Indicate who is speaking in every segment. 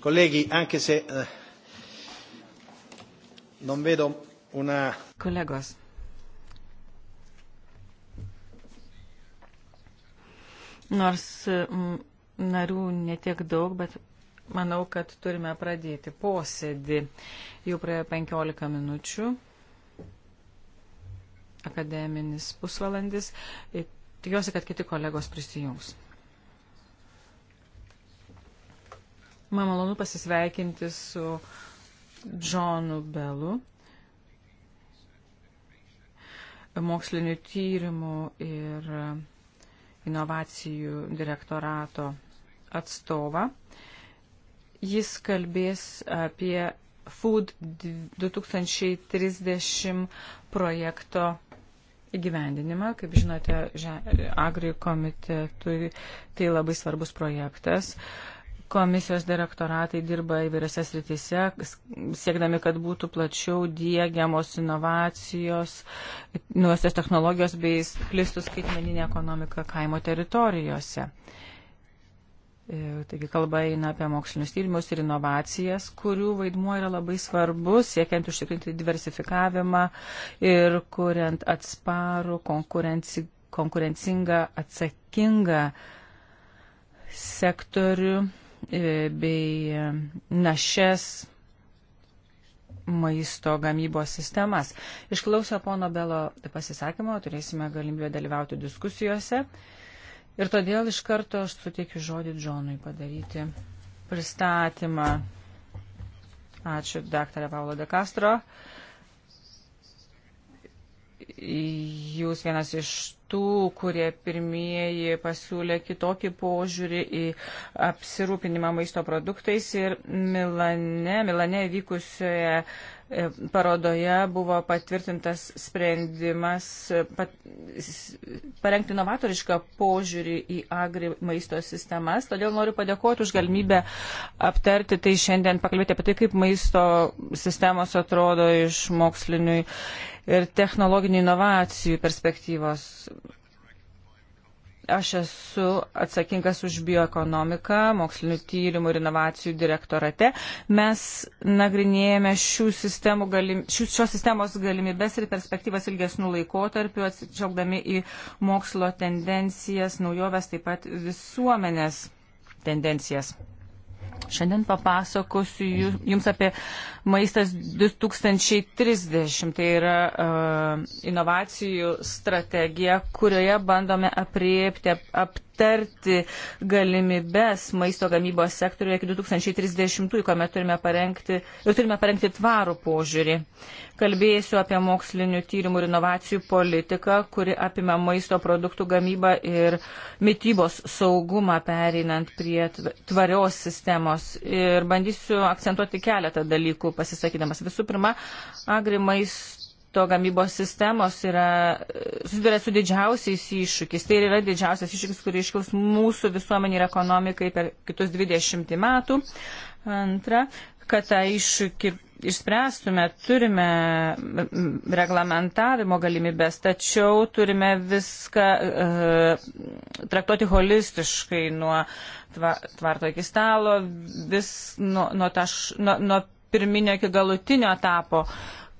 Speaker 1: Colleghi, anche se eh, non vedo una.
Speaker 2: Kolegos. Nors m, narių netiek daug, bet manau, kad turime pradėti posėdį. Jau praėjo 15 minučių. Akademinis pusvalandis. Tikiuosi, kad kiti kolegos prisijungs. Man malonu pasisveikinti su Džonu Belu, mokslinių tyrimų ir inovacijų direktorato atstovą. Jis kalbės apie Food 2030 projekto įgyvendinimą. Kaip žinote, Agri komitetui tai labai svarbus projektas. Uh, Komisijos direktoratai dirba įvairiose srityse, siekdami, kad būtų plačiau dėgiamos inovacijos, nuosios technologijos bei plistų skaitmeninė ekonomika kaimo teritorijose. E, taigi kalba eina apie mokslinius tyrimus ir inovacijas, kurių vaidmuo yra labai svarbus, siekiant užtikrinti diversifikavimą ir kuriant atsparų, konkurenci, konkurencingą, atsakingą sektorių E, bei e, našias maisto gamybos sistemas. Išklausę pono Belo pasisakymo, turėsime galimybę dalyvauti diskusijose ir todėl iš karto aš suteikiu žodį Džonui padaryti pristatymą. Ačiū, daktarė Paulo de Castro. Uh, jūs vienas iš tų, kurie pirmieji pasiūlė kitokį požiūrį į apsirūpinimą maisto produktais ir Milane, Milane vykusioje E, parodoje buvo patvirtintas sprendimas e, pat, parengti novatorišką požiūrį į agri maisto sistemas. Todėl noriu padėkoti už galimybę aptarti tai šiandien, pakalbėti apie tai, kaip maisto sistemos atrodo iš mokslinių ir technologinių inovacijų perspektyvos. Aš esu atsakingas už bioekonomiką, mokslinių tyrimų ir inovacijų direktorate. Mes nagrinėjame šių galim, šių, šios sistemos galimybės ir perspektyvas ilgesnių laikotarpių, atsižvelgdami į mokslo tendencijas, naujoves, taip pat visuomenės tendencijas. Šiandien papasakosiu Jums apie maistas 2030. Tai yra uh, inovacijų strategija, kurioje bandome apriepti, ap, aptarti galimybes maisto gamybos sektoriuje iki 2030, kuomet turime parengti, ir turime parengti tvarų požiūrį. Kalbėsiu apie mokslinių tyrimų ir inovacijų politiką, kuri apima maisto produktų gamybą ir mytybos saugumą pereinant prie tvarios sistemos. Ir bandysiu akcentuoti keletą dalykų pasisakydamas. Visų pirma, agrimais maisto gamybos sistemos yra, susiduria su didžiausiais iššūkiais. Tai yra didžiausias iššūkis, kurį iškils mūsų visuomenė ir ekonomikai per kitus 20 metų. Antra, kad tą iššūkį išspręstume, turime reglamentavimo galimybės, tačiau turime viską uh, traktuoti holistiškai nuo tvarto iki stalo, vis nuo, nuo, taš, nuo, nuo pirminio iki galutinio etapo.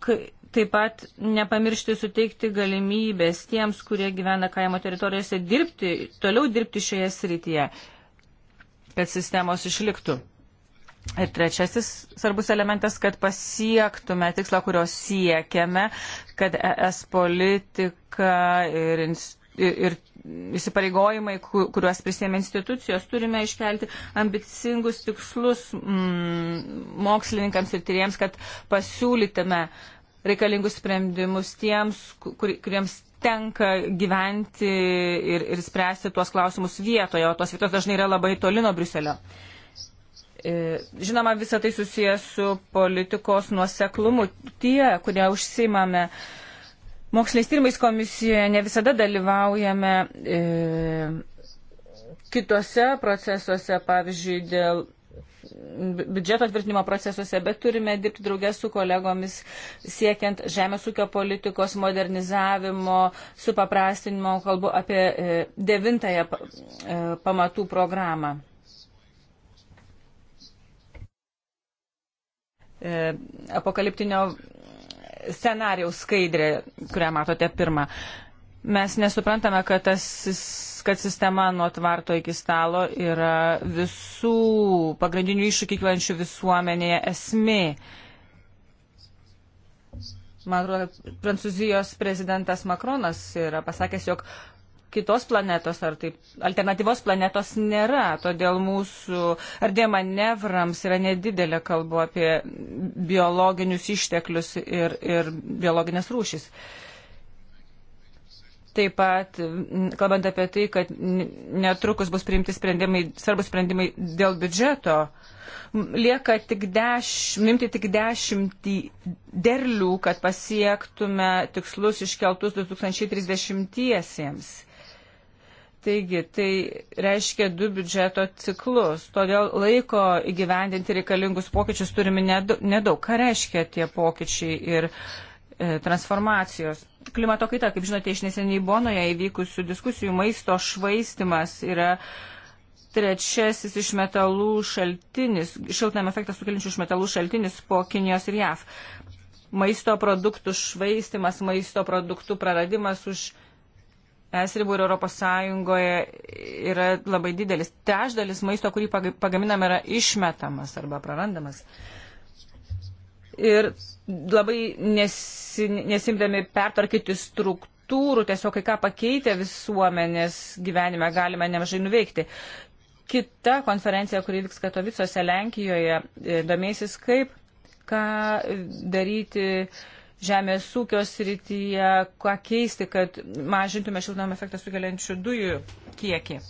Speaker 2: Kai, Taip pat nepamiršti suteikti galimybės tiems, kurie gyvena kaimo teritorijose, dirbti, toliau dirbti šioje srityje, kad sistemos išliktų. Ir trečiasis svarbus elementas, kad pasiektume tikslą, kurio siekiame, kad ES politika ir, ir įsipareigojimai, kuriuos prisėmė institucijos, turime iškelti ambicingus tikslus mm, mokslininkams ir tyriems, kad pasiūlytume uh, reikalingus sprendimus tiems, kur, kuriems tenka gyventi ir, ir spręsti tuos klausimus vietoje, o tos vietos dažnai yra labai toli nuo Briuselio. E, žinoma, visa tai susijęs su politikos nuoseklumu. Tie, kurie užsimame moksliniais tyrimais komisijoje, ne visada dalyvaujame e, kitose procesuose, pavyzdžiui, dėl biudžeto tvirtinimo procesuose, bet turime dirbti draugės su kolegomis siekiant žemės ūkio politikos modernizavimo, supaprastinimo, kalbu apie e, devintąją e, pamatų programą. E, apokaliptinio scenarijaus skaidrė, kurią matote pirmą mes nesuprantame, kad, tas, kad sistema nuo tvarto iki stalo yra visų pagrindinių iššūkių kylančių visuomenėje esmė. Man atrodo, prancūzijos prezidentas Makronas yra pasakęs, jog kitos planetos ar taip alternatyvos planetos nėra, todėl mūsų ardė manevrams yra nedidelė kalbu apie biologinius išteklius ir, ir biologinės rūšis. Uh, Taip pat, kalbant apie tai, kad netrukus bus priimti sprendimai, svarbus sprendimai dėl biudžeto, lieka tik deš, mimti tik dešimtį derlių, kad pasiektume tikslus iškeltus 2030-iesiems. Taigi, tai reiškia du biudžeto ciklus, todėl laiko įgyvendinti reikalingus pokyčius turime nedaug. Ką reiškia tie pokyčiai ir uh, E, transformacijos. Klimato kaita, kaip žinote, iš neseniai Bonoje įvykusių diskusijų maisto švaistimas yra trečiasis iš metalų šaltinis, šiltnam efektą sukeliančių iš metalų šaltinis po Kinijos ir JAV. Maisto produktų švaistimas, maisto produktų praradimas už es ribų ir Europos Sąjungoje yra labai didelis. Trešdalis maisto, kurį pagaminam, yra išmetamas arba prarandamas. Uh, ir labai nesi, nesimdami pertvarkyti struktūrų, tiesiog kai ką pakeitę visuomenės gyvenime galime nemažai nuveikti. Kita konferencija, kuri vyks Katovicuose Lenkijoje, e, domėsis kaip, ką daryti žemės ūkio srityje, ką keisti, kad mažintume šiltnamio efektą sukeliančių dujų kiekį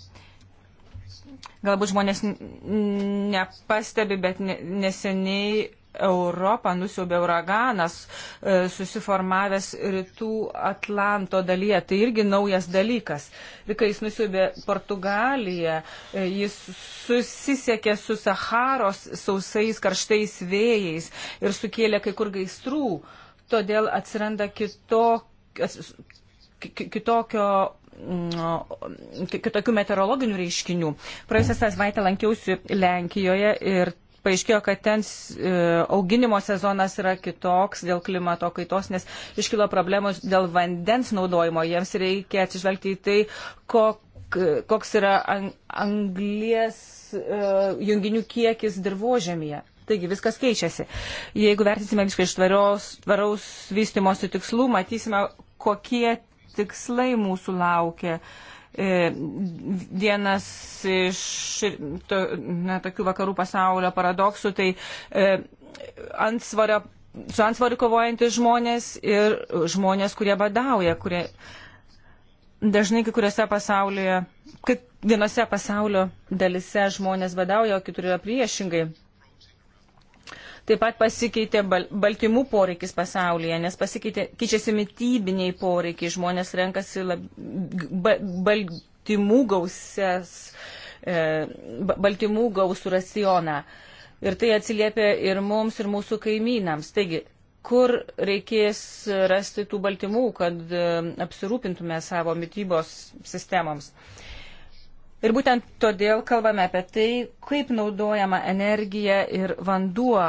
Speaker 2: galbūt žmonės nepastebi, bet neseniai Europą nusiaubė uraganas e, susiformavęs rytų Atlanto dalyje. Tai irgi naujas dalykas. Ir kai jis nusiaubė Portugaliją, e, jis susisiekė su Saharos sausais karštais vėjais ir sukėlė kai kur gaistrų. Todėl atsiranda kitok, kitokio mm, kitokių meteorologinių reiškinių. Praėjusią savaitę lankiausi Lenkijoje ir paaiškėjo, kad ten e, auginimo sezonas yra kitoks dėl klimato kaitos, nes iškilo problemos dėl vandens naudojimo. Jiems reikia atsižvelgti į tai, kok, koks yra anglies e, junginių kiekis dirbožėmėje. Taigi viskas keičiasi. Jeigu vertinsime viską iš tvarios, tvaraus vystimosi tikslų, matysime, kokie tikslai mūsų laukia. Uh, E, vienas iš to, na, tokių vakarų pasaulio paradoksų tai e, antsvario, su antsvariu kovojantis žmonės ir žmonės, kurie badauja, kurie dažnai kai kuriuose pasaulyje, kad vienose pasaulio dalise žmonės badauja, o kitur yra priešingai. Taip pat pasikeitė bal baltymų poreikis pasaulyje, nes pasikeitė, keičiasi mytybiniai poreikiai, žmonės renkasi lab, ba, baltymų gausias, e, baltymų gausų racioną. Ir tai atsiliepia ir mums, ir mūsų kaimynams. Taigi, kur reikės rasti tų baltymų, kad e, apsirūpintume savo mytybos sistemoms. E, Ir būtent todėl kalbame apie tai, kaip naudojama energija ir vanduo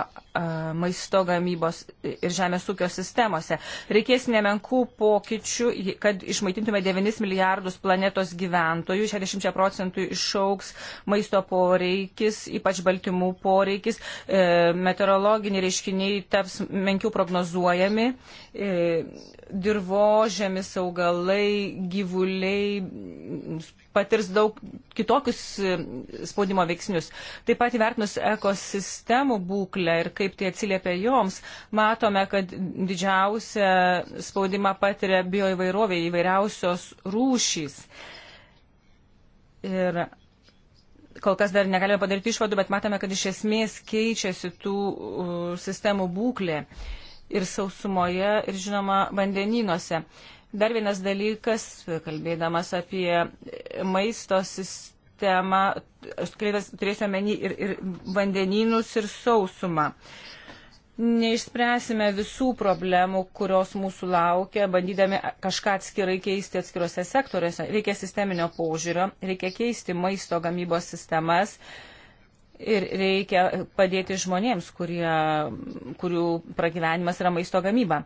Speaker 2: maisto gamybos ir žemės ūkio sistemose. Reikės nemenkų pokyčių, kad išmaitintume 9 milijardus planetos gyventojų, 60 procentų išauks maisto poreikis, ypač baltymų poreikis, e, meteorologiniai reiškiniai taps menkiau prognozuojami, e, dirbožėmis augalai, gyvuliai patirs daug kitokius e, spaudimo veiksnius. Taip pat įvertinus ekosistemų būklę ir kaip tai atsiliepia joms, matome, kad didžiausią spaudimą patiria bioįvairovė įvairiausios rūšys. Ir kol kas dar negalime padaryti išvadų, bet matome, kad iš esmės keičiasi tų sistemų būklė ir sausumoje, ir žinoma, vandenynuose. Uh, Dar vienas dalykas, kalbėdamas apie maisto sistemą, aš turėsiu omeny ir, ir vandenynus, ir sausumą. Neišspręsime visų problemų, kurios mūsų laukia, bandydami kažką atskirai keisti atskiruose sektoriuose. Reikia sisteminio požiūrio, reikia keisti maisto gamybos sistemas. Ir reikia padėti žmonėms, kurie, kurių pragyvenimas yra maisto gamyba.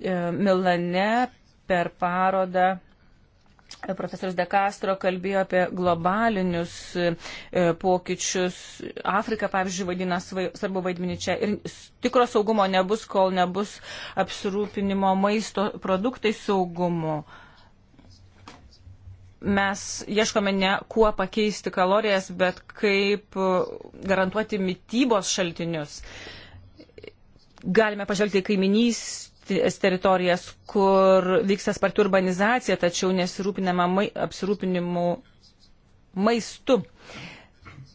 Speaker 2: E, Milane per parodą e, profesorius De Castro kalbėjo apie globalinius e, pokyčius. Afrika, pavyzdžiui, vaidina svarbu vaidmenį čia. Ir tikro saugumo nebus, kol nebus apsirūpinimo maisto produktai saugumu. Mes ieškome ne kuo pakeisti kalorijas, bet kaip garantuoti mytybos šaltinius. Galime pažvelgti į kaiminystę teritorijas, kur vyksta sparti urbanizacija, tačiau nesirūpinama mai, apsirūpinimu maistu.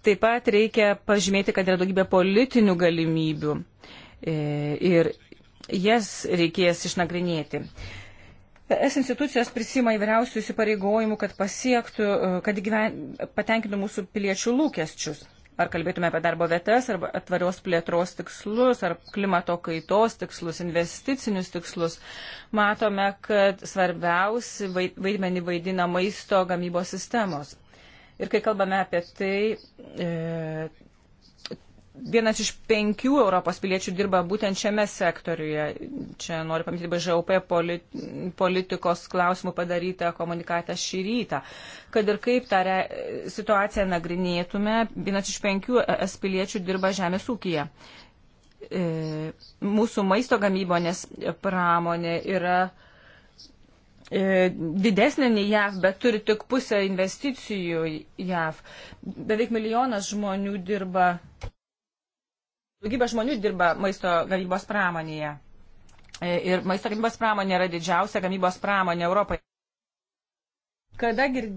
Speaker 2: Taip pat reikia pažymėti, kad yra daugybė politinių galimybių e, ir jas reikės išnagrinėti. Es institucijos prisima įvairiausių įsipareigojimų, kad pasiektų, e, kad gyven, patenkintų mūsų piliečių lūkesčius. Ar kalbėtume apie darbo vietas, ar tvarios plėtros tikslus, ar klimato kaitos tikslus, investicinius tikslus, matome, kad svarbiausi vaidmenį vaidina maisto gamybos sistemos. Ir kai kalbame apie tai, e, vienas iš penkių Europos piliečių dirba būtent šiame sektoriuje. Čia noriu paminėti BŽUP politikos klausimų padarytą komunikatą šį rytą. Kad ir kaip tą situaciją nagrinėtume, vienas iš penkių es piliečių dirba žemės ūkija. E, mūsų maisto gamybonės pramonė yra e, didesnė nei JAV, bet turi tik pusę investicijų JAV. Beveik milijonas žmonių dirba Daugybė žmonių dirba maisto gamybos pramonėje. E, ir maisto gamybos pramonė yra didžiausia gamybos pramonė Europoje. Kada gir...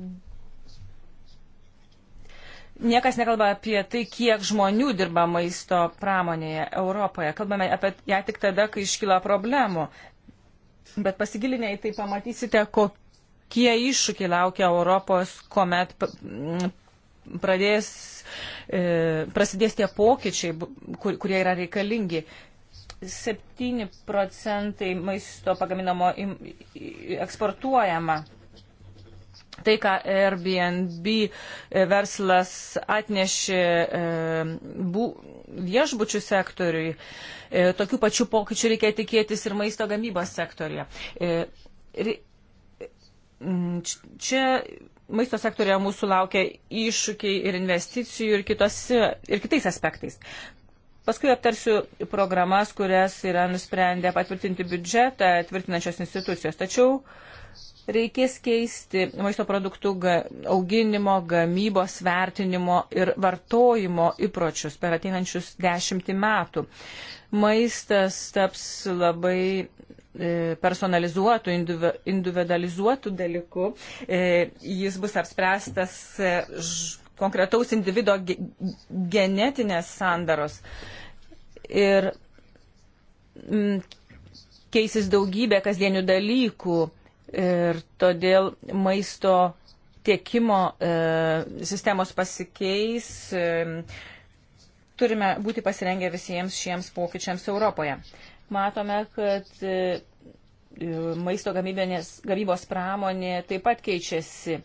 Speaker 2: Niekas nekalba apie tai, kiek žmonių dirba maisto pramonėje Europoje. Kalbame apie ją tik tada, kai iškyla problemų. Bet pasigilinę į tai pamatysite, kokie iššūkiai laukia Europos, kuomet pradės, e, prasidės tie pokyčiai, kur, kurie yra reikalingi. 7 procentai maisto pagaminamo eksportuojama. Tai, ką Airbnb e, verslas atnešė e, viešbučių sektoriui, e, tokių pačių pokyčių reikia tikėtis ir maisto gamybos sektorija. Čia maisto sektorėje mūsų laukia iššūkiai ir investicijų ir, kitose, ir kitais aspektais. Paskui aptarsiu programas, kurias yra nusprendę patvirtinti biudžetą tvirtinančios institucijos. Tačiau reikės keisti maisto produktų auginimo, gamybos, vertinimo ir vartojimo įpročius per ateinančius dešimtį metų. Maistas taps labai E, personalizuotų, individualizuotų dalykų. E, jis bus apspręstas e, konkretaus individo genetinės sandaros. Ir keisis daugybė kasdienių dalykų. Ir todėl maisto tiekimo e, sistemos pasikeis. E, turime būti pasirengę visiems šiems pokyčiams Europoje. E, matome, kad e, maisto gamybės, gamybos pramonė taip pat keičiasi.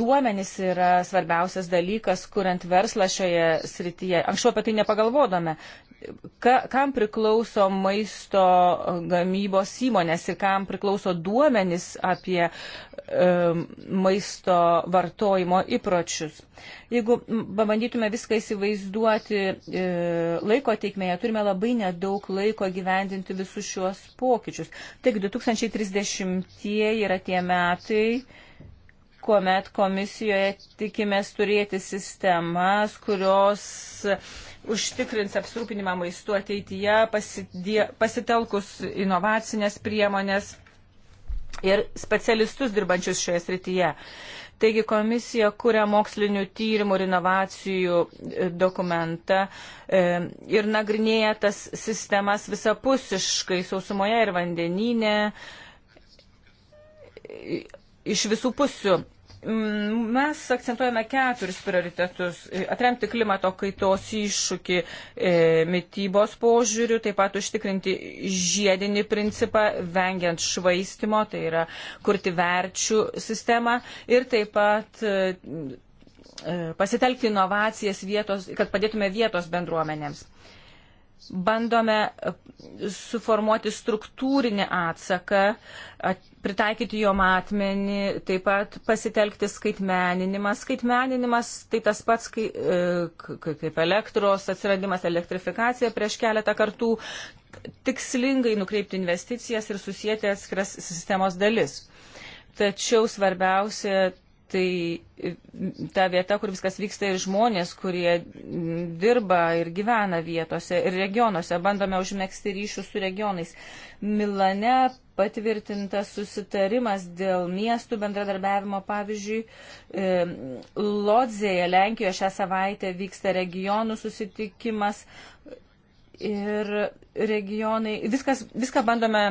Speaker 2: Duomenys yra svarbiausias dalykas, kuriant verslą šioje srityje. Anksčiau apie tai nepagalvodome ka, kam priklauso maisto gamybos įmonės ir kam priklauso duomenys apie um, maisto vartojimo įpročius. Jeigu pabandytume viską įsivaizduoti e, laiko teikmėje, turime labai nedaug laiko gyvendinti visus šiuos pokyčius. Taigi 2030 yra tie metai kuomet komisijoje tikimės turėti sistemas, kurios užtikrins apsirūpinimą maistu ateityje, pasidė, pasitelkus inovacinės priemonės ir specialistus dirbančius šioje srityje. Taigi komisija kuria mokslinių tyrimų ir inovacijų e, dokumentą e, ir nagrinėja tas sistemas visapusiškai sausumoje ir vandenyne iš visų pusių Mes akcentuojame keturis prioritetus - atremti klimato kaitos iššūkį e, mytybos požiūrių, taip pat užtikrinti žiedinį principą, vengiant švaistimo, tai yra kurti verčių sistemą ir taip pat e, e pasitelkti inovacijas vietos, kad padėtume vietos bendruomenėms. E, bandome e, suformuoti struktūrinį atsaką, pritaikyti jo matmenį, taip pat pasitelkti skaitmeninimą. Skaitmeninimas tai tas pats e, kai, kaip elektros atsiradimas, elektrifikacija prieš keletą kartų, tikslingai nukreipti investicijas ir susijęti atskiras sistemos dalis. Tačiau svarbiausia tai e, ta vieta, kur viskas vyksta ir žmonės, kurie dirba ir gyvena vietose ir regionuose. Bandome užmėgsti ryšių su regionais. Milane patvirtintas susitarimas dėl miestų bendradarbiavimo. Pavyzdžiui, e, Lodzėje, Lenkijoje šią savaitę vyksta regionų susitikimas. Ir regionai, viskas, viską bandome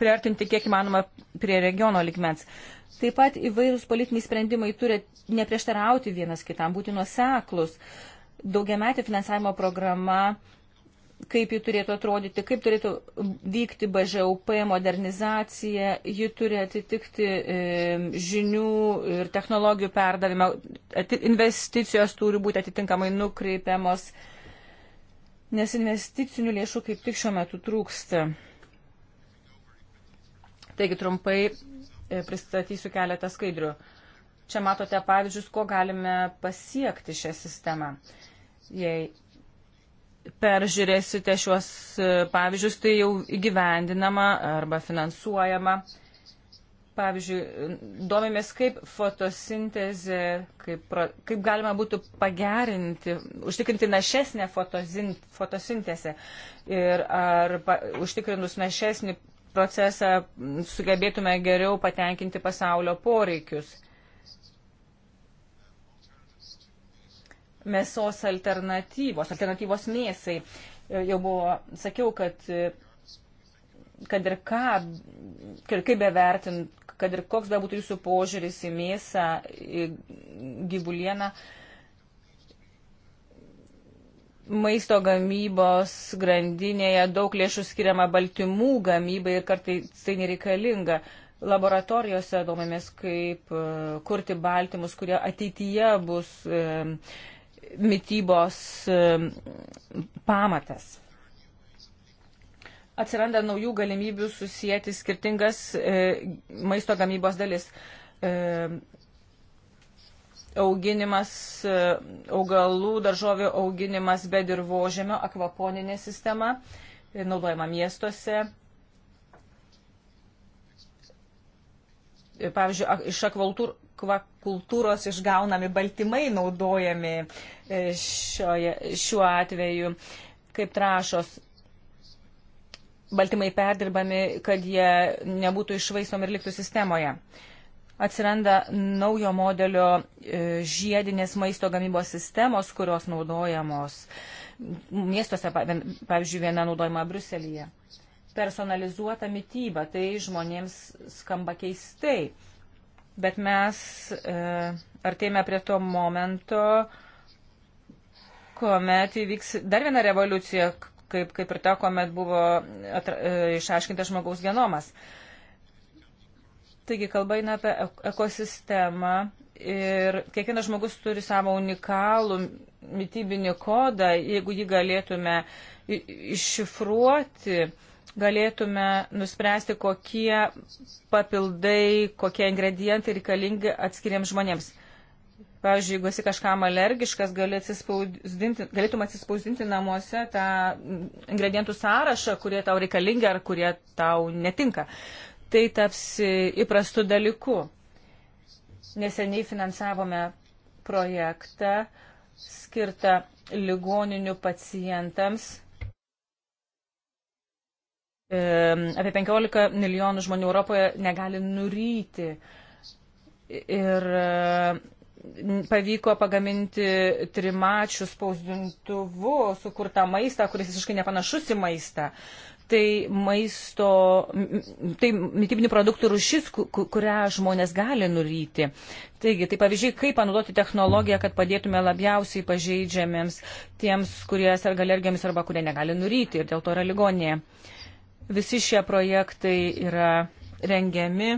Speaker 2: priartinti kiek įmanoma prie regiono ligmens. Uh, Taip pat įvairūs politiniai sprendimai turi neprieštarauti vienas kitam, būti nuoseklus. Daugiametė finansavimo programa kaip ji turėtų atrodyti, kaip turėtų vykti BŽUP modernizacija, ji turi atitikti e, žinių ir technologijų perdavimą, investicijos turi būti atitinkamai nukreipiamos, nes investicinių lėšų kaip tik šiuo metu trūksta. Taigi trumpai E, pristatysiu keletą skaidrių. Čia matote pavyzdžius, ko galime pasiekti šią sistemą. Jei peržiūrėsite šiuos e, pavyzdžius, tai jau įgyvendinama arba finansuojama. Pavyzdžiui, domimės, kaip fotosintezė, kaip, kaip galima būtų pagerinti, užtikrinti našesnę fotosintezę ir ar pa, užtikrinus našesnį procesą sugebėtume geriau patenkinti pasaulio poreikius. Mėsos alternatyvos, alternatyvos mėsai. Jau buvo, sakiau, kad, kad ir ką, kad kaip bevertint, kad ir koks bebūtų jūsų požiūris į mėsą, į gyvulieną, uh, maisto gamybos grandinėje daug lėšų skiriama baltymų gamybai ir kartais tai nereikalinga. Laboratorijose domėmės, kaip e, kurti baltymus, kurie ateityje bus e, mytybos e, pamatas. Atsiranda naujų galimybių susijęti skirtingas maisto gamybos dalis auginimas, e, augalų, daržovių auginimas be dirbožėmio, akvaponinė sistema, e, naudojama miestuose. E, pavyzdžiui, iš akvakultūros išgaunami baltymai naudojami šioje, šiuo atveju kaip trašos. Baltymai perdirbami, kad jie nebūtų išvaistomi ir liktų sistemoje. Uh, atsiranda naujo modelio e, žiedinės maisto gamybos sistemos, kurios naudojamos miestuose, pavyzdžiui, viena naudojama Bruselėje. Personalizuota mytyba, tai žmonėms skamba keistai, bet mes e, artėjame prie to momento, kuomet įvyks dar viena revoliucija, kaip, kaip ir ta, kuomet buvo atra, e, išaiškintas žmogaus genomas. E, Taigi kalba eina apie ekosistemą ir kiekvienas žmogus turi savo unikalų mytybinį kodą. Jeigu jį galėtume iššifruoti, galėtume nuspręsti, kokie papildai, kokie ingredientai reikalingi atskiriems žmonėms. Pavyzdžiui, jeigu esi kažkam alergiškas, gali atsispausdinti, galėtum atsispausdinti namuose tą ingredientų sąrašą, kurie tau reikalingi ar kurie tau netinka tai taps įprastų dalykų. Neseniai finansavome projektą skirtą ligoninių pacientams. Apie 15 milijonų žmonių Europoje negali nuryti. Ir pavyko pagaminti trimačių spausdintuvu sukurtą maistą, kuris visiškai nepanašus į maistą. Uh, tai maisto, tai mytybinių produktų rušis, kurią žmonės gali nuryti. Taigi, tai pavyzdžiai, kaip panaudoti technologiją, kad padėtume labiausiai pažeidžiamiems tiems, kurie serga alergijomis arba kurie negali nuryti ir dėl to yra ligonėje. Visi šie projektai yra rengiami,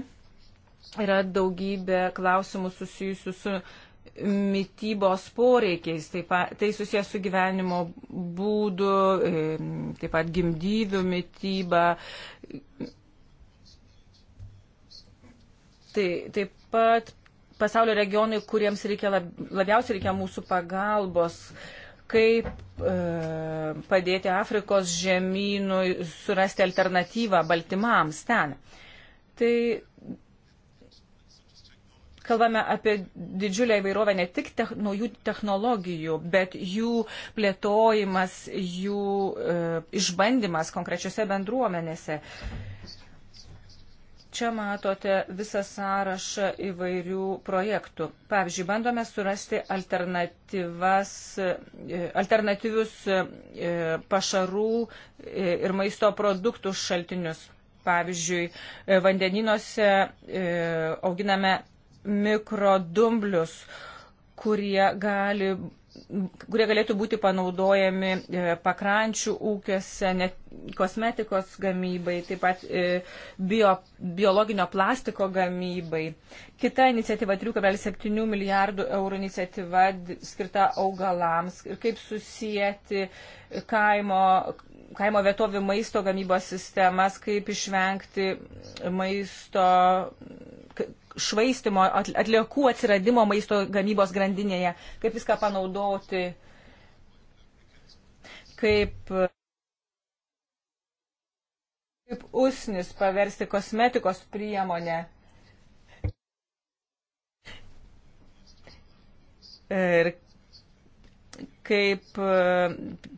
Speaker 2: yra daugybė klausimų susijusių su mytybos poreikiais, taip pat, tai susijęs su gyvenimo būdu, taip pat gimdyvių mytyba. Tai, taip pat pasaulio regionai, kuriems reikia lab, labiausiai reikia mūsų pagalbos, kaip e, padėti Afrikos žemynui surasti alternatyvą baltymams ten. Tai kalbame apie didžiulę įvairovę ne tik te, naujų technologijų, bet jų plėtojimas, jų e, išbandymas konkrečiose bendruomenėse. Čia matote visą sąrašą įvairių projektų. Pavyzdžiui, bandome surasti e, alternatyvius e, pašarų e, ir maisto produktų šaltinius. Pavyzdžiui, vandeninuose auginame mikrodumblius, kurie, gali, kurie galėtų būti panaudojami e, pakrančių ūkiuose, net kosmetikos gamybai, taip pat e, bio, biologinio plastiko gamybai. Kita iniciatyva 3,7 milijardų eurų iniciatyva skirta augalams ir kaip susijęti kaimo kaimo vietovių maisto gamybos sistemas, kaip išvengti maisto švaistimo, atliekų atsiradimo maisto gamybos grandinėje, kaip viską panaudoti, kaip, kaip usnis paversti kosmetikos priemonę. Ir kaip e,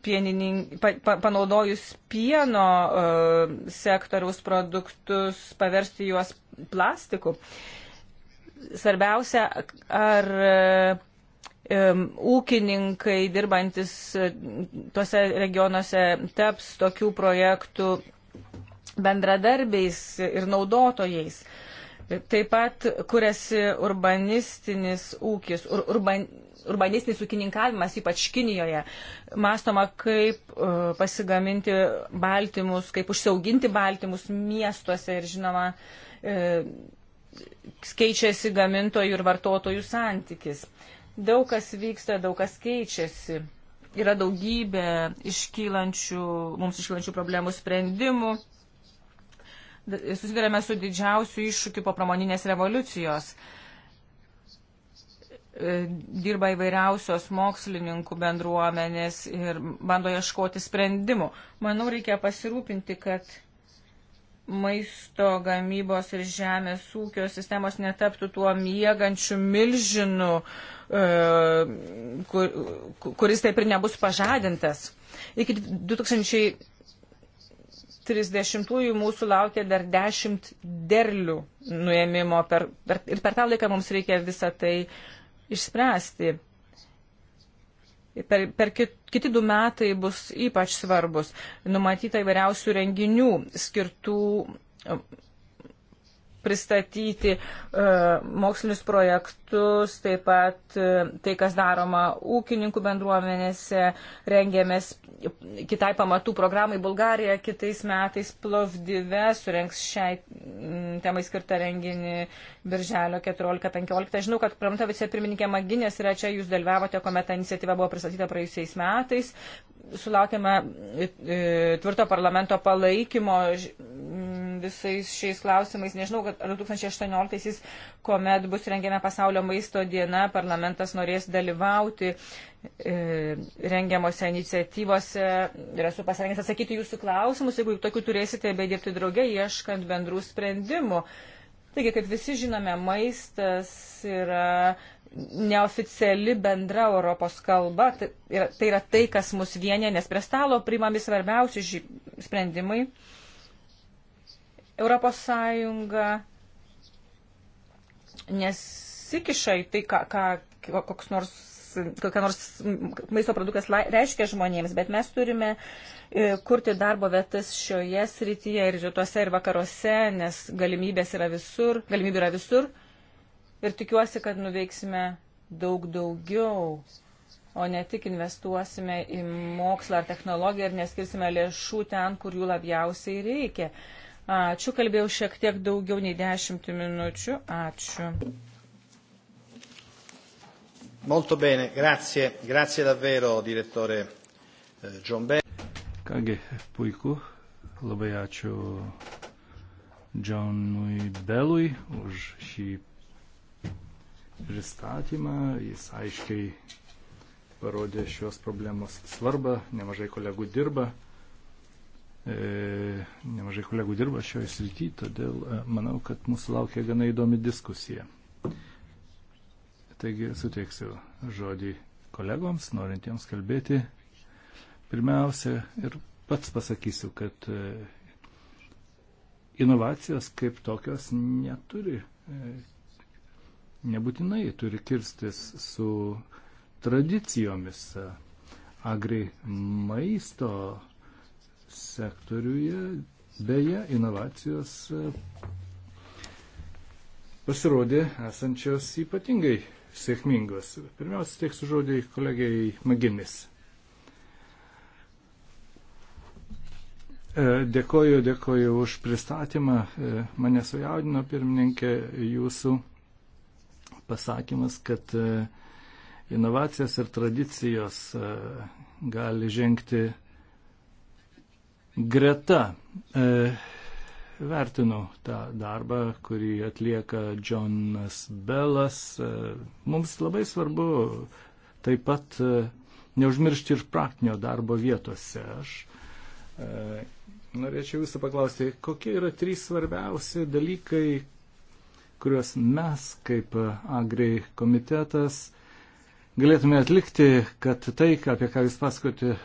Speaker 2: pieninin, pa, pa, panaudojus pieno uh, sektoriaus produktus, paversti juos plastiku. Uh, svarbiausia, ar e, ūkininkai dirbantis e, tuose regionuose taps tokių projektų bendradarbiais ir naudotojais. Taip pat kuriasi urbanistinis ūkis, ur, urban, urbanistinis ūkininkavimas, ypač Kinijoje. Mastoma, kaip uh, pasigaminti baltymus, kaip užsiauginti baltymus miestuose ir, žinoma, uh, keičiasi gamintojų ir vartotojų santykis. Daug kas vyksta, daug kas keičiasi. Yra daugybė iškylančių, mums iškylančių problemų sprendimų. Susidurėme su didžiausiu iššūkiu po pramoninės revoliucijos. E, dirba įvairiausios mokslininkų bendruomenės ir bando ieškoti sprendimų. Manau, reikia pasirūpinti, kad maisto gamybos ir žemės ūkio sistemos netaptų tuo miegančiu milžinu, e, kur, kuris taip ir nebus pažadintas. Iki 2030 mūsų laukia dar dešimt derlių nuėmimo per, per, ir per tą laiką mums reikia visą tai išspręsti per, per kit, kiti du metai bus ypač svarbus. Numatyta įvairiausių renginių skirtų pristatyti e, mokslinius projektus, taip pat e, tai, kas daroma ūkininkų bendruomenėse, rengėmės kitai pamatų programai Bulgarija, kitais metais Plovdive surenks šiai temai skirtą renginį Birželio 14-15. Žinau, kad pramta vicepirmininkė Maginės yra čia, jūs dalyvavote, kuomet ta iniciatyva buvo pristatyta praėjusiais metais sulaukėme e, e, tvirto parlamento palaikymo visais šiais klausimais. Nežinau, kad 2018-aisiais, kuomet bus rengiama pasaulio maisto diena, parlamentas norės dalyvauti e, rengiamose iniciatyvose ir esu pasirengęs atsakyti jūsų klausimus, jeigu tokių turėsite, bei dirbti drauge, ieškant bendrų sprendimų. Taigi, kaip visi žinome, maistas yra neoficiali bendra Europos kalba. Tai yra tai, yra tai kas mus vienė, nes prie stalo priimami svarbiausi ži... sprendimai. Europos Sąjunga nesikiša į tai, ką, ką koks nors kokia nors maisto produktas reiškia žmonėms, bet mes turime e, kurti darbo vietas šioje srityje ir rytuose ir vakaruose, nes galimybės yra visur, galimybė yra visur ir tikiuosi, kad nuveiksime daug daugiau, o ne tik investuosime į mokslą ar technologiją ir neskirsime lėšų ten, kur jų labiausiai reikia. Ačiū, kalbėjau šiek tiek daugiau nei 10 minučių. Ačiū.
Speaker 1: Molto bene, grazie, grazie davvero, direttore eh, John Bell.
Speaker 3: Kągi, puiku, labai ačiū Johnui Belui už šį pristatymą. Jis aiškiai parodė šios problemos svarbą. Nemažai kolegų dirba. E, nemažai kolegų dirba šioje srityje, todėl e, manau, kad mūsų laukia gana įdomi diskusija. Taigi suteiksiu žodį kolegoms, norintiems kalbėti. Pirmiausia, ir pats pasakysiu, kad e, inovacijos kaip tokios neturi e, nebūtinai turi kirstis su tradicijomis. Agri maisto sektoriuje beje inovacijos pasirodė esančios ypatingai sėkmingos. Pirmiausia, teiksiu žodį kolegijai Maginis. E, dėkoju, dėkoju už pristatymą. E, mane sujaudino pirmininkė jūsų pasakymas, kad e, inovacijos ir tradicijos e, gali žengti greta. E, vertinu tą darbą, kurį atlieka Johnas Bellas. Mums labai svarbu taip pat neužmiršti ir praktinio darbo vietose. Aš Norėčiau jūsų paklausti, kokie yra trys svarbiausi dalykai, kuriuos mes kaip Agri komitetas galėtume atlikti, kad tai, apie ką jūs pasakote,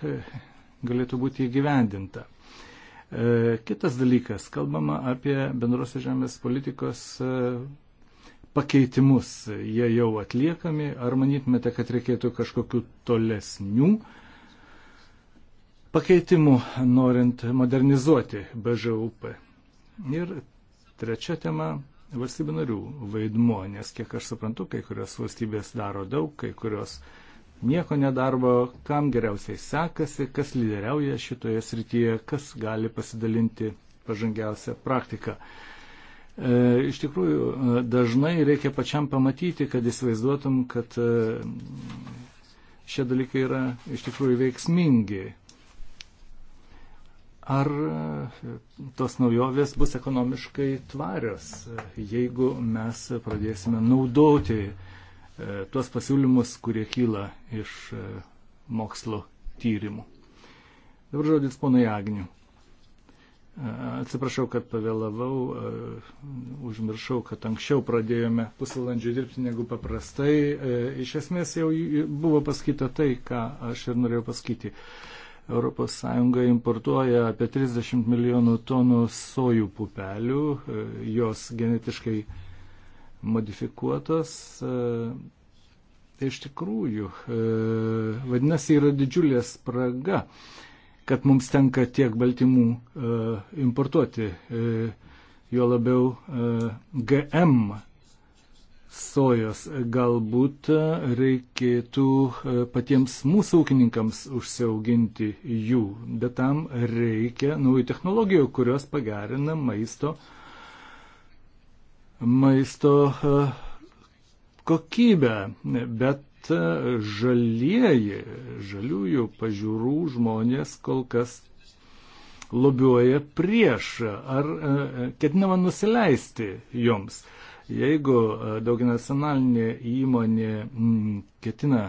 Speaker 3: galėtų būti įgyvendinta. E, kitas dalykas, kalbama apie bendrosios žemės politikos e, pakeitimus. Jie jau atliekami, ar manytumėte, kad reikėtų kažkokių tolesnių pakeitimų, norint modernizuoti BŽUP? Ir trečia tema valstybių narių vaidmuo, nes kiek aš suprantu, kai kurios valstybės daro daug, kai kurios nieko nedarbo, kam geriausiai sekasi, kas lyderiauja šitoje srityje, kas gali pasidalinti pažangiausią praktiką. E, iš tikrųjų, e, dažnai reikia pačiam pamatyti, kad įsivaizduotum, kad e, šie dalykai yra iš tikrųjų veiksmingi ar e, tos naujovės bus ekonomiškai tvarios, e, jeigu mes pradėsime naudoti e, tuos pasiūlymus, kurie kyla iš mokslo tyrimų. Dabar žodis ponai Agnių. Atsiprašau, kad pavėlavau, užmiršau, kad anksčiau pradėjome pusvalandžių dirbti negu paprastai. Iš esmės jau buvo pasakyta tai, ką aš ir norėjau pasakyti. ES importuoja apie 30 milijonų tonų sojų pupelių, e, jos genetiškai modifikuotos. E, iš tikrųjų, e, vadinasi, yra didžiulė spraga, kad mums tenka tiek baltymų importuoti, jo labiau GM sojos. Galbūt reikėtų e, patiems mūsų ūkininkams užsiauginti jų, bet tam reikia naujų technologijų, kurios pagerina maisto, maisto e, kokybę. Bet e, žalieji, žaliųjų pažiūrų žmonės kol kas lobiuoja prieš ar ketinama nusileisti joms. Jeigu e, dauginacionalinė įmonė m, ketina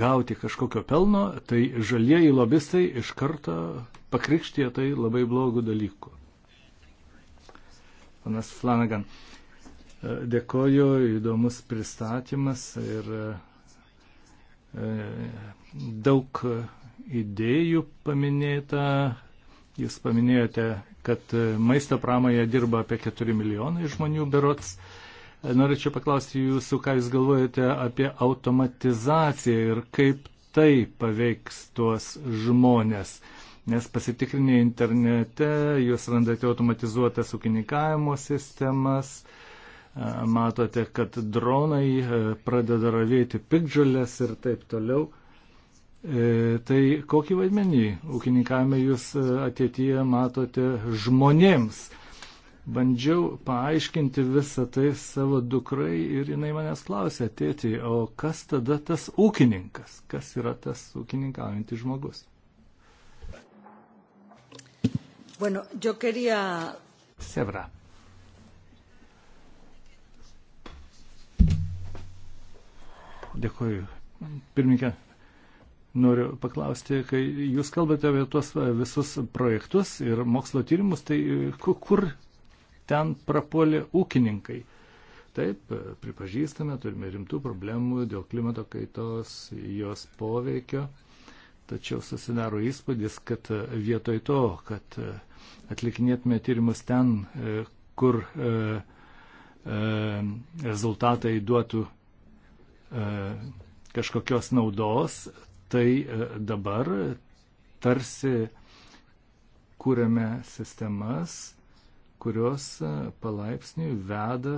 Speaker 3: gauti kažkokio pelno, tai žalieji lobistai iš karto pakrikštė tai labai blogų dalykų. Panas Flanagan, e, dėkoju, įdomus pristatymas ir e, daug idėjų paminėta. Jūs paminėjote kad e, maisto pramoje dirba apie 4 milijonai žmonių berots. E, norėčiau paklausti jūsų, ką jūs galvojate apie automatizaciją ir kaip tai paveiks tuos žmonės. Nes pasitikrinė internete, jūs randate automatizuotas ūkininkavimo sistemas, e, matote, kad dronai pradeda ravėti pikdžiulės ir taip toliau. E, tai kokį vaidmenį ūkininkame jūs e, ateityje matote žmonėms? Bandžiau paaiškinti visą tai savo dukrai ir jinai manęs klausė, tėti, o kas tada tas ūkininkas? Kas yra tas ūkininkaujantis žmogus?
Speaker 2: Bueno, yo quería...
Speaker 3: Sevra. Dėkuoju. Pirmininkė, Noriu paklausti, kai jūs kalbate apie tuos visus projektus ir mokslo tyrimus, tai e, kur ten prapuolė ūkininkai? Taip, e, pripažįstame, turime rimtų problemų dėl klimato kaitos, jos poveikio, tačiau susidaro įspūdis, kad e, vietoj to, kad atlikinėtume tyrimus ten, kur rezultatai duotų kažkokios naudos, tai e, dabar tarsi kūrėme sistemas, kurios e, palaipsniui veda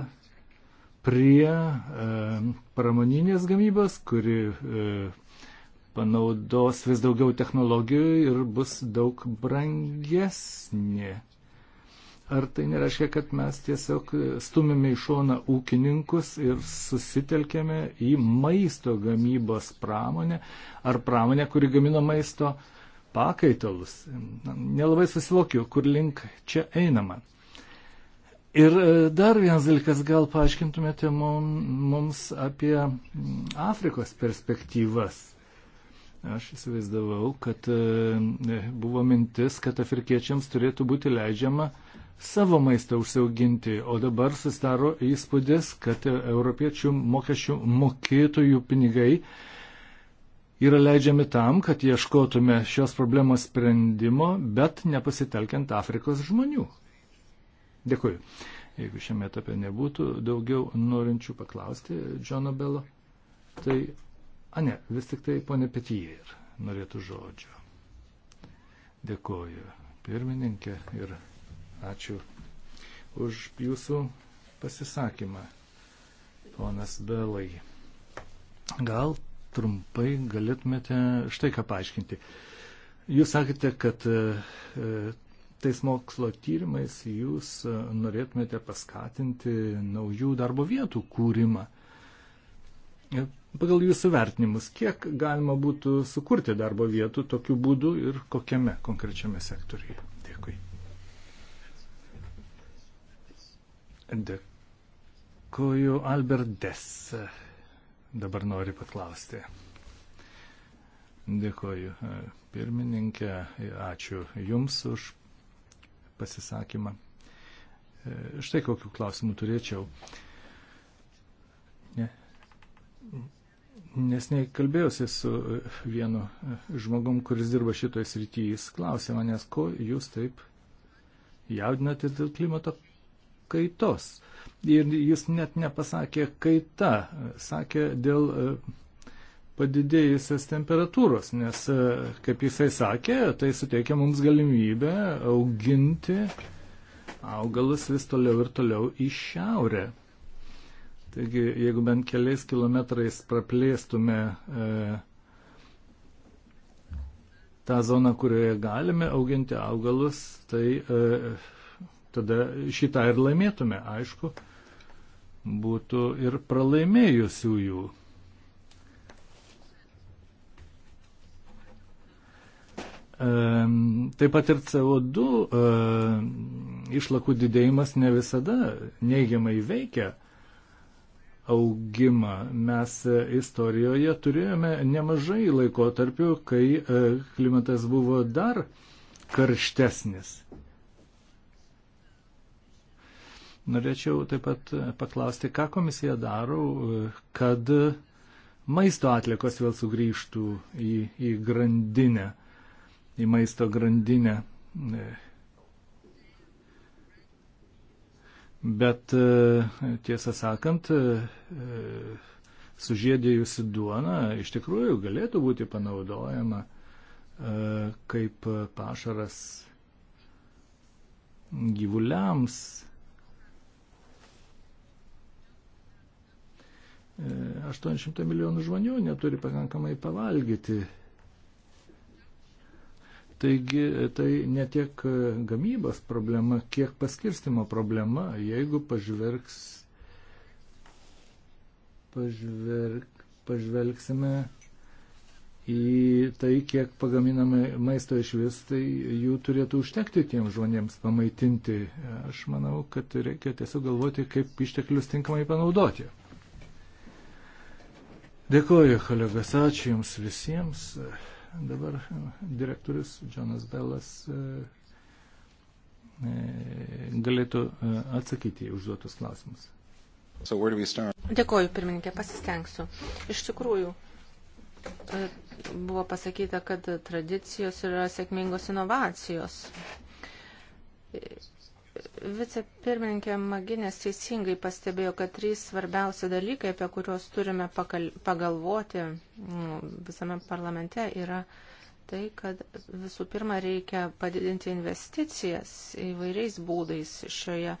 Speaker 3: prie e, pramoninės gamybos, kuri panaudos vis daugiau technologijų ir bus daug brangesnė. Ar tai nereiškia, kad mes tiesiog stumėme į šoną ūkininkus ir susitelkėme į maisto gamybos pramonę ar pramonę, kuri gamino maisto pakaitalus? Nelabai susivokiu, kur link čia einama. Ir e, dar vienas dalykas, gal paaiškintumėte mums apie mm, Afrikos perspektyvas. Aš įsivaizdavau, kad e, buvo mintis, kad afrikiečiams turėtų būti leidžiama uh, savo maistą užsiauginti, o dabar susidaro įspūdis, kad europiečių mokesčių mokėtojų pinigai yra leidžiami tam, kad ieškotume šios problemos sprendimo, bet nepasitelkiant Afrikos žmonių. Dėkuoju. Jeigu šiame etape nebūtų daugiau norinčių paklausti Džono Belo, tai, a ne, vis tik tai ponė Petier norėtų žodžio. Dėkuoju pirmininkė ir Ačiū už jūsų pasisakymą, ponas Belai. Gal trumpai galėtumėte štai ką paaiškinti. Jūs sakėte, kad e, e, tais mokslo tyrimais jūs e, norėtumėte paskatinti naujų darbo vietų kūrimą. Pagal jūsų vertinimus, kiek galima būtų sukurti darbo vietų tokiu būdu ir kokiame konkrečiame sektoriuje? Dėkui. Dėkuoju Albertes. Dabar noriu paklausti. Dėkuoju e, pirmininkė, ačiū Jums už pasisakymą. E, štai kokiu klausimu turėčiau. Ne. Nesnei kalbėjausi su vienu žmogum, kuris dirba šitoje srityje. Jis klausė manęs, ko jūs taip jaudinate dėl klimato kaitos. Ir jis net nepasakė kaita, sakė dėl e, padidėjusios temperatūros, nes, e, kaip jisai sakė, tai suteikia mums galimybę auginti augalus vis toliau ir toliau į šiaurę. Taigi, jeigu bent keliais kilometrais praplėstume e, tą zoną, kurioje galime auginti augalus, tai e, tada šitą ir laimėtume, aišku, būtų ir pralaimėjusiųjų. Taip pat ir CO2 išlakų didėjimas ne visada neigiamai veikia augimą. Mes e, istorijoje turėjome nemažai laikotarpių, kai e, klimatas buvo dar karštesnis. Norėčiau taip pat e, paklausti, ką komisija daro, e, kad maisto atlikos vėl sugrįžtų į, į grandinę, į maisto grandinę. E, bet tiesą sakant, sužėdėjusi duona iš tikrųjų galėtų būti panaudojama kaip pašaras gyvuliams 800 milijonų žmonių neturi pakankamai pavalgyti. Taigi tai ne tiek gamybos problema, kiek paskirstimo problema, jeigu pažvelgs, pažvelg, pažvelgsime į tai, kiek pagaminame maisto iš vis, tai jų turėtų užtekti tiems žmonėms pamaitinti. Aš manau, kad reikia tiesiog galvoti, kaip išteklius tinkamai panaudoti. Dėkuoju, kolegos, ačiū Jums visiems. Dabar direktorius Džonas Belas e, galėtų e, atsakyti į užduotus klausimus. So Dėkuoju,
Speaker 4: pirmininkė, pasistengsiu. Iš tikrųjų, e, buvo pasakyta, kad tradicijos yra sėkmingos inovacijos. Vicepirmininkė Maginės teisingai pastebėjo, kad trys svarbiausi dalykai, apie kuriuos turime pakal, pagalvoti mm, visame parlamente, yra tai, kad visų pirma reikia padidinti investicijas įvairiais būdais šioje e,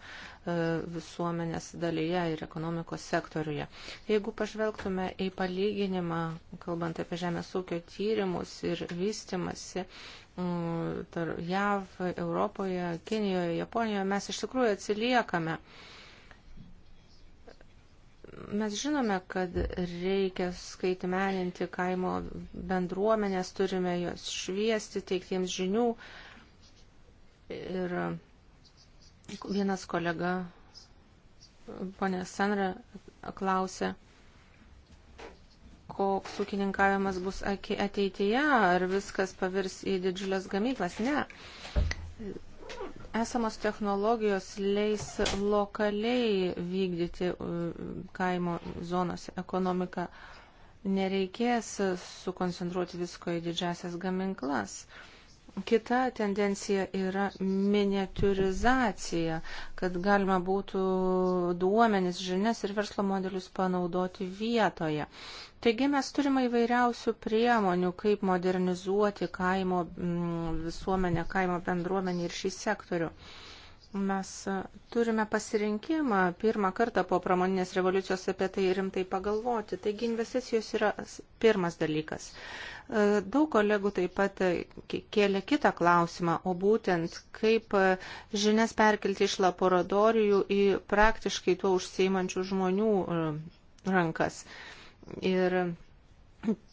Speaker 4: visuomenės dalyje ir ekonomikos sektoriuje. Jeigu pažvelgtume į palyginimą, kalbant apie žemės ūkio tyrimus ir vystimasi, Mm, JAV, Europoje, Kinijoje, Japonijoje mes iš tikrųjų atsiliekame. Mes žinome, kad reikia skaitmeninti kaimo bendruomenės, turime jos šviesti, teikti jiems žinių. Ir vienas kolega, ponė Senra, klausė, koks ūkininkavimas bus ateityje, ar viskas pavirs į didžiulės gamyklas. Ne. Esamos technologijos leis lokaliai vykdyti kaimo zonos ekonomiką. Nereikės sukoncentruoti visko į didžiasias gaminklas. Uh, Kita tendencija yra miniaturizacija, kad galima būtų duomenis, žinias ir verslo modelius panaudoti vietoje. Taigi mes turime įvairiausių priemonių, kaip modernizuoti kaimo mm, visuomenę, kaimo bendruomenį ir šį sektorių. Mes turime pasirinkimą pirmą kartą po pramoninės revoliucijos apie tai rimtai pagalvoti. Taigi investicijos yra pirmas dalykas. E, daug kolegų taip pat e, kėlė kitą klausimą, o būtent kaip e, žinias perkelti iš laboratorijų į praktiškai tuo užsieimančių žmonių rankas. Ir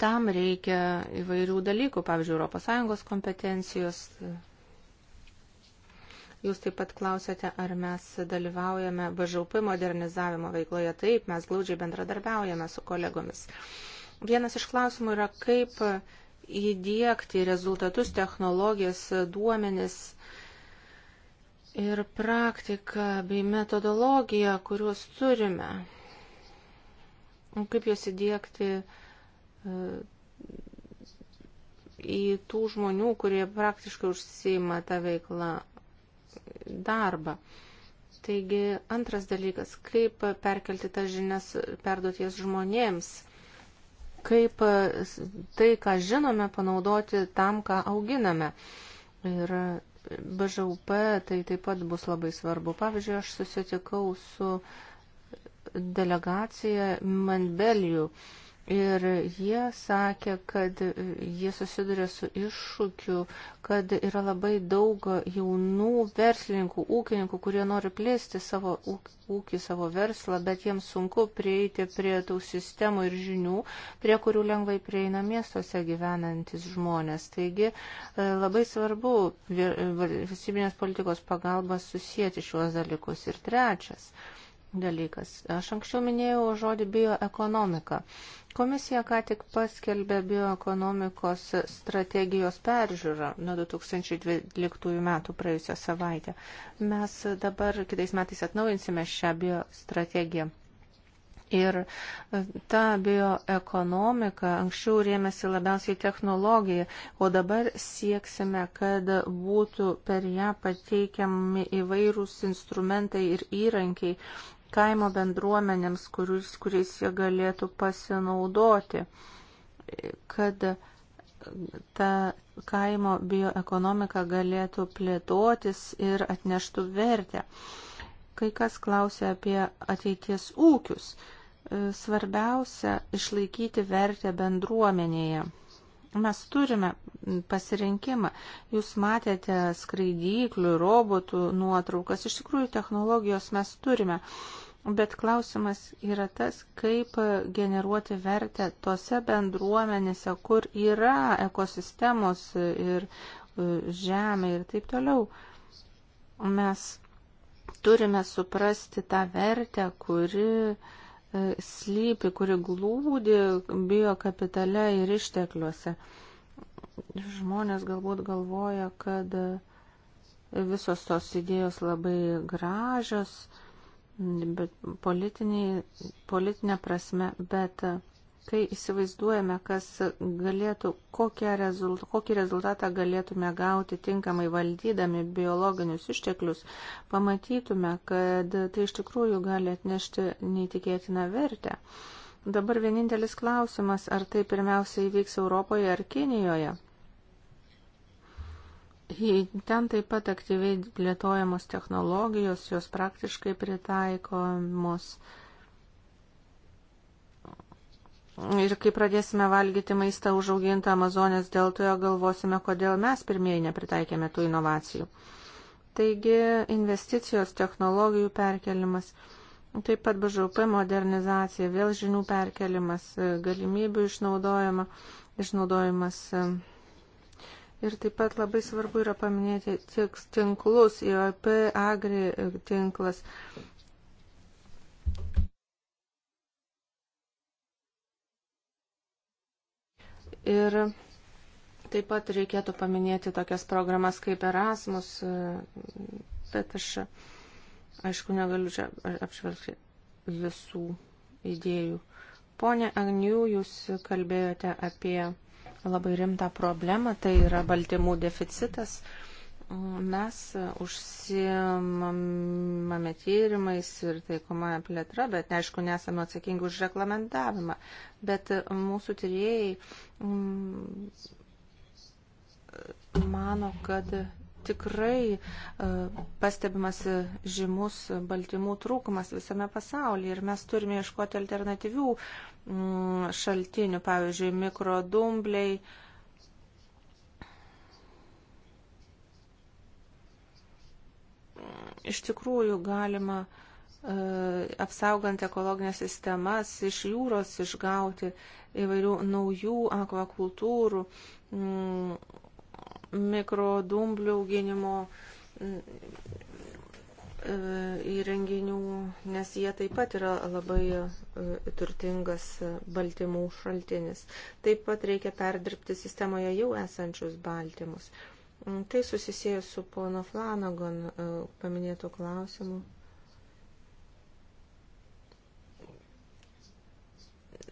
Speaker 4: tam reikia įvairių dalykų, pavyzdžiui, ES kompetencijos. Jūs taip pat klausėte, ar mes dalyvaujame BŽP modernizavimo veikloje. Taip, mes glaudžiai bendradarbiaujame su kolegomis. Uh, Vienas iš klausimų yra, kaip įdėkti rezultatus, technologijas, duomenis ir praktiką bei metodologiją, kuriuos turime. Kaip juos įdėkti e, į tų žmonių, kurie praktiškai užsima tą veiklą darbą. Taigi antras dalykas, kaip perkelti tas žinias perduoties žmonėms kaip e, tai, ką žinome, panaudoti tam, ką auginame. Ir BŽUP tai taip pat bus labai svarbu. Pavyzdžiui, aš susitikau su delegacija Manbelijų Ir jie sakė, kad jie susiduria su iššūkiu, kad yra labai daug jaunų verslininkų, ūkininkų, kurie nori plėsti savo ūkį, savo verslą, bet jiems sunku prieiti prie tų sistemų ir žinių, prie kurių lengvai prieina miestuose gyvenantis žmonės. Taigi e, labai svarbu valstybinės politikos pagalbas susijęti šiuos dalykus. Ir trečias. Uh, dalykas. Aš anksčiau minėjau žodį bioekonomika. Komisija ką tik paskelbė bioekonomikos strategijos peržiūrą nuo 2012 metų praėjusią savaitę. Mes dabar kitais metais atnaujinsime šią biostrategiją. Ir ta bioekonomika anksčiau rėmėsi labiausiai technologija, o dabar sieksime, kad būtų per ją pateikiami įvairūs instrumentai ir įrankiai, kaimo bendruomenėms, kuris, kuriais jie galėtų pasinaudoti, kad ta kaimo bioekonomika galėtų plėtotis ir atneštų vertę. Kai kas klausė apie ateities ūkius. Svarbiausia išlaikyti vertę bendruomenėje mes turime pasirinkimą. Jūs matėte skraidyklių, robotų nuotraukas. Iš tikrųjų, technologijos mes turime. Bet klausimas yra tas, kaip generuoti vertę tose bendruomenėse, kur yra ekosistemos ir e, žemė ir taip toliau. Mes turime suprasti tą vertę, kuri e, slypi, kuri glūdi biokapitale ir ištekliuose. Žmonės galbūt galvoja, kad visos tos idėjos labai gražios, bet politinė prasme, bet kai įsivaizduojame, kas galėtų, rezult, kokį rezultatą galėtume gauti tinkamai valdydami biologinius išteklius, pamatytume, kad tai iš tikrųjų gali atnešti neįtikėtiną vertę. Dabar vienintelis klausimas, ar tai pirmiausia įvyks Europoje ar Kinijoje. Ten taip pat aktyviai plėtojamos technologijos, jos praktiškai pritaikomos. Ir kai pradėsime valgyti maistą užaugintą Amazonės deltoje, galvosime, kodėl mes pirmieji nepritaikėme tų inovacijų. Taigi investicijos technologijų perkelimas, taip pat BŽP modernizacija, vėl žinių perkelimas, galimybių išnaudojama, išnaudojimas. išnaudojimas Ir taip pat labai svarbu yra paminėti tiek tinklus, IOP, Agri tinklas. Ir taip pat reikėtų paminėti tokias programas kaip Erasmus, bet aš, aišku, negaliu čia apžvelgti visų idėjų. Pone Agnių, jūs kalbėjote apie labai rimtą problemą, tai yra baltymų deficitas. Mes užsimame tyrimais ir taikomąją plėtrą, bet aišku, nesame atsakingi už reglamentavimą. Bet mūsų tyrėjai mm, mano, kad tikrai e, pastebimas žymus baltymų trūkumas visame pasaulyje ir mes turime ieškoti alternatyvių mm, šaltinių, pavyzdžiui, mikrodumbliai. Iš tikrųjų galima e, apsaugant ekologinės sistemas iš jūros išgauti įvairių naujų akvakultūrų mm, mikrodumblių auginimo mm, e, įrenginių, nes jie taip pat yra labai e, turtingas e, baltymų šaltinis. Taip pat reikia perdirbti sistemoje jau esančius baltymus. Mm, tai susisėjo su pono Flanagon paminėtų klausimų.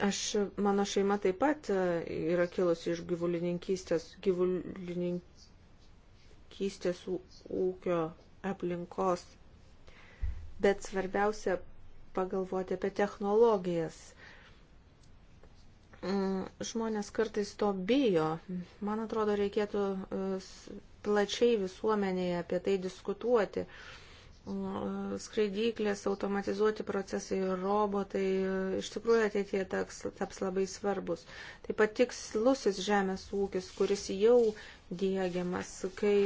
Speaker 4: Aš, mano šeima taip pat yra kilusi iš gyvulininkystės, gyvulininkystės žuvininkystės ūkio aplinkos, bet svarbiausia pagalvoti apie technologijas. Mm, žmonės kartais to bijo. Man atrodo, reikėtų plačiai visuomenėje apie tai diskutuoti. Uh, skraidyklės, automatizuoti procesai, robotai iš tikrųjų ateitie taps, taps labai svarbus. Taip pat tikslusis žemės ūkis, kuris jau dėgiamas, kai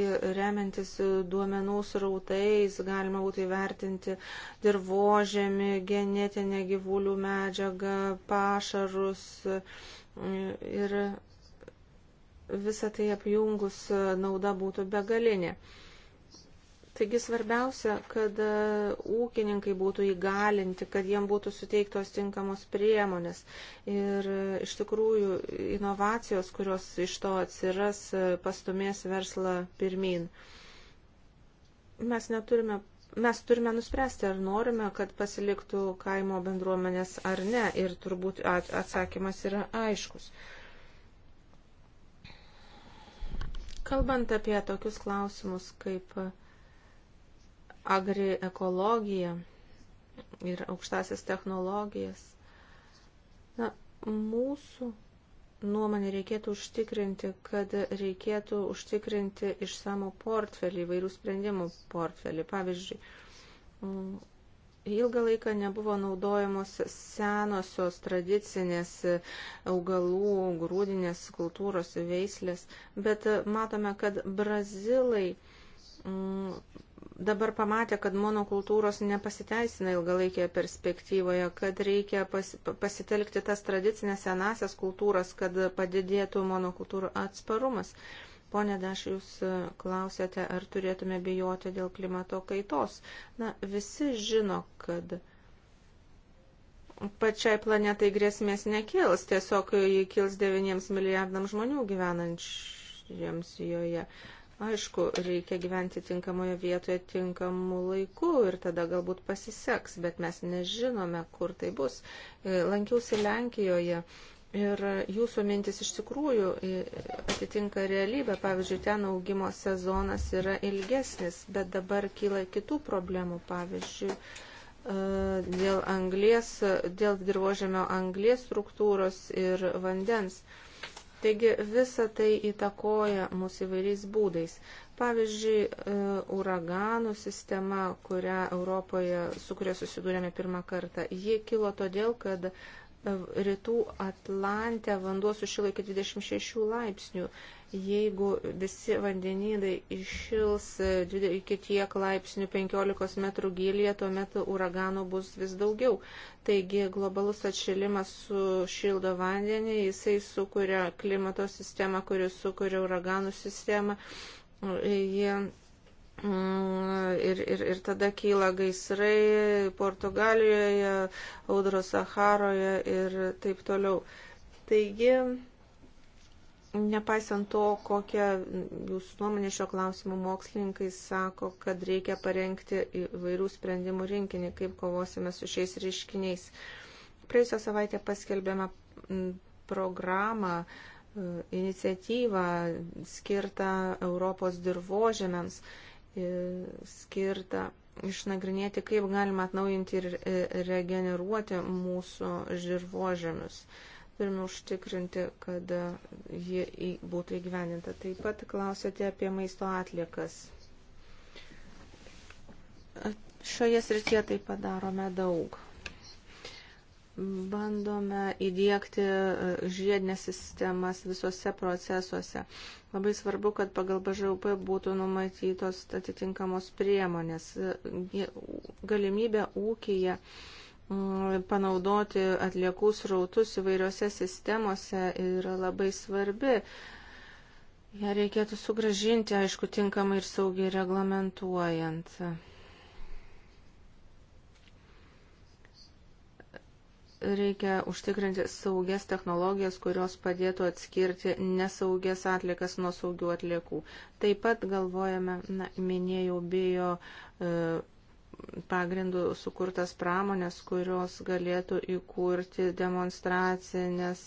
Speaker 4: remiantis duomenų srautais galima būtų įvertinti dirbožėmį, genetinę gyvulių medžiagą, pašarus ir visą tai apjungus nauda būtų begalinė. Taigi svarbiausia, kad e, ūkininkai būtų įgalinti, kad jiem būtų suteiktos tinkamos priemonės. Ir e, iš tikrųjų inovacijos, kurios iš to atsiras, e, pastumės verslą pirmin. Mes neturime mes turime nuspręsti, ar norime, kad pasiliktų kaimo bendruomenės ar ne. Ir turbūt atsakymas yra aiškus. Kalbant apie tokius klausimus kaip agriekologiją ir aukštasias technologijas. Na, mūsų nuomonė reikėtų užtikrinti, kad reikėtų užtikrinti išsamų portfelį, įvairių sprendimų portfelį. Pavyzdžiui, ilgą laiką nebuvo naudojamos senosios tradicinės augalų, grūdinės kultūros veislės, bet matome, kad brazilai dabar pamatė, kad monokultūros nepasiteisina ilgalaikėje perspektyvoje, kad reikia pas, pasitelkti tas tradicinės senasias kultūras, kad padidėtų monokultūrų atsparumas. Pone Daš, jūs e, klausėte, ar turėtume bijoti dėl klimato kaitos. Na, visi žino, kad pačiai planetai grėsmės nekils, tiesiog jį kils 9 milijardams žmonių gyvenančiams joje. Ja Aišku, reikia gyventi tinkamoje vietoje tinkamu laiku ir tada galbūt pasiseks, bet mes nežinome, kur tai bus. E, lankiausi Lenkijoje ir jūsų mintis iš tikrųjų e, atitinka realybę. Pavyzdžiui, ten augimo sezonas yra ilgesnis, bet dabar kyla kitų problemų. Pavyzdžiui, e, dėl anglės, dėl dirbožėmio anglės struktūros ir vandens. Taigi visa tai įtakoja mūsų įvairiais būdais. Pavyzdžiui, e, uraganų sistema, kurią Europoje, su kuria susidūrėme pirmą kartą, ji kilo todėl, kad e, rytų Atlantę vanduo sušilo iki 26 laipsnių jeigu visi vandenynai iššils iki tiek laipsnių 15 metrų gylyje, tuomet uraganų bus vis daugiau. Taigi globalus atšilimas sušildo vandenį, jisai sukuria klimato sistemą, kuris sukuria uraganų sistemą. Jie mm, Ir, ir, ir tada kyla gaisrai Portugalijoje, Audro Saharoje ir taip toliau. Taigi, Nepaisant to, kokią jūsų nuomonę šio klausimu mokslininkai sako, kad reikia parengti įvairių sprendimų rinkinį, kaip kovosime su šiais reiškiniais. Praėjusią savaitę paskelbėme programą, e, iniciatyvą skirtą Europos dirbožėmiams, e, skirtą išnagrinėti, kaip galima atnaujinti ir e, regeneruoti mūsų dirbožėmius turime užtikrinti, kad ji būtų įgyveninta. Taip pat klausėte apie maisto atliekas. Šioje srityje taip padarome daug. Bandome įdėkti žiedinės sistemas visuose procesuose. Labai svarbu, kad pagal BŽUP būtų numatytos atitinkamos priemonės. Galimybė ūkija Mm, panaudoti atliekų srautus įvairiose sistemose yra labai svarbi. Ja reikėtų sugražinti, aišku, tinkamai ir saugiai reglamentuojant. Reikia užtikrinti saugias technologijas, kurios padėtų atskirti nesaugias atlikas nuo saugių atliekų. Taip pat galvojame, na, minėjau, bijo. E, pagrindų sukurtas pramonės, kurios galėtų įkurti demonstracinės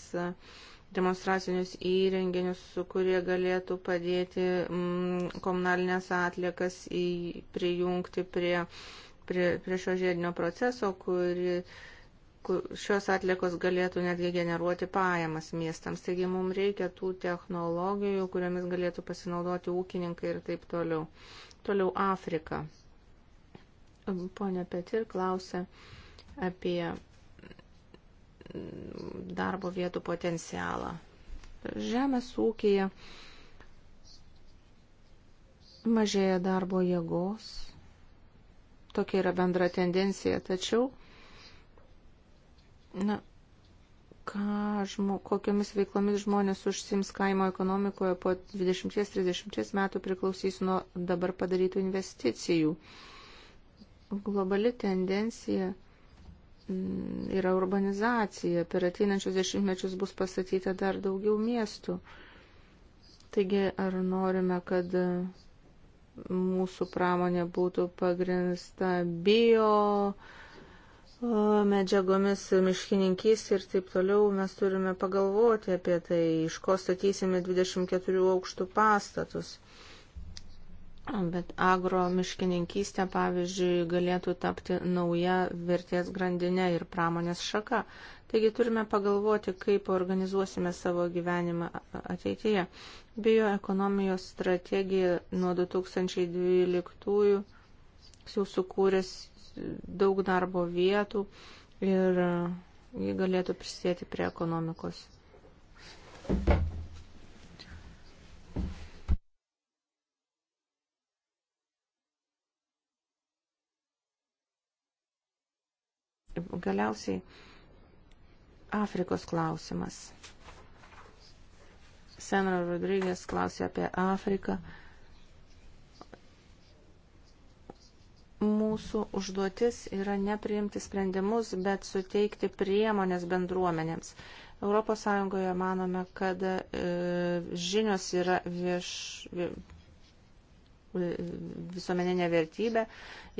Speaker 4: demonstracinius įrenginius, kurie galėtų padėti mm, komunalinės atliekas į, prijungti prie, prie, prie šio žiedinio proceso, kuri, kur, šios atliekos galėtų netgi generuoti pajamas miestams. Taigi mums reikia tų technologijų, kuriomis galėtų pasinaudoti ūkininkai ir taip toliau. Toliau Afrika. Pone Petir klausė apie darbo vietų potencialą. Žemės ūkija mažėja darbo jėgos. Tokia yra bendra tendencija, tačiau na, ką, žmo, kokiamis veiklomis žmonės užsims kaimo ekonomikoje po 20-30 metų priklausys nuo dabar padarytų investicijų. Uh, globali tendencija mm, yra urbanizacija. Per ateinančius dešimtmečius bus pastatyta dar daugiau miestų. Taigi, ar norime, kad e, mūsų pramonė būtų pagrinsta bio e, medžiagomis, miškininkys ir taip toliau, mes turime pagalvoti apie tai, iš ko statysime 24 aukštų pastatus. Bet agro miškininkystė, pavyzdžiui, galėtų tapti nauja vertės grandinė ir pramonės šaka. Taigi turime pagalvoti, kaip organizuosime savo gyvenimą ateityje. Bioekonomijos strategija nuo 2012 jau sukūrės daug darbo vietų ir ji galėtų prisidėti prie ekonomikos. Thank you. Galiausiai Afrikos klausimas. Senra Rodrygės klausė apie Afriką. Mūsų užduotis yra nepriimti sprendimus, bet suteikti priemonės bendruomenėms. ES manome, kad e, žinios yra vieš, e, visuomeninė vertybė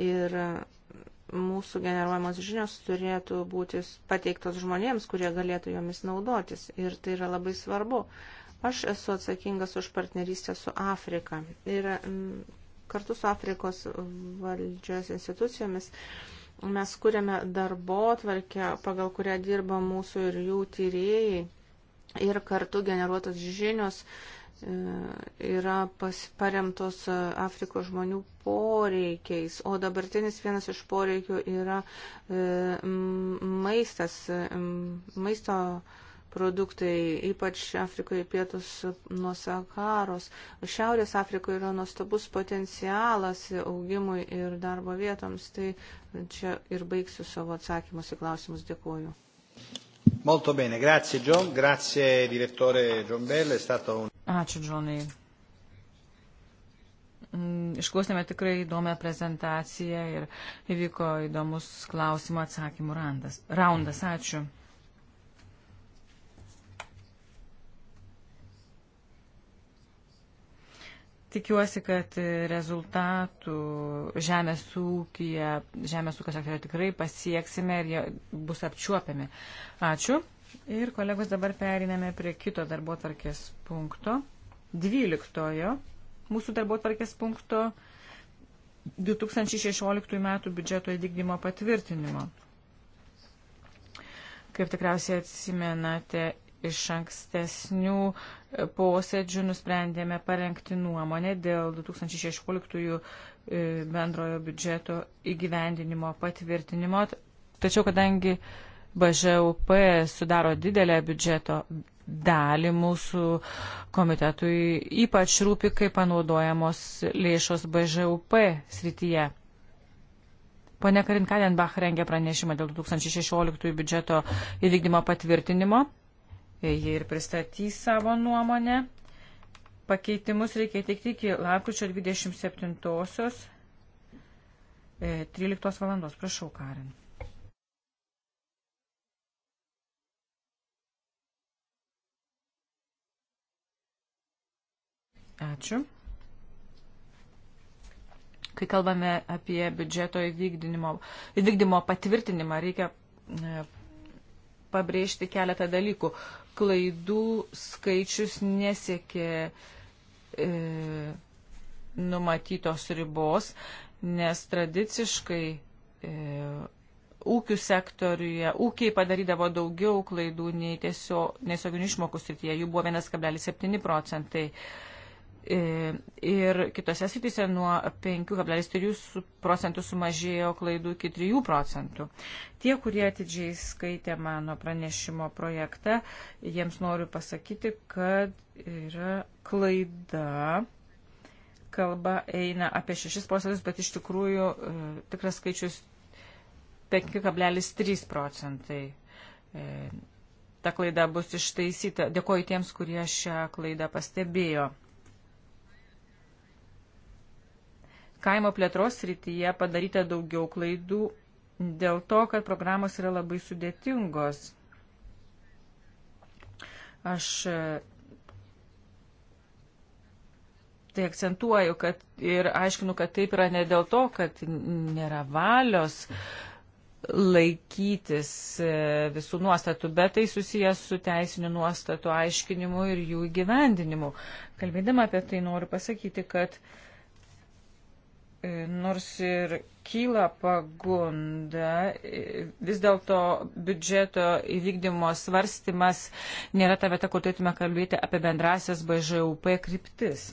Speaker 4: ir mūsų generuojamos žinios turėtų būti pateiktos žmonėms, kurie galėtų jomis naudotis. Ir tai yra labai svarbu. Aš esu atsakingas už partnerystę su Afrika. Ir mm, kartu su Afrikos valdžios institucijomis mes kūrėme darbo tvarkę, pagal kurią dirba mūsų ir jų tyrėjai. Ir kartu generuotos žinios E, yra paremtos e, Afrikos žmonių poreikiais, o dabartinis vienas iš poreikių yra e, maistas, maisto produktai, ypač Afrikoje pietus nuo Sakaros. Šiaurės Afrikoje yra nuostabus potencialas augimui ir darbo vietoms. Tai čia ir baigsiu savo atsakymus į klausimus. Dėkuoju.
Speaker 1: Molto bene, grazie John, grazie direttore John Bell, è stato un...
Speaker 4: Ačiū, Džonai.
Speaker 2: Mm, išklausėme tikrai įdomią prezentaciją ir įvyko įdomus klausimų atsakymų randas. raundas. Ačiū. Tikiuosi, kad rezultatų žemės ūkija, žemės ūkio sektorio tikrai pasieksime ir jie bus apčiuopiami. Ačiū. Ir kolegos dabar periname prie kito darbo tvarkės punkto, dvyliktojo mūsų darbo tvarkės punkto 2016 m. biudžeto įvykdymo patvirtinimo. Kaip tikriausiai atsimenate, iš ankstesnių posėdžių nusprendėme parengti nuomonę dėl 2016 e, bendrojo biudžeto įgyvendinimo patvirtinimo. Tačiau kadangi uh, BŽUP sudaro didelę biudžeto dalį mūsų komitetui ypač rūpi, kaip panaudojamos lėšos BŽUP srityje. Pone Karinkadenbach rengia pranešimą dėl 2016 biudžeto įvykdymo patvirtinimo. Jie ir pristatys savo nuomonę. Pakeitimus reikia teikti iki lapkričio 27 13 e, valandos. Prašau, Karin. Ačiū. Kai kalbame apie biudžeto įvykdymo, įvykdymo patvirtinimą, reikia e, pabrėžti keletą dalykų. Klaidų skaičius nesiekė e, numatytos ribos, nes tradiciškai e, ūkių sektoriuje ūkiai padarydavo daugiau klaidų nei tiesiog, tiesioginių išmokų srityje, jų buvo 1,7 procentai. E, E, ir kitose srityse nuo 5,3 procentų sumažėjo klaidų iki 3 procentų. Tie, kurie atidžiai skaitė mano pranešimo projektą, jiems noriu pasakyti, kad yra klaida. Kalba eina apie 6 procentus, bet iš tikrųjų e, tikras skaičius 5,3 procentai e, ta klaida bus ištaisyta. Dėkoju tiems, kurie šią klaidą pastebėjo. kaimo plėtros srityje padaryta daugiau klaidų dėl to, kad programos yra labai sudėtingos. Aš e, tai akcentuoju kad, ir aiškinu, kad taip yra ne dėl to, kad nėra valios laikytis e, visų nuostatų, bet tai susijęs su teisinių nuostatų aiškinimu ir jų įgyvendinimu. Kalbėdama apie tai noriu pasakyti, kad uh, nors ir kyla pagunda, vis dėlto biudžeto įvykdymo svarstymas nėra ta vieta, kur turėtume kalbėti apie bendrasias BŽUP kryptis.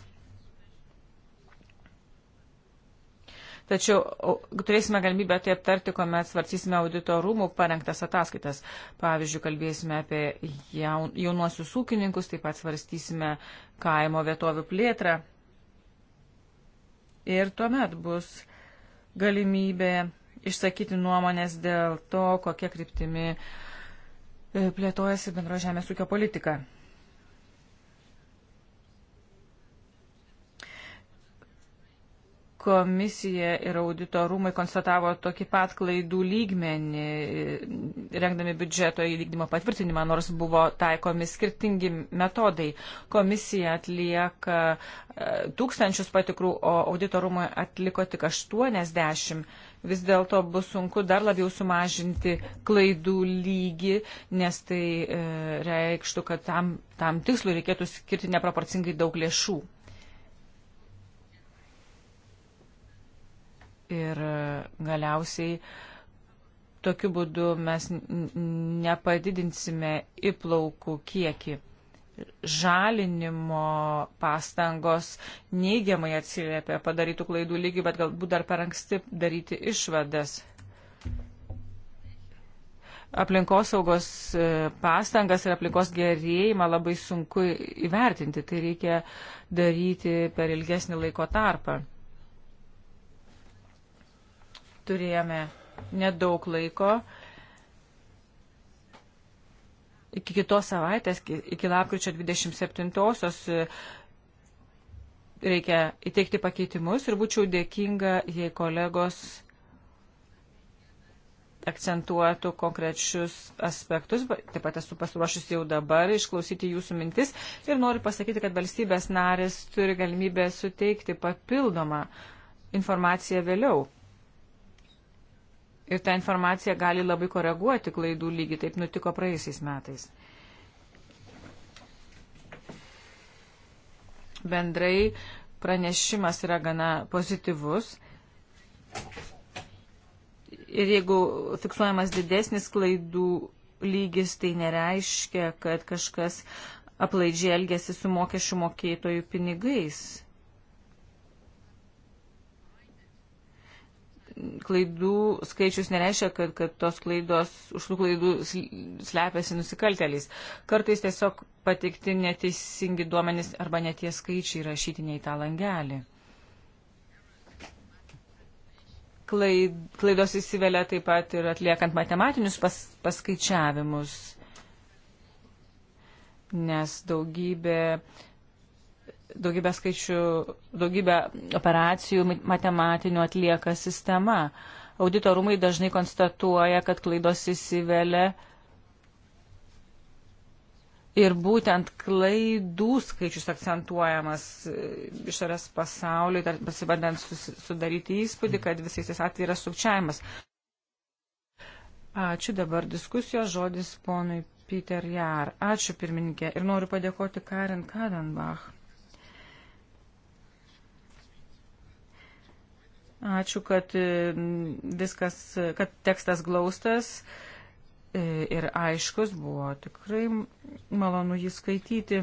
Speaker 2: Tačiau turėsime galimybę tai aptarti, kuomet svarstysime audito rūmų parengtas ataskaitas. Pavyzdžiui, kalbėsime apie jaun, jaunuosius ūkininkus, taip pat svarstysime kaimo vietovių plėtrą ir tuomet bus galimybė išsakyti nuomonės dėl to, kokia kryptimi e, plėtojasi bendro žemės ūkio politika. komisija ir audito rūmai konstatavo tokį pat klaidų lygmenį, rengdami biudžeto įvykdymo patvirtinimą, nors buvo taikomi skirtingi metodai. Komisija atlieka e, tūkstančius patikrų, o audito rūmai atliko tik 80. Vis dėlto bus sunku dar labiau sumažinti klaidų lygį, nes tai e, reikštų, kad tam, tam tikslui reikėtų skirti neproporcingai daug lėšų. Ir e, galiausiai tokiu būdu mes nepadidinsime įplaukų kiekį. Žalinimo pastangos neigiamai atsiliepia padarytų klaidų lygį, bet galbūt dar per anksti daryti išvadas. Aplinkosaugos e, pastangas ir aplinkos gerėjimą labai sunku įvertinti, tai reikia daryti per ilgesnį laiko tarpą turėjome nedaug laiko. Iki kitos savaitės, iki lapkričio 27-osios e, reikia įteikti pakeitimus ir būčiau dėkinga, jei kolegos akcentuotų konkrečius aspektus. Taip pat esu pasiruošęs jau dabar išklausyti jūsų mintis ir noriu pasakyti, kad valstybės narės turi galimybę suteikti papildomą informaciją vėliau. Ir ta informacija gali labai koreguoti klaidų lygį, taip nutiko praėjusiais metais. Bendrai pranešimas yra gana pozityvus. Ir jeigu fiksuojamas didesnis klaidų lygis, tai nereiškia, kad kažkas aplaidžiai elgesi su mokesčių mokėtojų pinigais. klaidų skaičius nereiškia, kad, kad tos klaidos, už tų klaidų slepiasi nusikalteliais. Kartais tiesiog patikti neteisingi duomenys arba netie skaičiai rašytiniai tą langelį. Klaid, klaidos įsivelia taip pat ir atliekant matematinius pas, paskaičiavimus, nes daugybė uh, daugybę skaičių, daugybę operacijų matematinių atlieka sistema. Auditorumai dažnai konstatuoja, kad klaidos įsivelia ir būtent klaidų skaičius akcentuojamas e, išorės pasauliui, pasibandant sudaryti įspūdį, kad visais tais atvejais yra sukčiavimas. Ačiū dabar diskusijos žodis ponui Peter Jar. Ačiū pirmininkė ir noriu padėkoti Karin Kadenbach Ačiū, kad e, viskas, kad tekstas glaustas e, ir aiškus buvo tikrai malonu jį skaityti.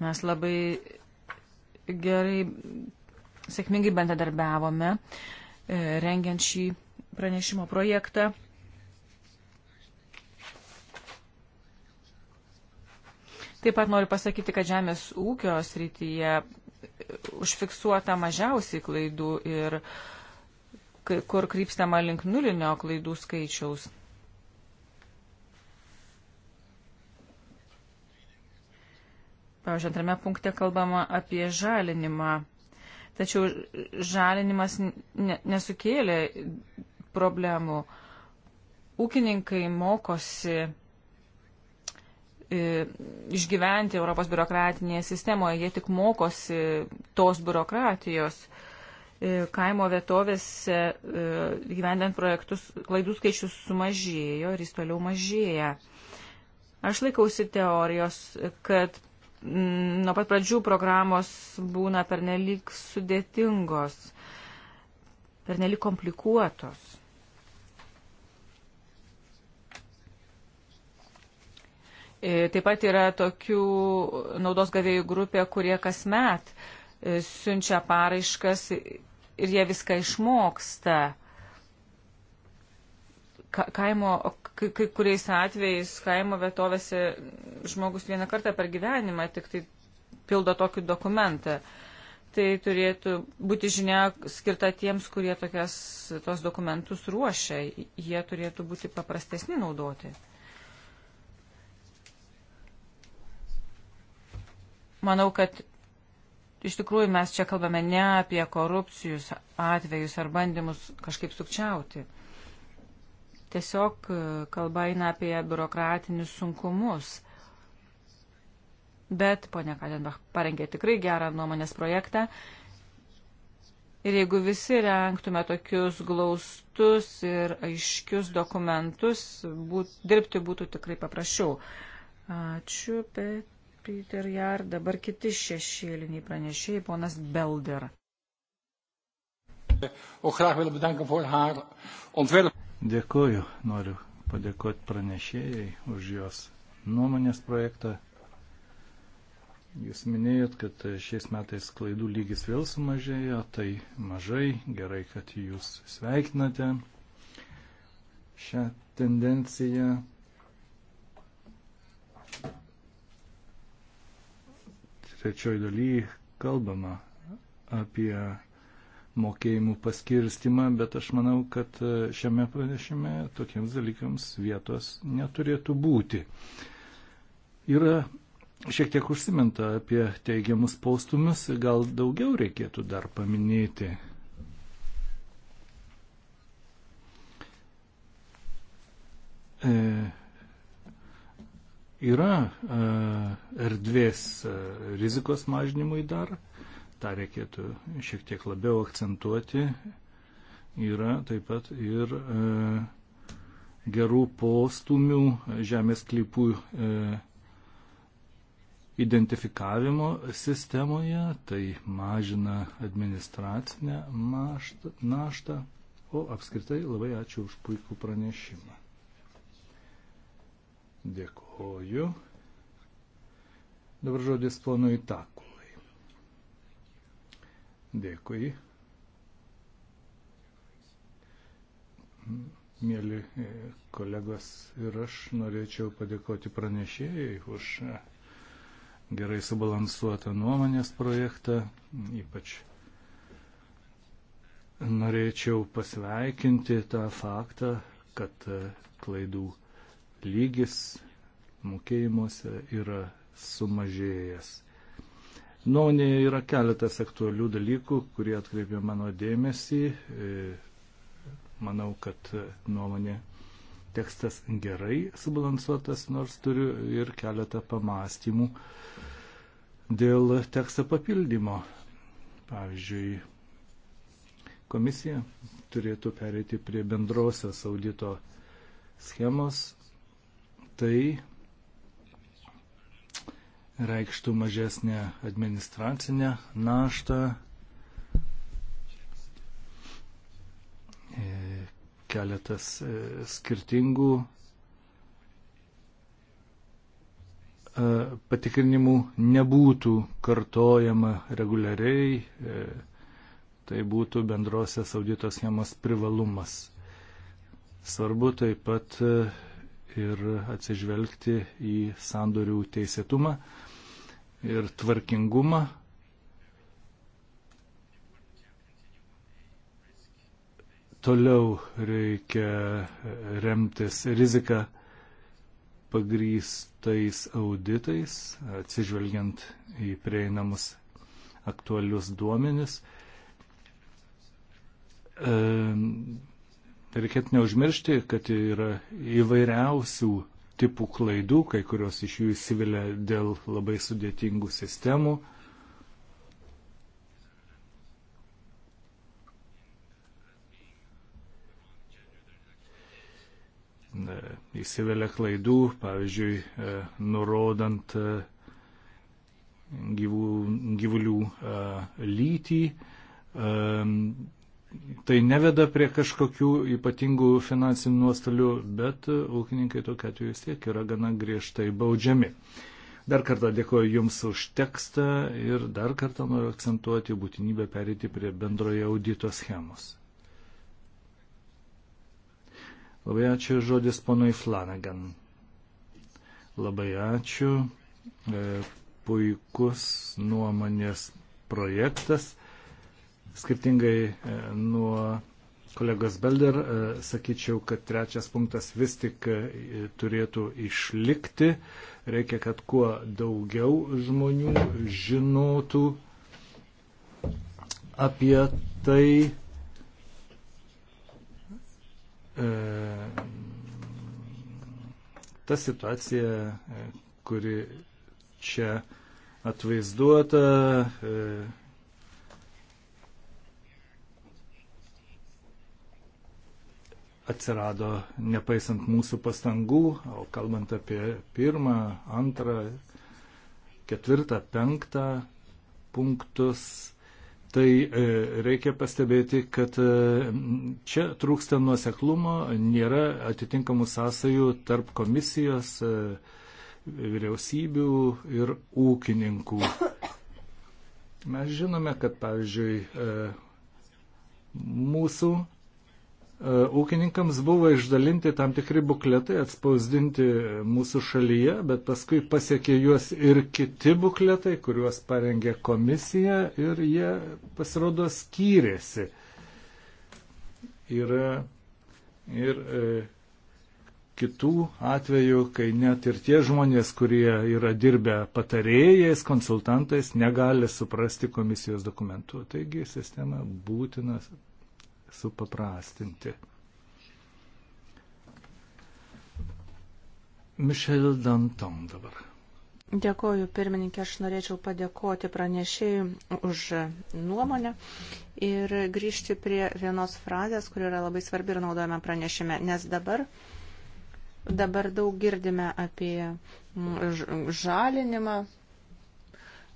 Speaker 2: Mes labai gerai, sėkmingai bendradarbiavome, e, rengiant šį pranešimo projektą. Taip pat noriu pasakyti, kad žemės ūkio srityje užfiksuota mažiausiai klaidų ir kur krypstama link nulinio klaidų skaičiaus. Pavyzdžiui, antrame punkte kalbama apie žalinimą. Tačiau žalinimas nesukėlė problemų. Ūkininkai mokosi E, išgyventi Europos biurokratinėje sistemoje, jie tik mokosi tos biurokratijos. E, kaimo vietovėse e, gyvendant projektus klaidų skaičius sumažėjo ir jis toliau mažėja. Aš laikausi teorijos, kad m, mm, nuo pat pradžių programos būna pernelyg sudėtingos, pernelyg komplikuotos. E, taip pat yra tokių naudos gavėjų grupė, kurie kasmet e, siunčia paraiškas ir jie viską išmoksta. Ka kaimo, kai, kai kuriais atvejais kaimo vietovėse žmogus vieną kartą per gyvenimą tik tai pildo tokį dokumentą. Tai turėtų būti žinia skirta tiems, kurie tokias, tos dokumentus ruošia. Jie turėtų būti paprastesni naudoti. manau, kad iš tikrųjų mes čia kalbame ne apie korupcijus atvejus ar bandymus kažkaip sukčiauti. Tiesiog e, kalba eina apie biurokratinius sunkumus. Bet ponia Kadenbach parengė tikrai gerą nuomonės projektą. Ir jeigu visi renktume tokius glaustus ir aiškius dokumentus, būt, dirbti būtų tikrai paprasčiau. Ačiū, bet Peter Jar, dabar kiti šešėliniai pranešėjai, ponas Belder.
Speaker 3: Dėkuoju, noriu padėkoti pranešėjai už jos nuomonės projektą. Jūs minėjot, kad šiais metais klaidų lygis vėl sumažėjo, tai mažai, gerai, kad jūs sveikinate šią tendenciją. trečioji daly kalbama apie mokėjimų paskirstimą, bet aš manau, kad šiame pranešime tokiems dalykams vietos neturėtų būti. Yra šiek tiek užsiminta apie teigiamus postumius, gal daugiau reikėtų dar paminėti. E, yra e, erdvės e, rizikos mažinimui dar, tą reikėtų šiek tiek labiau akcentuoti, yra taip pat ir e, gerų postumių žemės klypų identifikavimo sistemoje, tai mažina administracinę naštą, o apskritai labai ačiū už puikų pranešimą. Dėkoju. Dabar žodis ponui Takulai. Dėkui. Mėly e, kolegos ir aš norėčiau padėkoti pranešėjai už e, gerai subalansuotą nuomonės projektą. Ypač norėčiau pasveikinti tą faktą, kad e, klaidų lygis mokėjimuose yra sumažėjęs. Nuomonėje yra keletas aktualių dalykų, kurie atkreipia mano dėmesį. E, manau, kad nuomonė tekstas gerai subalansuotas, nors turiu ir keletą pamastymų dėl teksto papildymo. Pavyzdžiui, komisija turėtų pereiti prie bendrosios audito schemos tai reikštų mažesnę administracinę naštą, e, keletas e, skirtingų e, patikrinimų nebūtų kartojama reguliariai, tai būtų bendrosios audito schemos privalumas. Svarbu taip pat ir atsižvelgti į sandorių teisėtumą ir tvarkingumą. Toliau reikia remtis riziką pagrystais auditais, atsižvelgiant į prieinamus aktualius duomenis. Ehm, Tai reikėtų neužmiršti, kad yra įvairiausių tipų klaidų, kai kurios iš jų įsivilia dėl labai sudėtingų sistemų. Įsivelia klaidų, pavyzdžiui, e, nurodant e, gyvų, gyvulių e, lytį, tai neveda prie kažkokių ypatingų finansinių nuostolių, bet ūkininkai tokia atveju vis tiek yra gana griežtai baudžiami. Dar kartą dėkoju Jums už tekstą ir dar kartą noriu akcentuoti būtinybę perėti prie bendroje audito schemos. Labai ačiū žodis ponui Flanagan. Labai ačiū. E, puikus nuomonės projektas skirtingai e, nuo kolegos Belder, e, sakyčiau, kad trečias punktas vis tik e, turėtų išlikti. Reikia, kad kuo daugiau žmonių žinotų apie tai. Ta situacija, kuri čia atvaizduota, atsirado nepaisant mūsų pastangų, o kalbant apie pirmą, antrą, ketvirtą, penktą punktus, tai e, reikia pastebėti, kad e, čia trūksta nuoseklumo, nėra atitinkamų sąsajų tarp komisijos, e, vyriausybių ir ūkininkų. Mes žinome, kad pavyzdžiui, mūsų E, ūkininkams buvo išdalinti tam tikri bukletai atspausdinti mūsų šalyje, bet paskui pasiekė juos ir kiti bukletai, kuriuos parengė komisija ir jie pasirodo skyrėsi. Yra ir e, kitų atvejų, kai net ir tie žmonės, kurie yra dirbę patarėjais, konsultantais, negali suprasti komisijos dokumentų. Taigi sistemą būtinas supaprastinti. Mišel Danton dabar.
Speaker 4: Dėkoju, pirmininkė, aš norėčiau padėkoti pranešėjui už nuomonę ir grįžti prie vienos frazės, kuri yra labai svarbi ir naudojame pranešime, nes dabar, dabar daug girdime apie mm, žalinimą,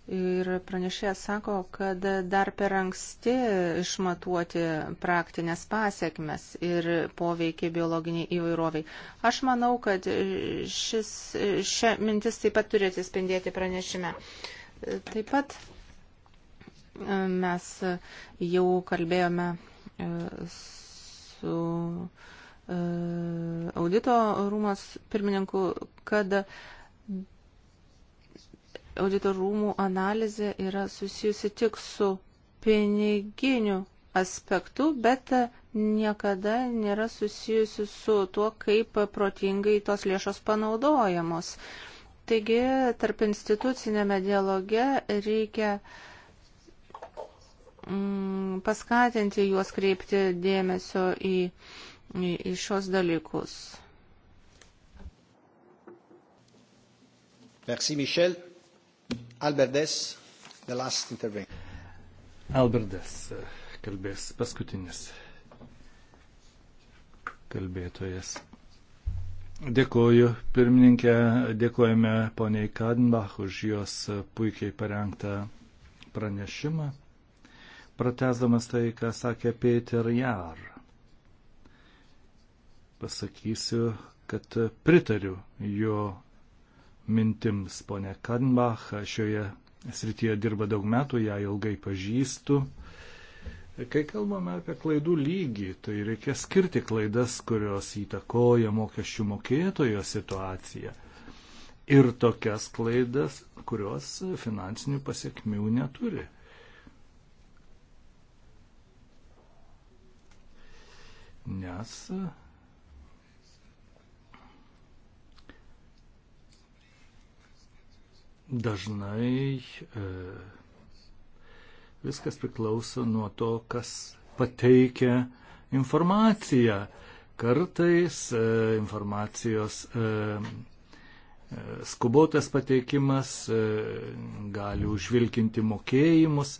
Speaker 4: Ir pranešėjas sako, kad dar per anksti išmatuoti praktinės pasiekmes ir poveikį biologiniai įvairoviai. Aš manau, kad šis, šia mintis taip pat turėtų spindėti pranešime. Taip pat e, mes jau kalbėjome e, su e, audito rūmos pirmininku, kad auditorumų analizė yra susijusi tik su piniginiu aspektu, bet niekada nėra susijusi su tuo, kaip protingai tos lėšos panaudojamos. Taigi, tarp institucinėme dialoge reikia mm, paskatinti juos kreipti dėmesio į, į, į šios dalykus.
Speaker 1: Merci, Michel. Albertas, the last intervention. Albertas kalbės paskutinis
Speaker 3: kalbėtojas. Dėkuoju, pirmininkė, dėkojame poniai Kadenbach už jos puikiai parengtą pranešimą, pratesdamas tai, ką sakė Peter Jar. Pasakysiu, kad pritariu jo mintims. Pone Kadenbach šioje srityje dirba daug metų, ją ilgai pažįstu. Kai kalbame apie klaidų lygį, tai reikia skirti klaidas, kurios įtakoja mokesčių mokėtojo situaciją. Ir tokias klaidas, kurios finansinių pasiekmių neturi. Nes dažnai e, viskas priklauso nuo to, kas pateikia informaciją. Kartais e, informacijos e, e, skubotas pateikimas e, gali užvilkinti mokėjimus,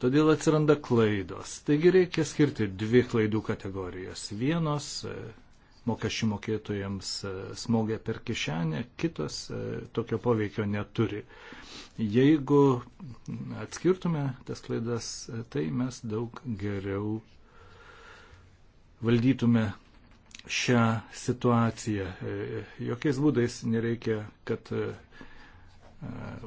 Speaker 3: todėl atsiranda klaidos. Taigi reikia skirti dvi klaidų kategorijas. Vienos e, mokesčių mokėtojams e, smogia per kišenę, kitos e, tokio poveikio neturi. Jeigu atskirtume tas klaidas, e, tai mes daug geriau valdytume šią situaciją. Jokiais būdais nereikia, kad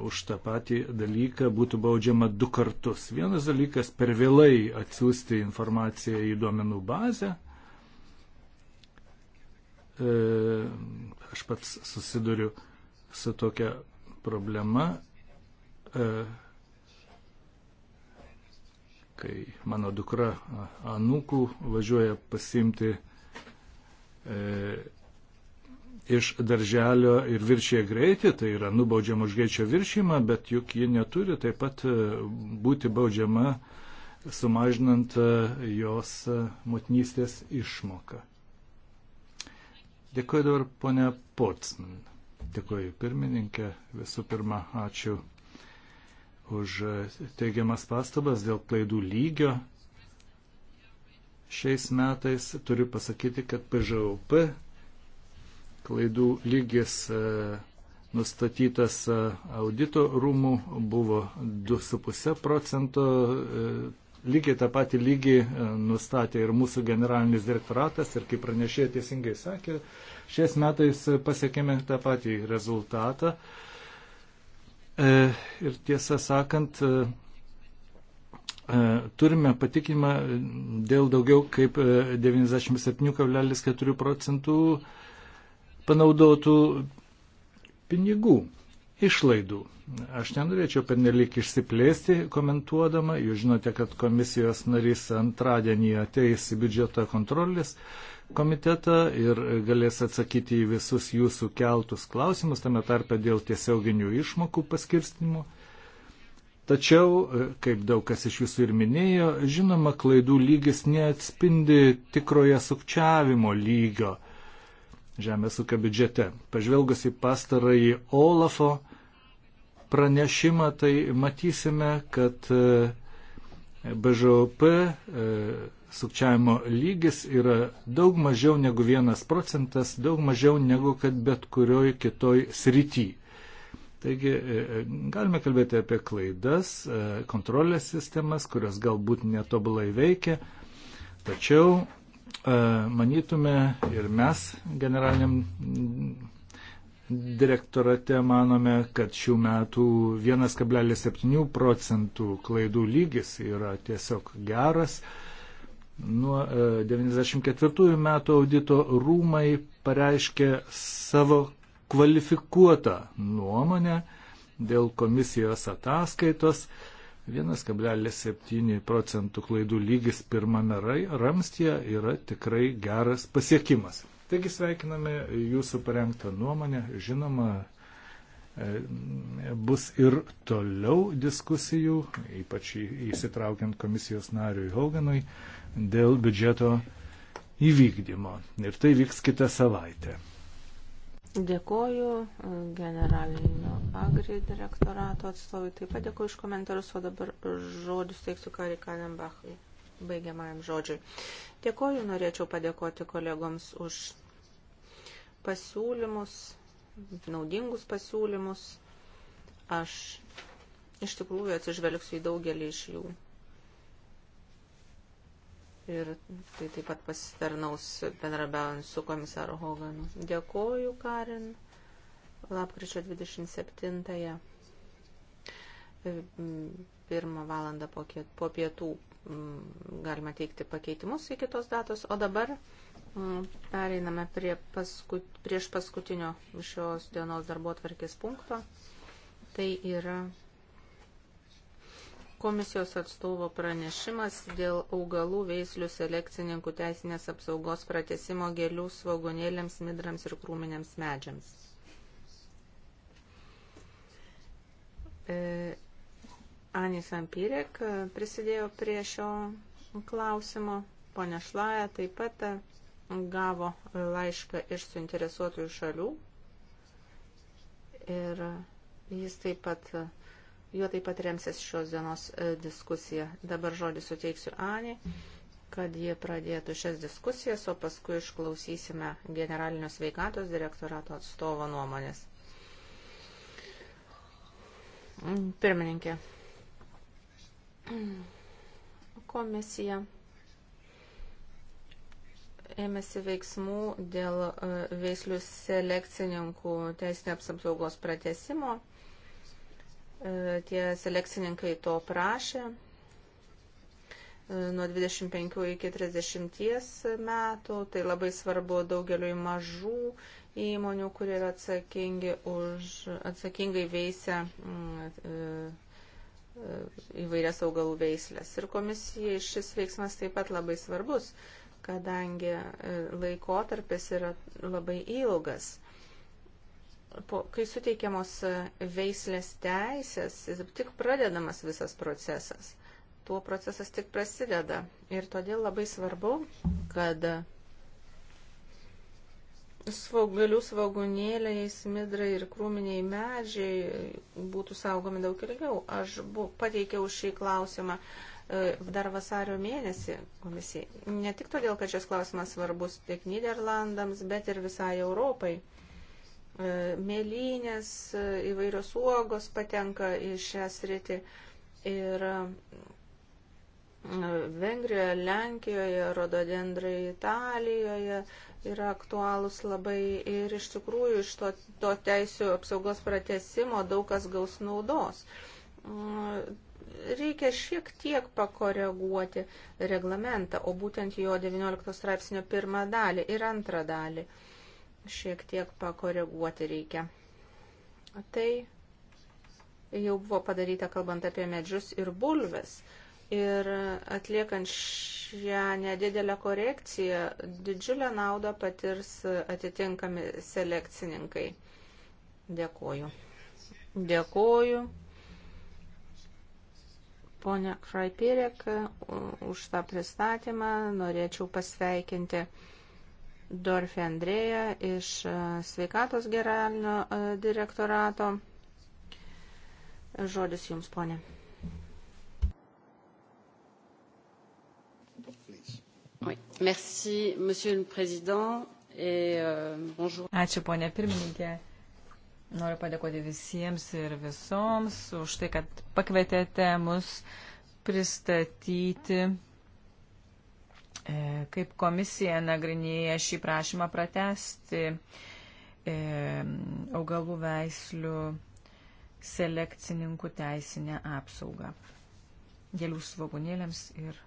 Speaker 3: už tą patį dalyką būtų baudžiama du kartus. Vienas dalykas per vėlai atsiųsti informaciją į duomenų bazę, E, aš pats susiduriu su tokia problema, e, kai mano dukra anūkų važiuoja pasimti e, iš darželio ir viršė greitį, tai yra nubaudžiama už greičio viršymą, bet juk ji neturi taip pat būti baudžiama sumažinant jos motinystės išmoką. Dėkuoju dabar ponia Potsman. Dėkuoju pirmininkė. Visų pirma, ačiū už teigiamas pastabas dėl klaidų lygio. Šiais metais turiu pasakyti, kad PŽOP klaidų lygis e, nustatytas e, audito rūmų buvo 2,5 procento, e, Lygiai tą patį lygį e, nustatė ir mūsų generalinis direktoratas ir kaip pranešėjai teisingai sakė, šiais metais pasiekėme tą patį rezultatą. E, ir tiesą sakant, e, turime patikimą dėl daugiau kaip 97,4 procentų panaudotų pinigų išlaidų. Aš nenorėčiau pernelik išsiplėsti komentuodama. Jūs žinote, kad komisijos narys antradienį ateis į biudžeto kontrolės komitetą ir galės atsakyti į visus jūsų keltus klausimus, tame tarpe dėl tiesioginių išmokų paskirstimų. Tačiau, kaip daug kas iš jūsų ir minėjo, žinoma, klaidų lygis neatspindi tikroje sukčiavimo lygio žemės ūkio biudžete. Pažvelgus į pastarąjį Olafo pranešimą, tai matysime, kad e, BŽOP e, sukčiavimo lygis yra daug mažiau negu vienas procentas, daug mažiau negu kad bet kurioj kitoj srity. Taigi e, galime kalbėti apie klaidas, kontrolės sistemas, kurios galbūt netobulai veikia, tačiau E, manytume ir mes generaliniam direktorate manome, kad šių metų 1,7 procentų klaidų lygis yra tiesiog geras. Nuo 1994 e, metų audito rūmai pareiškė savo kvalifikuotą nuomonę dėl komisijos ataskaitos. 1,7 procentų klaidų lygis pirmame ramstyje yra tikrai geras pasiekimas. Taigi sveikiname jūsų parengtą nuomonę. Žinoma, e, bus ir toliau diskusijų, ypač įsitraukiant komisijos nariui Hoganui, dėl biudžeto įvykdymo. Ir tai vyks kitą savaitę.
Speaker 4: Dėkoju e, generalinio agri direktorato atstovui. Taip pat dėkoju iš komentarus, o dabar žodis teiksiu Kari Kanembachui, baigiamajam žodžiui. Dėkoju, norėčiau padėkoti kolegoms už pasiūlymus, naudingus pasiūlymus. Aš iš tikrųjų atsižvelgsiu į daugelį iš jų. Ir tai taip pat pasitarnaus bendrabiaujant su komisaru Hoganu. Dėkoju, Karin. Lapkričio 27-ąją, e, pirmą valandą po pietų galima teikti pakeitimus iki tos datos. O dabar pereiname prie paskut, prieš paskutinio šios dienos darbo tvarkės punkto. Tai yra Komisijos atstovo pranešimas dėl augalų veislių selekcininkų teisinės apsaugos pratesimo gėlių svagonėlėms, midrams ir krūminiams medžiams. E, Anis Ampirek e, prisidėjo prie šio klausimo. Pone Šlaja taip pat e, gavo laišką iš suinteresuotųjų šalių. Ir jis taip pat juo taip pat remsis šios dienos e, diskusija. Dabar žodį suteiksiu Ani, kad jie pradėtų šias diskusijas, o paskui išklausysime generalinio sveikatos direktorato atstovo nuomonės. Mm, pirmininkė. Komisija ėmėsi veiksmų dėl e, veislių selekcininkų teisinės apsaugos pratesimo E, tie selekcininkai to prašė e, nuo 25 iki 30 metų. Tai labai svarbu daugeliui mažų įmonių, kurie yra atsakingi už, atsakingai veisę mm, e, įvairias augalų veislės. Ir komisijai šis veiksmas taip pat labai svarbus, kadangi laikotarpis yra labai ilgas po, kai suteikiamos e, veislės teisės, tik pradedamas visas procesas. Tuo procesas tik prasideda. Ir todėl labai svarbu, kad svogalių svogūnėliai, smidrai ir krūminiai medžiai būtų saugomi daug ilgiau. Aš bu, pateikiau šį klausimą e, dar vasario mėnesį komisijai. Ne tik todėl, kad šis klausimas svarbus tiek Niderlandams, bet ir visai Europai. E, mėlynės, e, įvairios uogos patenka į šią sritį. Ir e, Vengrijoje, Lenkijoje, rododendrai Italijoje yra aktualūs labai ir iš tikrųjų iš to, to teisų apsaugos pratesimo daug kas gaus naudos. Mm, reikia šiek tiek pakoreguoti reglamentą, o būtent jo 19 straipsnio pirmą dalį ir antrą dalį. Uh, šiek tiek pakoreguoti reikia. Tai jau buvo padaryta kalbant apie medžius ir bulves. Ir atliekant šią nedidelę korekciją, didžiulę naudą patirs atitinkami selekcininkai. Dėkoju. Dėkoju. Pone Kraipirek, už tą pristatymą norėčiau pasveikinti Dorfi Andrėja iš e, sveikatos generalinio e, direktorato. Žodis jums, ponė. Merci, monsieur le
Speaker 2: président. Et, euh, bonjour. Ačiū, ponė pirmininkė. Noriu padėkoti visiems ir visoms už tai, kad pakvietėte mus pristatyti E, kaip komisija nagrinėja šį prašymą pratesti e, augalų veislių selekcininkų teisinę apsaugą gėlių svogūnėliams ir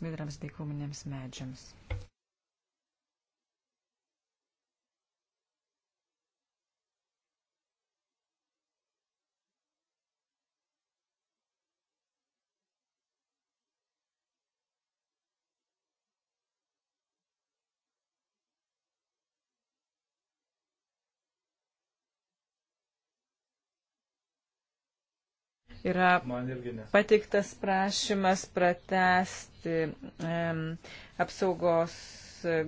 Speaker 2: smidrams bei kauminėms medžiams. yra pateiktas prašymas pratesti um, apsaugos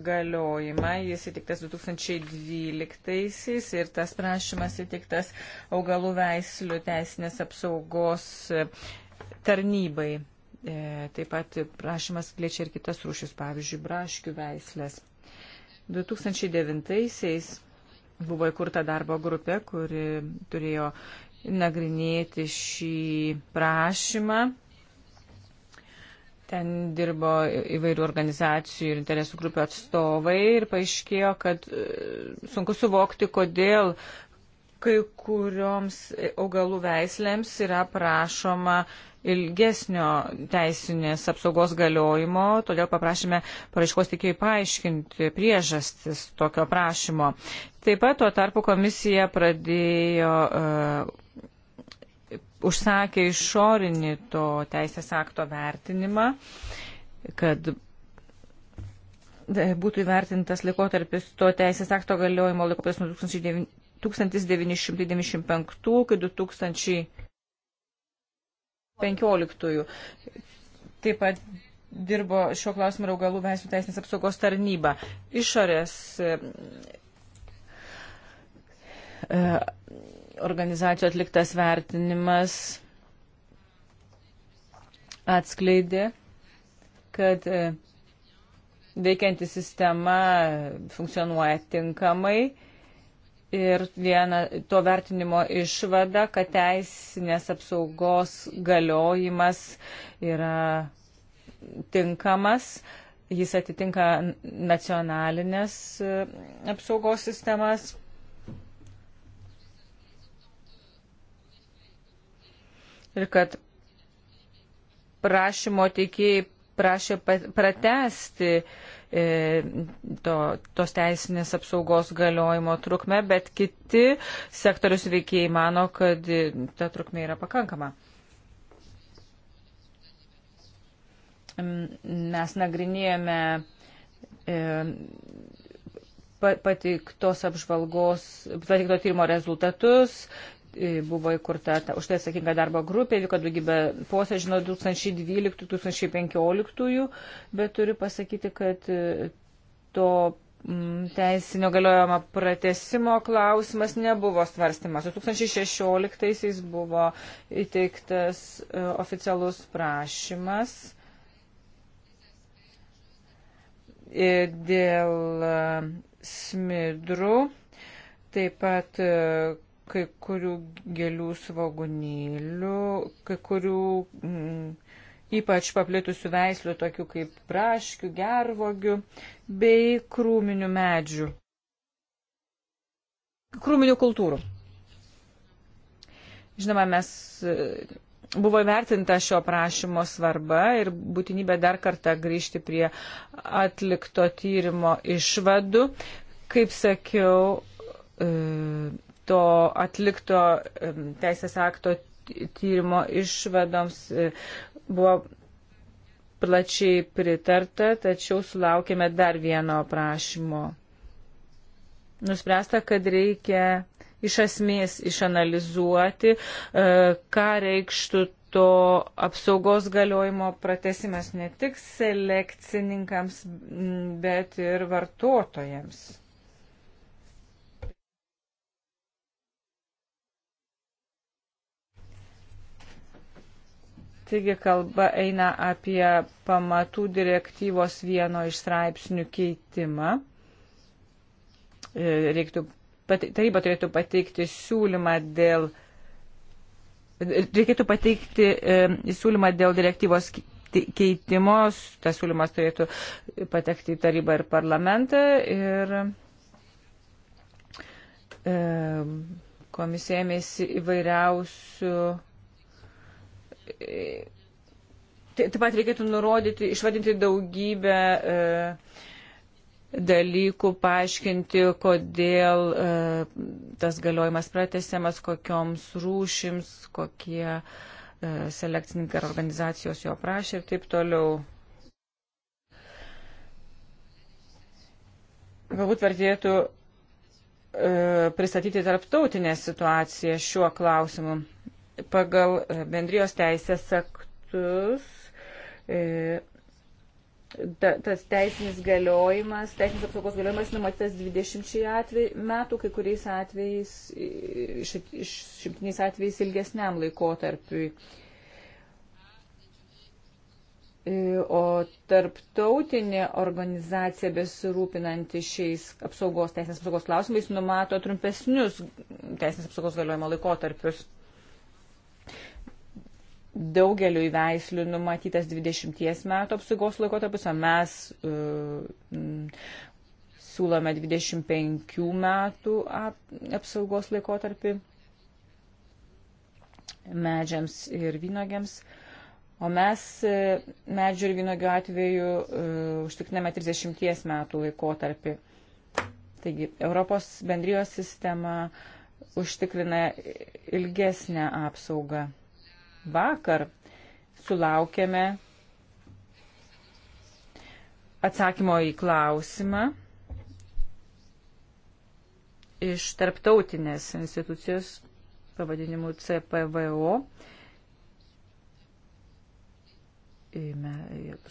Speaker 2: galiojimą. Jis įtiktas 2012-aisiais ir tas prašymas įtiktas augalų veislių teisinės apsaugos e, tarnybai. E, taip pat prašymas kliečia ir kitas rūšis, pavyzdžiui, braškių veislės. 2009-aisiais buvo įkurta darbo grupė, kuri turėjo nagrinėti šį prašymą. Ten dirbo įvairių organizacijų ir interesų grupių atstovai ir paaiškėjo, kad e, sunku suvokti, kodėl kai kurioms augalų veislėms yra prašoma ilgesnio teisinės apsaugos galiojimo, todėl paprašėme paraiškos tikėjai paaiškinti priežastis tokio prašymo. Taip pat tuo tarpu komisija pradėjo uh, užsakė išorinį to teisės akto vertinimą, kad būtų įvertintas laikotarpis to teisės akto galiojimo laikotarpis nuo 1995 iki 2015. Taip pat dirbo šio klausimo ir augalų veisų teisinės apsaugos tarnyba. Išorės e, e, organizacijų atliktas vertinimas atskleidė, kad e, veikianti sistema funkcionuoja tinkamai ir viena to vertinimo išvada, kad teisinės apsaugos galiojimas yra tinkamas, jis atitinka nacionalinės e, apsaugos sistemas ir kad prašymo teikėjai prašė pratesti e, to, tos teisinės apsaugos galiojimo trukmę, bet kiti sektorius veikėjai mano, kad ta trukmė yra pakankama. Mes nagrinėjome e, pateiktos apžvalgos, pateikto tyrimo rezultatus, E, buvo įkurta ta, už tai atsakinga darbo grupė, vyko daugybė posėdžių nuo 2012-2015, bet turiu pasakyti, kad e, to mm, teisinio galiojama pratesimo klausimas nebuvo svarstymas. 2016 buvo įteiktas e, oficialus prašymas dėl smidrų, taip pat kai kurių gėlių svogunėlių, kai kurių mm, ypač paplitusių veislių, tokių kaip braškių, gervogių bei krūminių medžių. Krūminių kultūrų. Žinoma, mes e, buvo vertinta šio prašymo svarba ir būtinybė dar kartą grįžti prie atlikto tyrimo išvadų. Kaip sakiau, e, to atlikto teisės akto tyrimo išvadoms e, buvo plačiai pritarta, tačiau sulaukėme dar vieno prašymo. Nuspręsta, kad reikia iš esmės išanalizuoti, e, ką reikštų to apsaugos galiojimo pratesimas ne tik selekcininkams, bet ir vartotojams. Taigi kalba eina apie pamatų direktyvos vieno iš straipsnių keitimą. E, reiktų, taryba turėtų pateikti siūlymą dėl. Reikėtų pateikti e, siūlymą dėl direktyvos keitimos. Tas siūlymas turėtų patekti į tarybą ir parlamentą. Ir e, komisija ėmėsi įvairiausių Taip pat reikėtų nurodyti, išvadinti daugybę e, dalykų, paaiškinti, kodėl e, tas galiojimas pratesiamas, kokioms rūšims, kokie e, selekcininkai ar organizacijos jo prašė ir taip toliau. Galbūt vertėtų e, pristatyti tarptautinę situaciją šiuo klausimu pagal e, bendrijos teisės aktus e, ta, tas teisinis galiojimas, teisinis apsaugos galiojimas numatytas 20 atvejų metų, kai kuriais atvejais, šimtiniais atvejais ilgesniam laikotarpiui. E, o tarptautinė organizacija besirūpinanti šiais apsaugos, teisinės apsaugos klausimais numato trumpesnius teisinės apsaugos galiojimo laikotarpius daugeliu įveislių numatytas 20 metų apsaugos laikotarpis, o mes uh, siūlome 25 metų ap, apsaugos laikotarpį medžiams ir vynogiams. O mes e, medžių ir vynogių atveju uh, užtikriname 30 metų laikotarpį. Taigi, Europos bendrijos sistema užtikrina ilgesnę apsaugą. Vakar sulaukėme atsakymo į klausimą iš tarptautinės institucijos pavadinimu CPVO.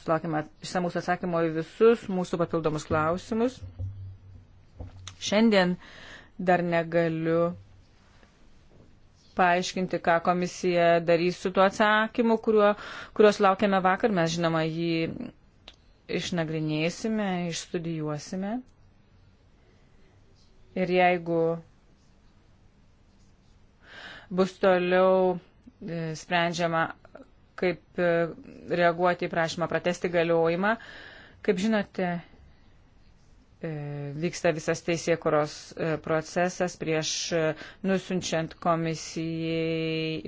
Speaker 2: Sulaukime išsamus atsakymo į visus mūsų papildomus klausimus. Šiandien dar negaliu paaiškinti, ką komisija darys su tuo atsakymu, kuriuo, kurios laukiame vakar. Mes, žinoma, jį išnagrinėsime, išstudijuosime. Ir jeigu bus toliau e, sprendžiama, kaip e, reaguoti į prašymą pratesti galiojimą, kaip žinote, E, vyksta visas teisėkuros e, procesas prieš e, nusinčiant komisijai,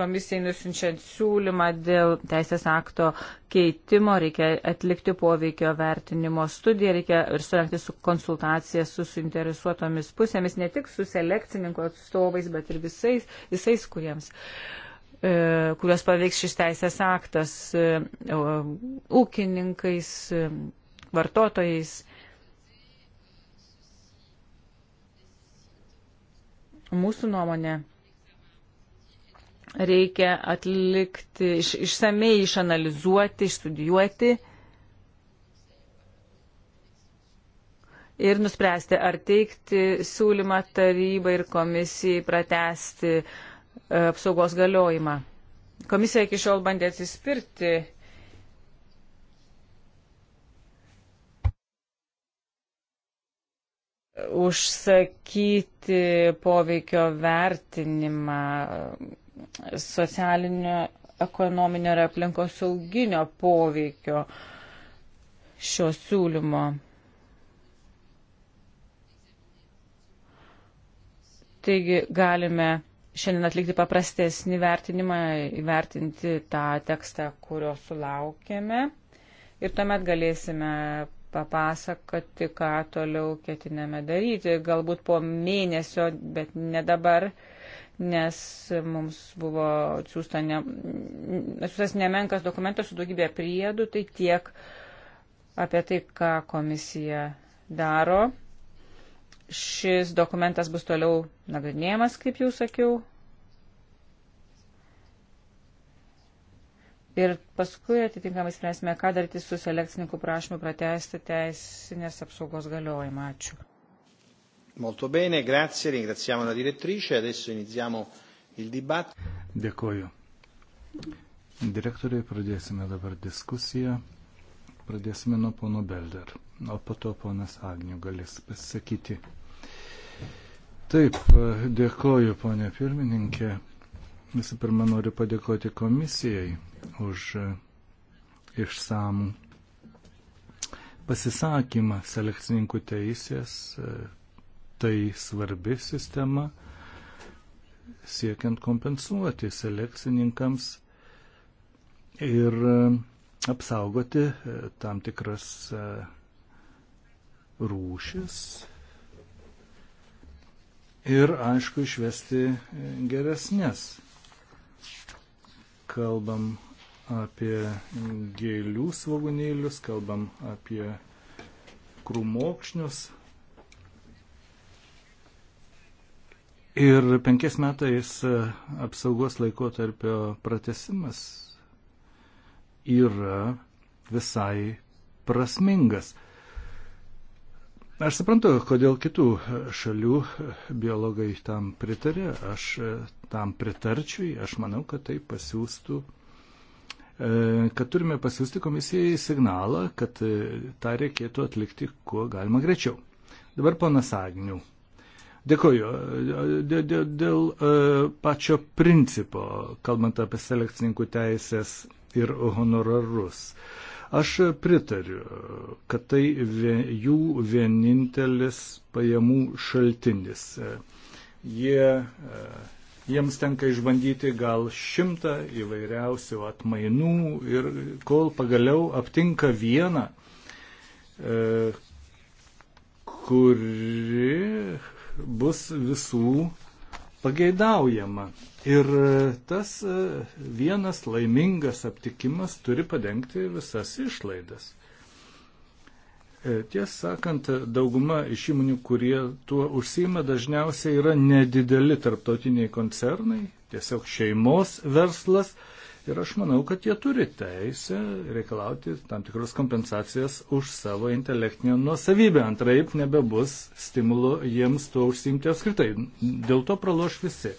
Speaker 2: komisijai nusinčiant siūlymą dėl teisės akto keitimo, reikia atlikti poveikio vertinimo studiją, reikia ir surengti su konsultacija su suinteresuotomis pusėmis, ne tik su selekcininko atstovais, bet ir visais, visais kuriems kurios paveiks šis teisės aktas ūkininkais, vartotojais Mūsų nuomonė reikia atlikti, iš, išsamei išanalizuoti, išstudijuoti ir nuspręsti, ar teikti siūlymą tarybai ir komisijai pratesti e, apsaugos galiojimą. Komisija iki šiol bandė atsispirti užsakyti poveikio vertinimą socialinio, ekonominio ir aplinkos sauginio poveikio šio siūlymo. Taigi galime šiandien atlikti paprastesnį vertinimą, įvertinti tą tekstą, kurio sulaukėme ir tuomet galėsime papasakoti, ką toliau ketiname daryti. Galbūt po mėnesio, bet ne dabar, nes mums buvo atsiųsta ne, atsiųstas nemenkas dokumentas su daugybė priedų, tai tiek apie tai, ką komisija daro. Šis dokumentas bus toliau nagrinėjamas, kaip jau sakiau, Ir paskui atitinkamai spręsime, ką daryti su selekcininku prašymu pratesti teisinės apsaugos galiojimą. Ačiū.
Speaker 1: Molto bene, grazie, ringraziamo la direttrice, adesso iniziamo il dibattito.
Speaker 3: Dėkoju. Direktoriai, pradėsime dabar diskusiją. Pradėsime nuo pono Belder, o po to ponas Agnių galės pasisakyti. Taip, dėkoju, ponė pirmininkė. Visų pirma, noriu padėkoti komisijai už e, išsamų pasisakymą selekcininkų teisės. E, tai svarbi sistema siekiant kompensuoti selekcininkams ir e, apsaugoti tam tikras rūšis ir, aišku, išvesti geresnės. Kalbam apie gėlių svogūnėlius, kalbam apie krūmokšnius. Ir penkiais metais apsaugos laikotarpio pratesimas yra visai prasmingas. Aš suprantu, kodėl kitų šalių biologai tam pritarė, aš tam pritarčiui, aš manau, kad tai pasiūstų uh, E, kad turime pasiūsti komisijai signalą, kad e, tą reikėtų atlikti kuo galima greičiau. Dabar ponas Agnių. Dėkoju. E, dėl, dėl, dėl pačio principo, kalbant apie selekcininkų teisės ir honorarus. Aš pritariu, kad tai jų vienintelis pajamų šaltinis. Jie Jiems tenka išbandyti gal šimtą įvairiausių atmainų ir kol pagaliau aptinka vieną, e, kuri bus visų pageidaujama. Ir tas e, vienas laimingas aptikimas turi padengti visas išlaidas. E, tiesą sakant, dauguma iš įmonių, kurie tuo užsima, dažniausiai yra nedideli tarptautiniai koncernai, tiesiog šeimos verslas. Ir aš manau, kad jie turi teisę reikalauti tam tikrus kompensacijas už savo intelektinę nuosavybę. Antraip nebebus stimulo jiems tuo užsimti apskritai. Dėl to praloš visi.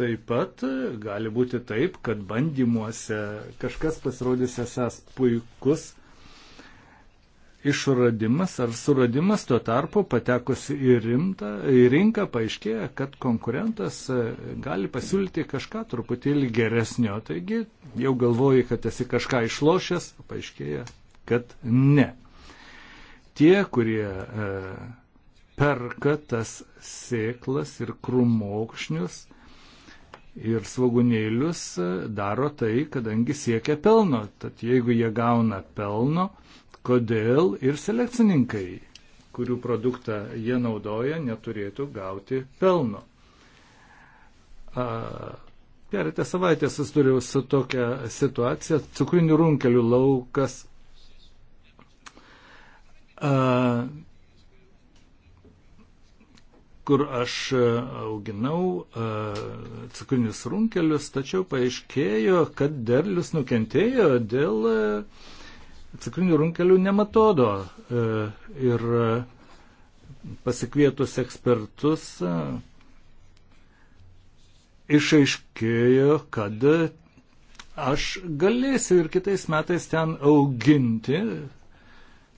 Speaker 3: Taip pat gali būti taip, kad bandymuose kažkas pasirodys esas puikus išradimas ar suradimas tuo tarpu patekus į, rimtą, į rinką paaiškėja, kad konkurentas e, gali pasiūlyti kažką truputėlį geresnio. Taigi jau galvoji, kad esi kažką išlošęs, paaiškėja, kad ne. Tie, kurie e, perka tas sėklas ir krumokšnius, ir svagunėlius e, daro tai, kadangi siekia pelno. Tad jeigu jie gauna pelno, kodėl ir selekcininkai, kurių produktą jie naudoja, neturėtų gauti pelno. Pereitą savaitę susidūriau su tokia situacija, cukrinių runkelių laukas. A, kur aš auginau cukrinius runkelius, tačiau paaiškėjo, kad derlius nukentėjo dėl a, cukrinių runkelių nematodo e, ir e, pasikvietus ekspertus e, išaiškėjo, kad aš galėsiu ir kitais metais ten auginti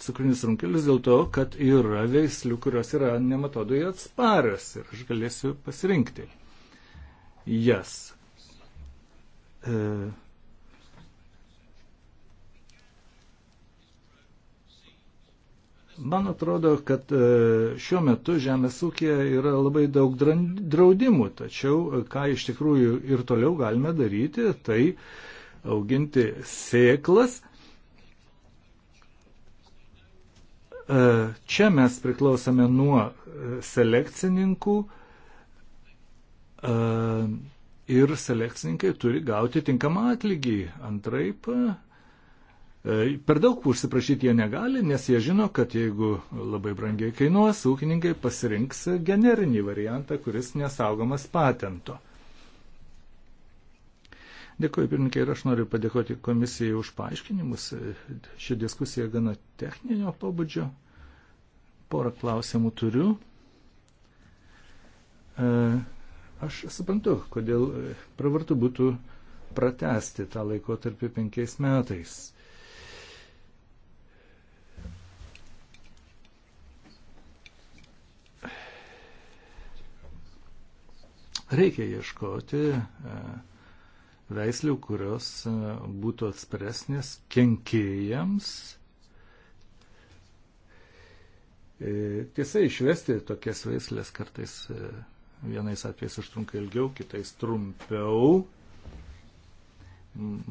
Speaker 3: cukrinis runkelis dėl to, kad yra veislių, kurios yra nematodai atsparios ir aš galėsiu pasirinkti jas. Yes. E, Man atrodo, kad e, šiuo metu žemės ūkija yra labai daug draudimų, tačiau e, ką iš tikrųjų ir toliau galime daryti, tai auginti sėklas. E, čia mes priklausome nuo selekcininkų ir selekcininkai turi gauti tinkamą atlygį, antraip E, per daug užsiprašyti jie negali, nes jie žino, kad jeigu labai brangiai kainuos, ūkininkai pasirinks generinį variantą, kuris nesaugomas patento. Dėkuoju, pirmininkai, ir aš noriu padėkoti komisijai už paaiškinimus. Ši diskusija gana techninio pobūdžio. Porą klausimų turiu. E, aš suprantu, kodėl pravartu būtų pratesti tą laikotarpį penkiais metais. Reikia ieškoti e, veislių, kurios e, būtų atsparesnės kenkėjams. E, tiesa, išvesti tokias veislės kartais vienais atvejais užtrunka ilgiau, kitais trumpiau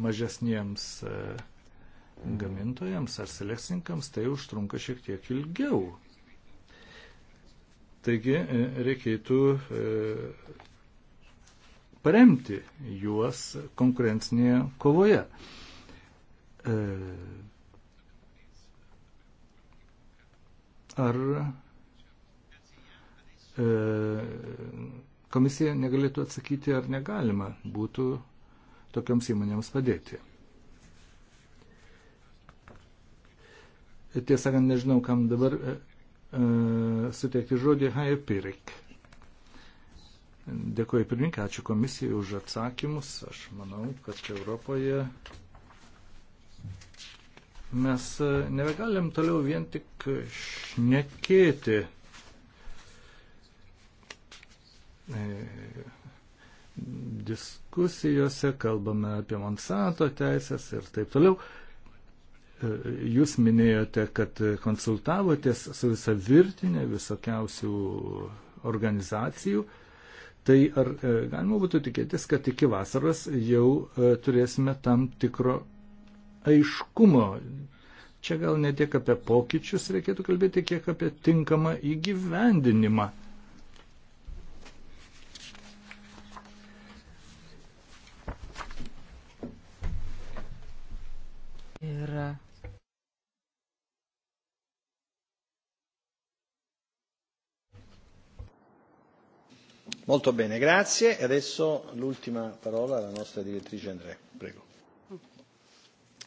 Speaker 3: mažesniems gamintojams ar seleksininkams tai užtrunka šiek tiek ilgiau. Taigi reikėtų paremti juos konkurencinėje kovoje. E, ar e, komisija negalėtų atsakyti, ar negalima būtų tokiams įmonėms padėti? Tiesą sakant, nežinau, kam dabar e, suteikti žodį Hajepirik. Pirik. Dėkuoju pirmininkai, ačiū komisijai už atsakymus. Aš manau, kad Europoje mes nebegalim toliau vien tik šnekėti. E, diskusijose kalbame apie Monsanto teisės ir taip toliau. E, jūs minėjote, kad konsultavotės su visa virtinė visokiausių organizacijų tai ar e, galima būtų tikėtis, kad iki vasaros jau e, turėsime tam tikro aiškumo. Čia gal ne tiek apie pokyčius reikėtų kalbėti, kiek apie tinkamą įgyvendinimą.
Speaker 4: Ir
Speaker 1: Molto bene, grazie. E adesso l'ultima parola alla nostra direttrice André. Prego.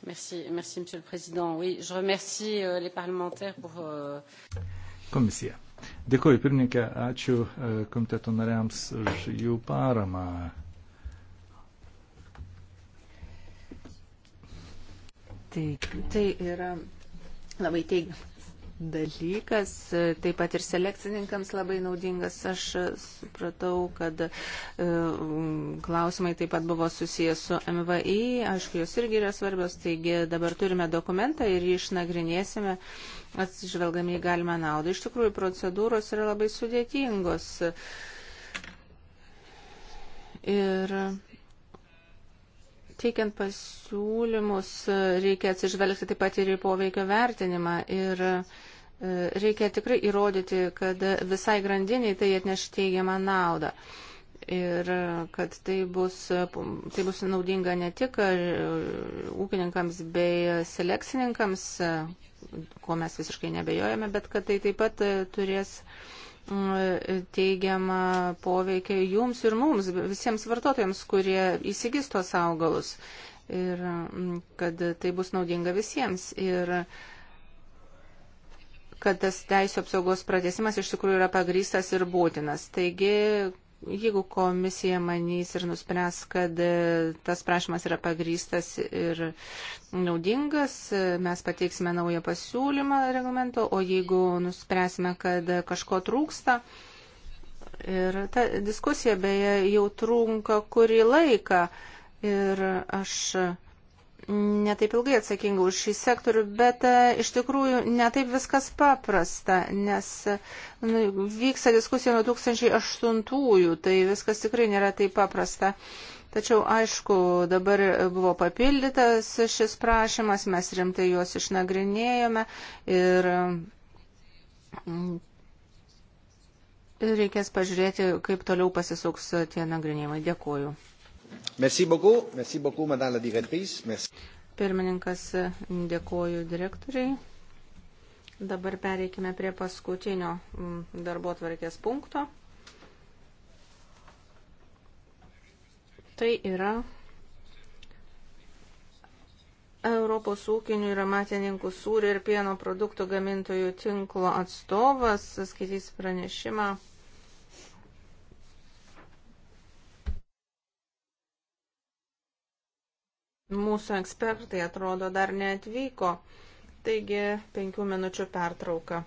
Speaker 2: Merci, merci Monsieur le Président. Oui, je remercie euh, les parlementaires pour. Euh...
Speaker 3: Komisija. Dėkuoju, pirmininkė, ačiū e, komiteto nariams už jų paramą.
Speaker 4: Tai, tai yra labai teigiama dalykas, taip pat ir selekcininkams labai naudingas. Aš supratau, kad e, klausimai taip pat buvo susijęs su MVI, aišku, jos irgi yra svarbios, taigi dabar turime dokumentą ir jį išnagrinėsime atsižvelgami į galimą naudą. Iš tikrųjų, procedūros yra labai sudėtingos. Ir teikiant pasiūlymus reikia atsižvelgti taip pat ir į poveikio vertinimą. Ir reikia tikrai įrodyti, kad visai grandiniai tai atneš teigiamą naudą. Ir kad tai bus, tai bus naudinga ne tik e, ūkininkams bei selekcininkams, ko mes visiškai nebejojame, bet kad tai taip pat e, turės e, teigiamą poveikį jums ir mums, visiems vartotojams, kurie įsigys tos augalus. Ir kad tai bus naudinga visiems. Ir uh, kad tas teisų apsaugos pratesimas iš tikrųjų yra pagrystas ir būtinas. Taigi, jeigu komisija manys ir nuspręs, kad e, tas prašymas yra pagrystas ir naudingas, e, mes pateiksime naują pasiūlymą reglamento, o jeigu nuspręsime, kad kažko trūksta, ir ta diskusija beje jau trunka kurį laiką ir aš netaip ilgai atsakinga už šį sektorių, bet e, iš tikrųjų netaip viskas paprasta, nes nu, vyksta diskusija nuo 2008-ųjų, tai viskas tikrai nėra taip paprasta. Tačiau, aišku, dabar buvo papildytas šis prašymas, mes rimtai juos išnagrinėjome ir mm, reikės pažiūrėti, kaip toliau pasisuks tie nagrinėjimai. Dėkuoju.
Speaker 1: Merci beaucoup, merci beaucoup, madame la directrice. Merci.
Speaker 4: Pirmininkas, dėkoju direktoriai. Dabar pereikime prie paskutinio mm, darbo tvarkės punkto. Tai yra Europos ūkinių ir amatininkų sūrių ir pieno produktų gamintojų tinklo atstovas skaitys pranešimą mūsų ekspertai atrodo dar neatvyko. Taigi penkių minučių pertrauka.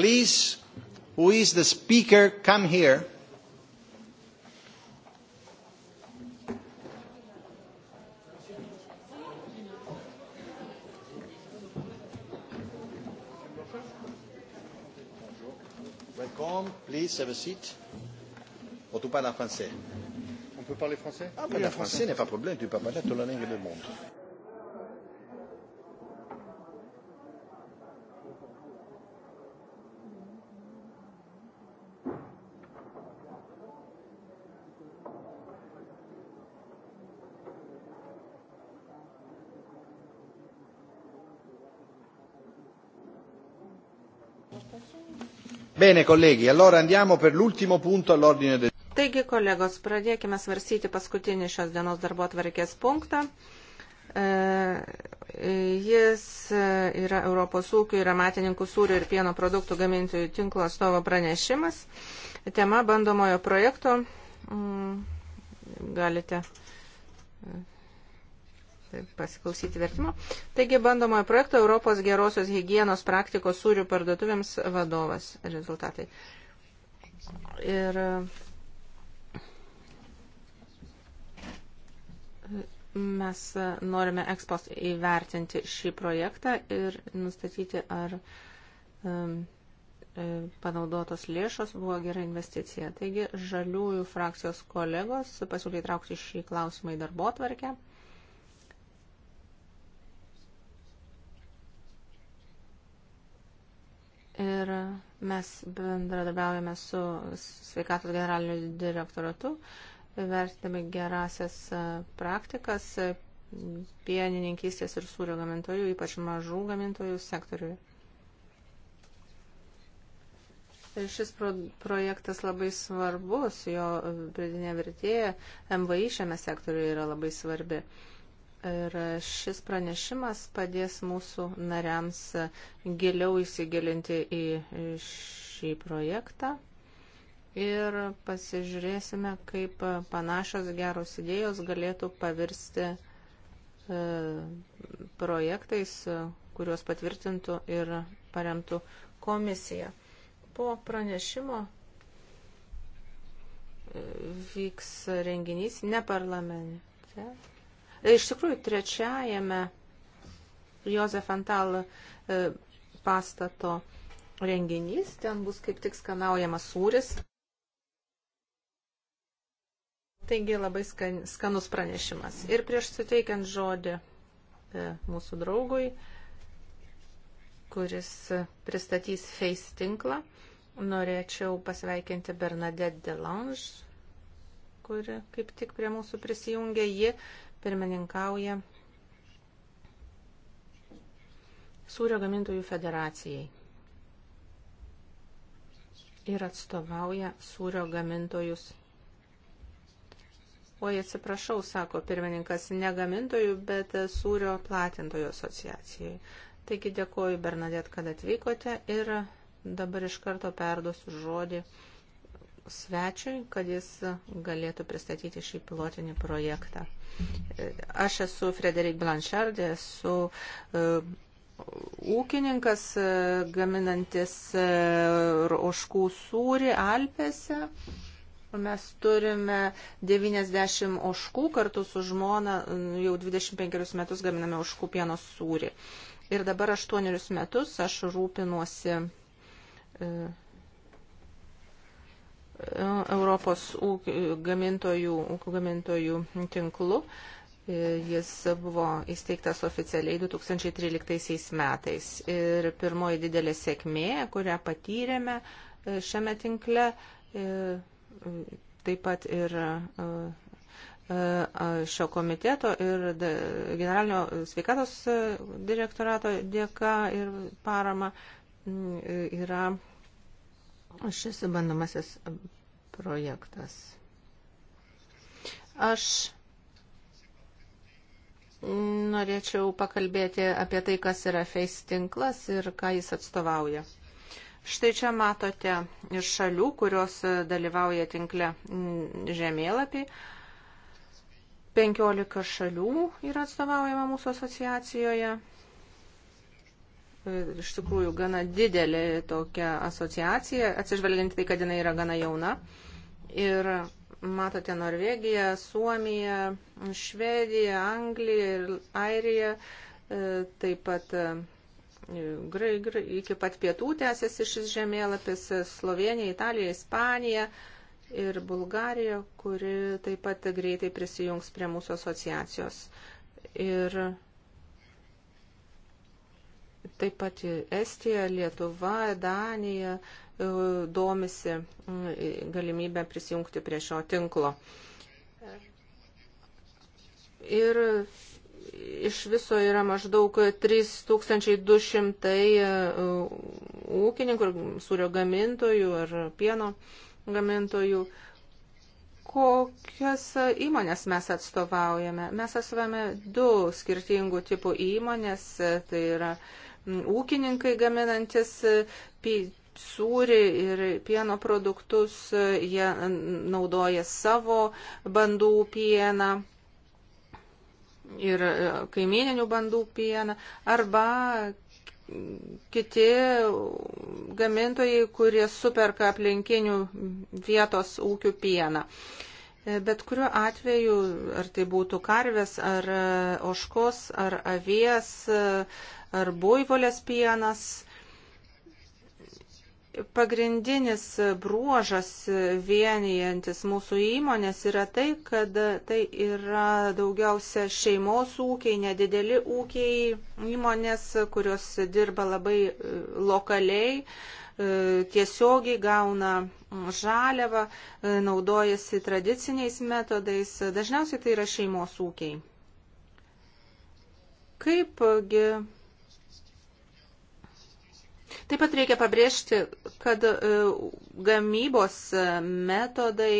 Speaker 1: Please, who is the speaker, come here. Welcome, please have a seat. Bon, oh, tu parles en français. On peut parler français Ah, parler oui, français, français n'est pas problème, tu peux parler toute la langue du monde. Bene, colleghi, allora andiamo per l'ultimo punto all'ordine del
Speaker 4: Taigi, kolegos, pradėkime svarstyti paskutinį šios dienos darbo atvarkės punktą. E, jis e, yra Europos ūkių ir amatininkų sūrių ir pieno produktų gamintojų tinklo atstovo pranešimas. Tema bandomojo projekto. Mm, galite pasiklausyti vertimo. Taigi bandomojo projekto Europos gerosios hygienos praktikos sūrių parduotuvėms vadovas rezultatai. Ir mes norime ekspos įvertinti šį projektą ir nustatyti, ar um, panaudotos lėšos buvo gera investicija. Taigi žaliųjų frakcijos kolegos pasiūlė įtraukti šį klausimą į darbo tvarkę. Ir mes bendradarbiaujame su sveikatos generaliniu direktoratu, vertinami gerasias e, praktikas e, pienininkystės ir sūrio gamintojų, ypač mažų gamintojų sektoriui. Ir šis pro projektas labai svarbus, jo e, pridinė vertė MVI šiame sektoriuje yra labai svarbi. Uh, Ir šis pranešimas padės mūsų nariams giliau įsigilinti į šį projektą. Ir pasižiūrėsime, kaip panašios geros idėjos galėtų pavirsti e, projektais, kuriuos patvirtintų ir paremtų komisija. Po pranešimo e, vyks renginys ne parlamente Iš tikrųjų, trečiajame Jozef Antal e, pastato renginys, ten bus kaip tik skanaujamas sūris. Taigi labai skan, skanus pranešimas. Ir prieš suteikiant žodį e, mūsų draugui, kuris pristatys Face tinklą, norėčiau pasveikinti Bernadette Delange, kuri kaip tik prie mūsų prisijungė. Ji pirmininkauja Sūrio gamintojų federacijai ir atstovauja sūrio gamintojus. Oi, atsiprašau, sako pirmininkas, ne gamintojų, bet sūrio platintojų asociacijai. Taigi dėkoju, Bernadette, kad atvykote ir dabar iš karto perduosiu žodį svečiui, kad jis galėtų pristatyti šį pilotinį projektą. Aš esu Frederik Blanchard, esu e, ūkininkas e, gaminantis e, oškų sūrį Alpėse. Mes turime 90 oškų kartu su žmona, jau 25 metus gaminame oškų pieno sūrį. Ir dabar 8 metus aš rūpinuosi Europos ūkių gamintojų, ūkių gamintojų tinklu. Jis buvo įsteigtas oficialiai 2013 metais ir pirmoji didelė sėkmė, kurią patyrėme e, šiame tinkle, e, taip pat ir e, šio komiteto ir generalinio sveikatos direktorato dėka ir parama yra šis bandomasis projektas. Aš norėčiau pakalbėti apie tai, kas yra Face tinklas ir ką jis atstovauja. Štai čia matote iš šalių, kurios dalyvauja tinkle žemėlapį. 15 šalių yra atstovaujama mūsų asociacijoje iš tikrųjų gana didelė tokia asociacija, atsižvelgiant tai, kad jinai yra gana jauna. Ir matote Norvegiją, Suomiją, Švediją, Angliją ir Airiją, e, taip pat e, grai, grai, iki pat pietų tęsiasi šis žemėlapis, e, Slovenija, Italija, Ispanija ir Bulgarija, kuri taip pat greitai prisijungs prie mūsų asociacijos. Ir Taip pat Estija, Lietuva, Danija e, domisi galimybę prisijungti prie šio tinklo. Ir iš viso yra maždaug 3200 e, ūkininkų, sūrio gamintojų ar pieno gamintojų. Kokias įmonės mes atstovaujame? Mes atstovaujame du skirtingų tipų įmonės, e, tai yra uh, ūkininkai gaminantis e, sūrį ir pieno produktus, e, jie naudoja savo bandų pieną ir e, kaimininių bandų pieną arba kiti gamintojai, kurie superka aplinkinių vietos ūkių pieną. Uh, E, bet kuriuo atveju, ar tai būtų karvės, ar e, oškos, ar avies, e, ar buivolės pienas, pagrindinis bruožas vienijantis mūsų įmonės yra tai, kad tai yra daugiausia šeimos ūkiai, nedideli ūkiai, įmonės, kurios dirba labai lokaliai, E, tiesiogiai gauna žaliavą, e, naudojasi tradiciniais metodais. Dažniausiai tai yra šeimos ūkiai. Kaipgi. Taip pat reikia pabrėžti, kad e, gamybos metodai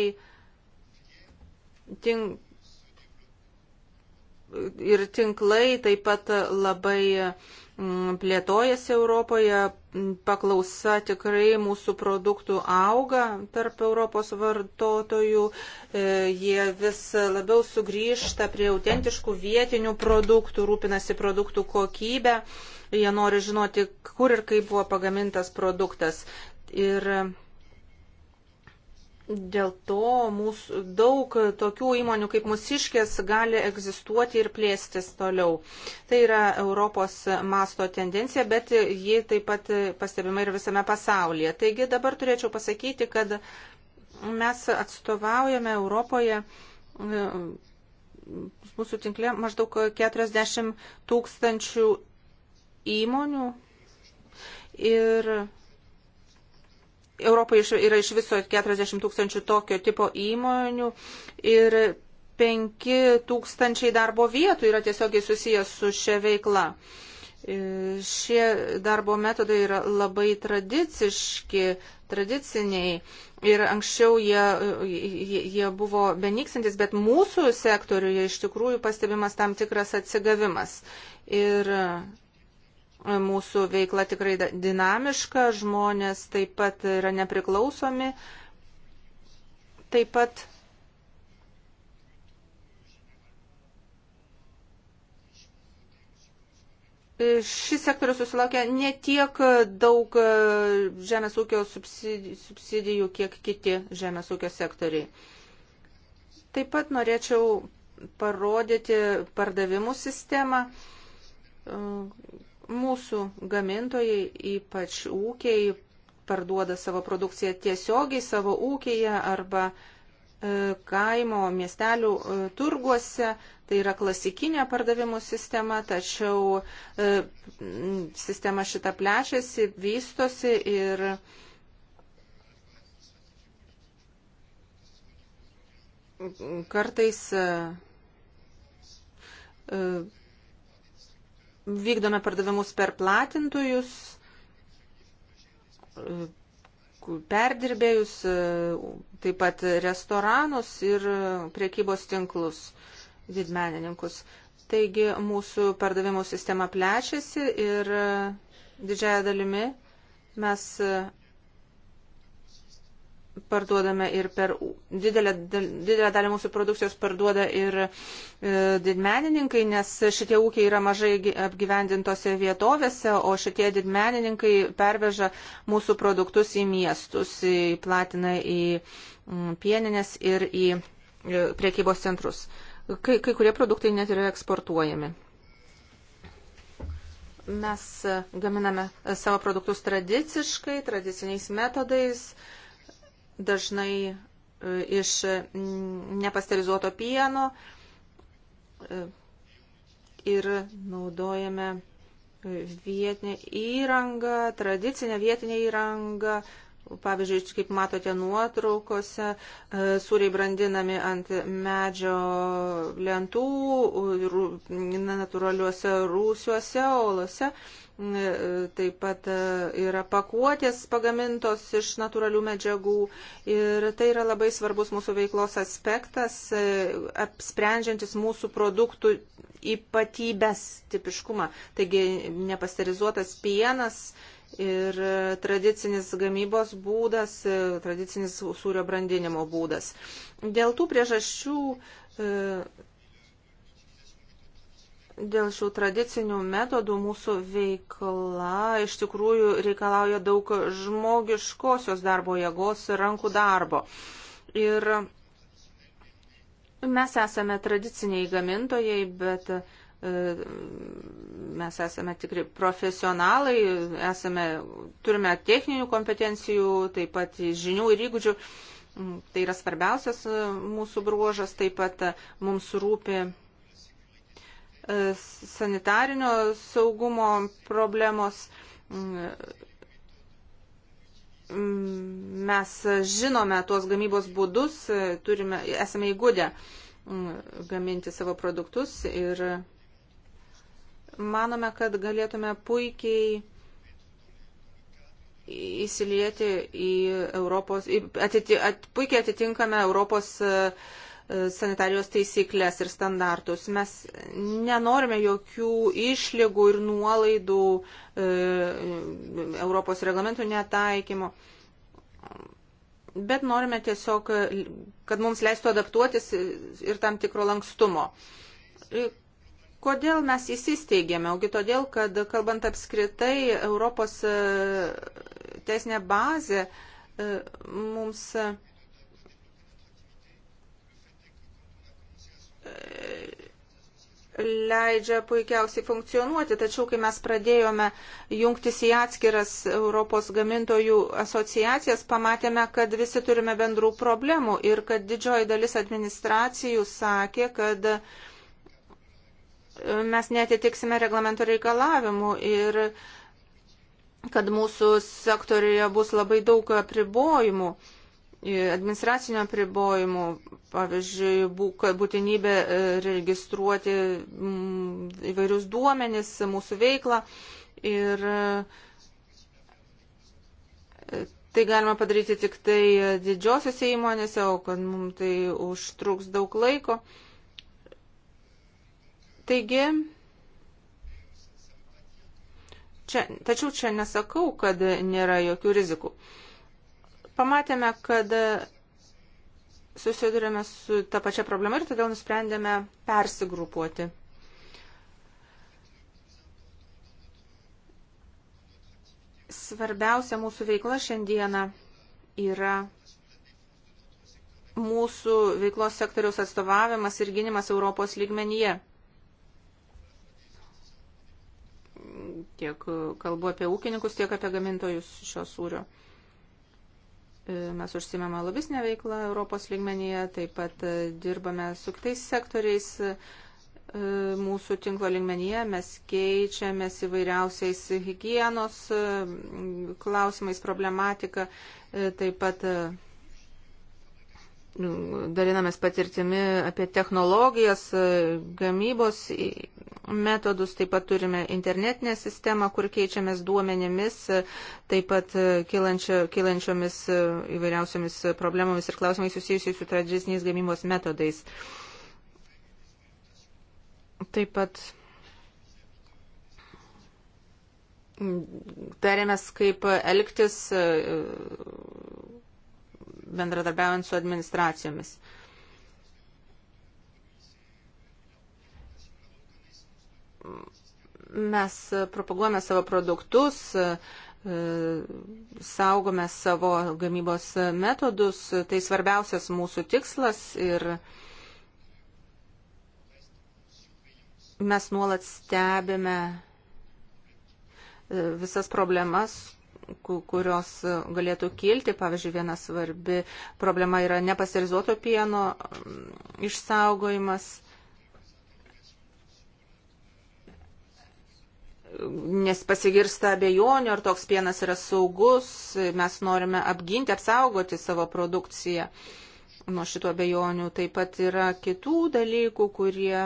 Speaker 4: tink, ir tinklai taip pat labai mm, plėtojasi Europoje, paklausa tikrai mūsų produktų auga tarp Europos vartotojų, e, jie vis labiau sugrįžta prie autentiškų vietinių produktų, rūpinasi produktų kokybę, jie nori žinoti, kur ir kaip buvo pagamintas produktas. Ir Dėl to mūsų daug tokių įmonių kaip mūsiškės gali egzistuoti ir plėstis toliau. Tai yra Europos masto tendencija, bet ji taip pat pastebima ir visame pasaulyje. Taigi dabar turėčiau pasakyti, kad mes atstovaujame Europoje e, mūsų tinklė maždaug 40 tūkstančių įmonių ir Europoje yra iš viso 40 tūkstančių tokio tipo įmonių ir 5 tūkstančiai darbo vietų yra tiesiogiai susijęs su šia veikla. E, šie darbo metodai yra labai tradiciški, tradiciniai ir anksčiau jie, jie, jie buvo beniksintis, bet mūsų sektoriuje iš tikrųjų pastebimas tam tikras atsigavimas. Ir Mūsų veikla tikrai dinamiška, žmonės taip pat yra nepriklausomi. Taip pat šis sektorius susilaukia ne tiek daug e, žemės ūkio subsidijų, kiek kiti žemės ūkio sektoriai. Taip pat norėčiau parodyti pardavimų sistemą, e, Mūsų gamintojai, ypač ūkiai, parduoda savo produkciją tiesiogiai savo ūkėje arba e, kaimo miestelių e, turguose. Tai yra klasikinė pardavimų sistema, tačiau e, sistema šita plečiasi, vystosi ir kartais vykdome pardavimus per platintojus, perdirbėjus, taip pat restoranus ir priekybos tinklus didmenininkus. Taigi mūsų pardavimų sistema plečiasi ir didžiaja dalimi mes parduodame ir per didelę, didelę dalį mūsų produkcijos parduoda ir e, didmenininkai, nes šitie ūkiai yra mažai apgyvendintose vietovėse, o šitie didmenininkai perveža mūsų produktus į miestus, į platiną į m, pieninės ir į e, priekybos centrus. Kai, kai kurie produktai net yra eksportuojami. Mes e, gaminame e, savo produktus tradiciškai, tradiciniais metodais. E, dažnai e, iš nepasterizuoto pieno e, ir naudojame e, vietinę įrangą, tradicinę vietinę įrangą. Pavyzdžiui, kaip matote nuotraukose, sūriai brandinami ant medžio lentų, natūraliuose rūsiuose, olose. E, taip pat e, yra pakuotės pagamintos iš natūralių medžiagų ir tai yra labai svarbus mūsų veiklos aspektas, e, apsprendžiantis mūsų produktų ypatybės tipiškumą. Taigi nepasterizuotas pienas ir tradicinis gamybos būdas, tradicinis sūrio brandinimo būdas. Dėl tų priežasčių Dėl šių tradicinių metodų mūsų veikla iš tikrųjų reikalauja daug žmogiškosios darbo jėgos ir rankų darbo. Ir mes esame tradiciniai gamintojai, bet e, mes esame tikri profesionalai, esame, turime techninių kompetencijų, taip pat žinių ir įgūdžių. Mm, tai yra svarbiausias e, mūsų bruožas, taip pat e, mums rūpi E, sanitarinio saugumo problemos. Mm, mes žinome tuos gamybos būdus, e, turime, esame įgūdę mm, gaminti savo produktus ir manome, kad galėtume puikiai įsilieti į Europos, atiti, at, puikiai atitinkame Europos uh, sanitarijos taisyklės ir standartus. Mes nenorime jokių išlygų ir nuolaidų e, Europos reglamentų netaikymo, bet norime tiesiog, kad mums leistų adaptuotis ir tam tikro lankstumo. E, kodėl mes įsisteigėme? Ogi todėl, kad kalbant apskritai Europos e, teisinė bazė e, mums leidžia puikiausiai funkcionuoti, tačiau kai mes pradėjome jungtis į atskiras Europos gamintojų asociacijas, pamatėme, kad visi turime bendrų problemų ir kad didžioji dalis administracijų sakė, kad e, mes netitiksime reglamento reikalavimų ir kad mūsų sektorijoje bus labai daug apribojimų administracinio pribojimų, pavyzdžiui, būtinybė e, registruoti įvairius duomenis, mūsų veiklą ir e, tai galima padaryti tik tai didžiosiuose įmonėse, o kad mums tai užtruks daug laiko. Taigi, čia, tačiau čia nesakau, kad nėra jokių rizikų. Uh, Pamatėme, kad susidurėme su tą pačią problemą ir todėl nusprendėme persigrupuoti. Svarbiausia mūsų veikla šiandieną yra mūsų veiklos sektoriaus atstovavimas ir gynimas Europos lygmenyje. Tiek kalbu apie ūkininkus, tiek apie gamintojus šio sūrio. E, mes užsimėme lobisnę veiklą Europos lygmenyje, taip pat e, dirbame su kitais sektoriais e, mūsų tinklo lygmenyje, mes keičiamės įvairiausiais hygienos klausimais, problematika, taip pat dalinamės patirtimi apie technologijas, gamybos metodus, taip pat turime internetinę sistemą, kur keičiamės duomenimis, taip pat kilančio, kilančiomis įvairiausiomis problemomis ir klausimais susijusiais su tradiciniais gamybos metodais. Taip pat tarėmės, kaip elgtis bendradarbiaujant su administracijomis. Mes propaguojame savo produktus, saugome savo gamybos metodus, tai svarbiausias mūsų tikslas ir mes nuolat stebime visas problemas, kurios e, galėtų kilti. Pavyzdžiui, viena svarbi problema yra nepasterizuoto pieno mm, išsaugojimas. nes pasigirsta abejonių, ar toks pienas yra saugus, mes norime apginti, apsaugoti savo produkciją nuo šito abejonių. Taip pat yra kitų dalykų, kurie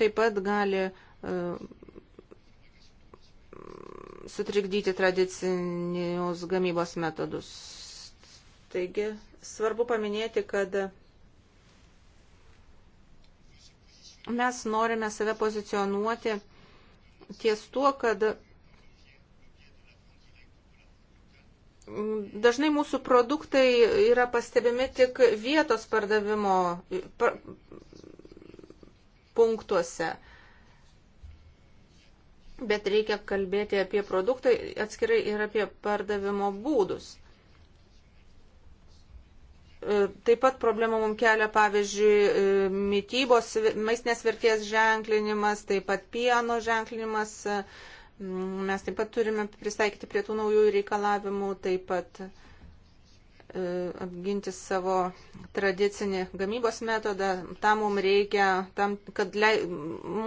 Speaker 4: taip pat gali uh, sutrikdyti tradicinius gamybos metodus. Taigi svarbu paminėti, kad mes norime save pozicionuoti ties tuo, kad dažnai mūsų produktai yra pastebimi tik vietos pardavimo punktuose bet reikia kalbėti apie produktą atskirai ir apie pardavimo būdus. E, taip pat problemą mums kelia, pavyzdžiui, e, mytybos, maistinės vertės ženklinimas, taip pat pieno ženklinimas. E, mes taip pat turime pristaikyti prie tų naujų reikalavimų, taip pat E, apginti savo tradicinį gamybos metodą, tam mums reikia, tam, kad le,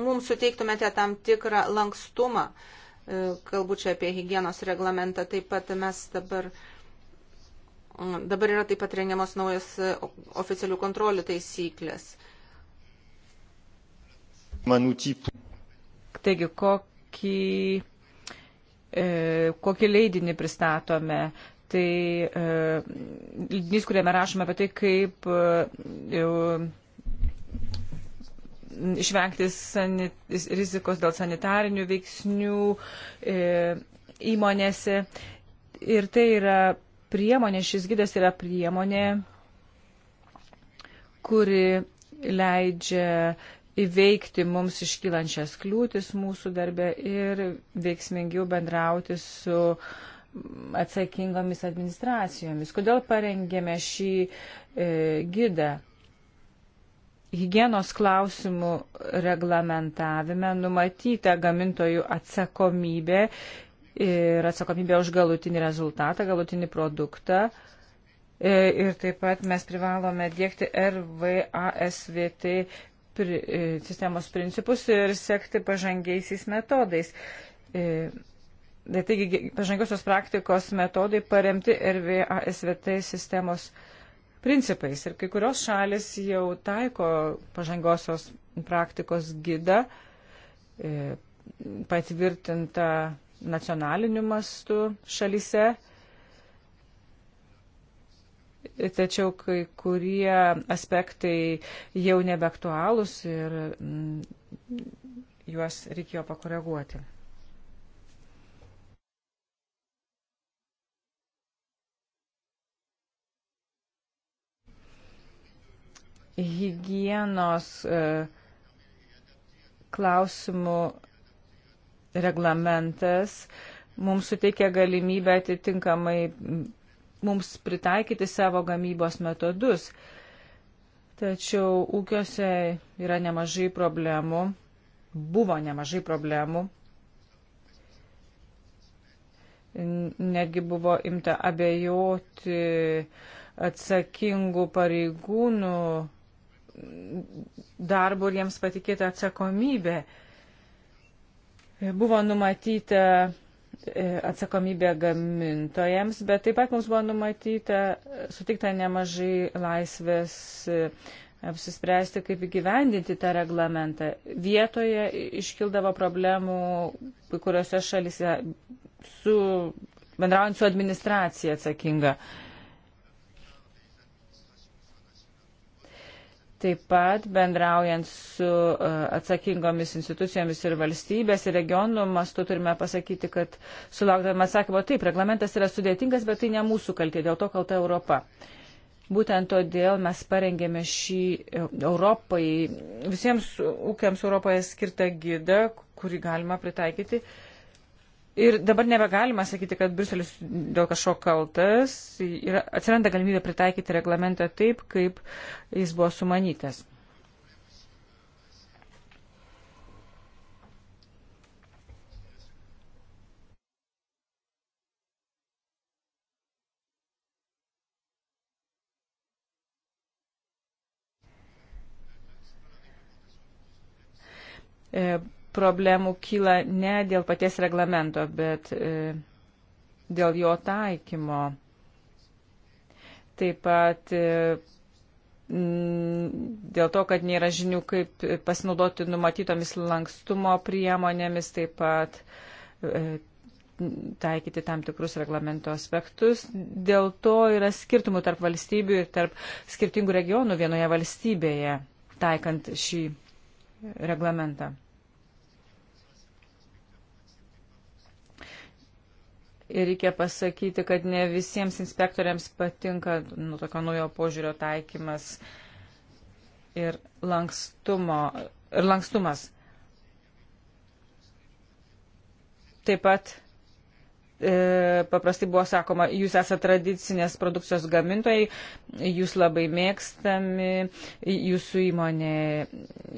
Speaker 4: mums suteiktumėte tam tikrą lankstumą. E, kalbu čia apie hygienos reglamentą, taip pat mes dabar, e, dabar yra taip pat rengiamos naujas oficialių kontrolių taisyklės. Taigi,
Speaker 2: kokį, e, kokį leidinį pristatome? Tai e, lydinys, kuriame rašome apie tai, kaip e, išvengti sanit, rizikos dėl sanitarinių veiksnių e, įmonėse. Ir tai yra priemonė, šis gidas yra priemonė, kuri leidžia įveikti mums iškylančias kliūtis mūsų darbe ir veiksmingiau bendrauti su uh, atsakingomis administracijomis. Kodėl parengėme šį e, gidą? Hygienos klausimų reglamentavime numatyta gamintojų atsakomybė ir atsakomybė už galutinį rezultatą, galutinį produktą. E, ir taip pat mes privalome dėkti RVASVT pri, e, sistemos principus ir sekti pažangiaisiais metodais. E, Tai taigi, pažangiosios praktikos metodai paremti RVA SVT sistemos principais. Ir kai kurios šalis jau taiko pažangiosios praktikos gidą e, patvirtintą nacionaliniu mastu šalyse. Tačiau kai kurie aspektai jau nebeaktualūs ir mm, juos reikėjo pakoreguoti. hygienos e, klausimų reglamentas mums suteikia galimybę atitinkamai mums pritaikyti savo gamybos metodus. Tačiau ūkiuose yra nemažai problemų, buvo nemažai problemų. Netgi buvo imta abejoti atsakingų pareigūnų darbo ir jiems patikėta atsakomybė. Buvo numatyta e, atsakomybė gamintojams, bet taip pat mums buvo numatyta, sutikta nemažai laisvės e, apsispręsti, kaip įgyvendinti tą reglamentą. Vietoje iškildavo problemų, kuriuose šalise su, bendraujant su administracija atsakinga. Uh, Taip pat bendraujant su e, atsakingomis institucijomis ir valstybės ir regionų mastu turime pasakyti, kad sulaukdami atsakymo, taip, reglamentas yra sudėtingas, bet tai ne mūsų kaltė, dėl to kalta Europa. Būtent todėl mes parengėme šį e, Europai, visiems ūkiams Europoje skirtą gidą, kurį galima pritaikyti Ir dabar nebegalima sakyti, kad Bruselis dėl kažko kaltas. Ir atsiranda galimybė pritaikyti reglamentą taip, kaip jis buvo sumanytas. E, problemų kyla ne dėl paties reglamento, bet e, dėl jo taikymo. Taip pat e, dėl to, kad nėra žinių, kaip pasinaudoti numatytomis lankstumo priemonėmis, taip pat e, taikyti tam tikrus reglamento aspektus. Dėl to yra skirtumų tarp valstybių ir tarp skirtingų regionų vienoje valstybėje taikant šį reglamentą. Ir reikia pasakyti, kad ne visiems inspektoriams patinka nu, tokio naujo požiūrio taikymas ir, lankstumo, ir lankstumas. Taip pat e, paprastai buvo sakoma, jūs esate tradicinės produkcijos gamintojai, jūs labai mėgstami, jūsų įmonė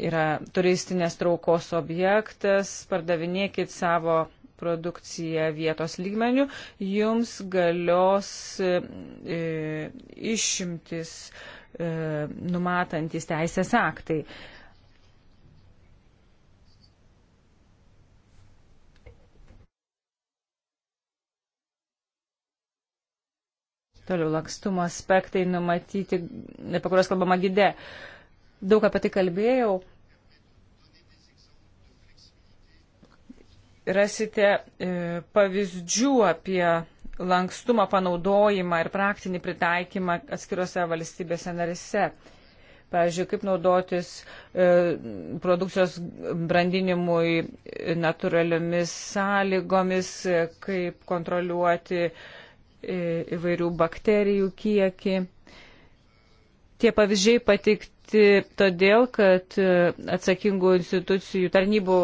Speaker 2: yra turistinės traukos objektas, pardavinėkit savo produkciją vietos lygmenių, jums galios e, e išimtis e, numatantis teisės aktai. Toliau lakstumo aspektai numatyti, apie kuriuos kalbama gide. Daug apie tai kalbėjau. rasite e, pavyzdžių apie lankstumą panaudojimą ir praktinį pritaikymą atskirose valstybėse narise. Pavyzdžiui, kaip naudotis e, produkcijos brandinimui natūraliomis sąlygomis, e, kaip kontroliuoti įvairių bakterijų kiekį. Tie pavyzdžiai pateikti pateikti todėl, kad e, atsakingų institucijų tarnybų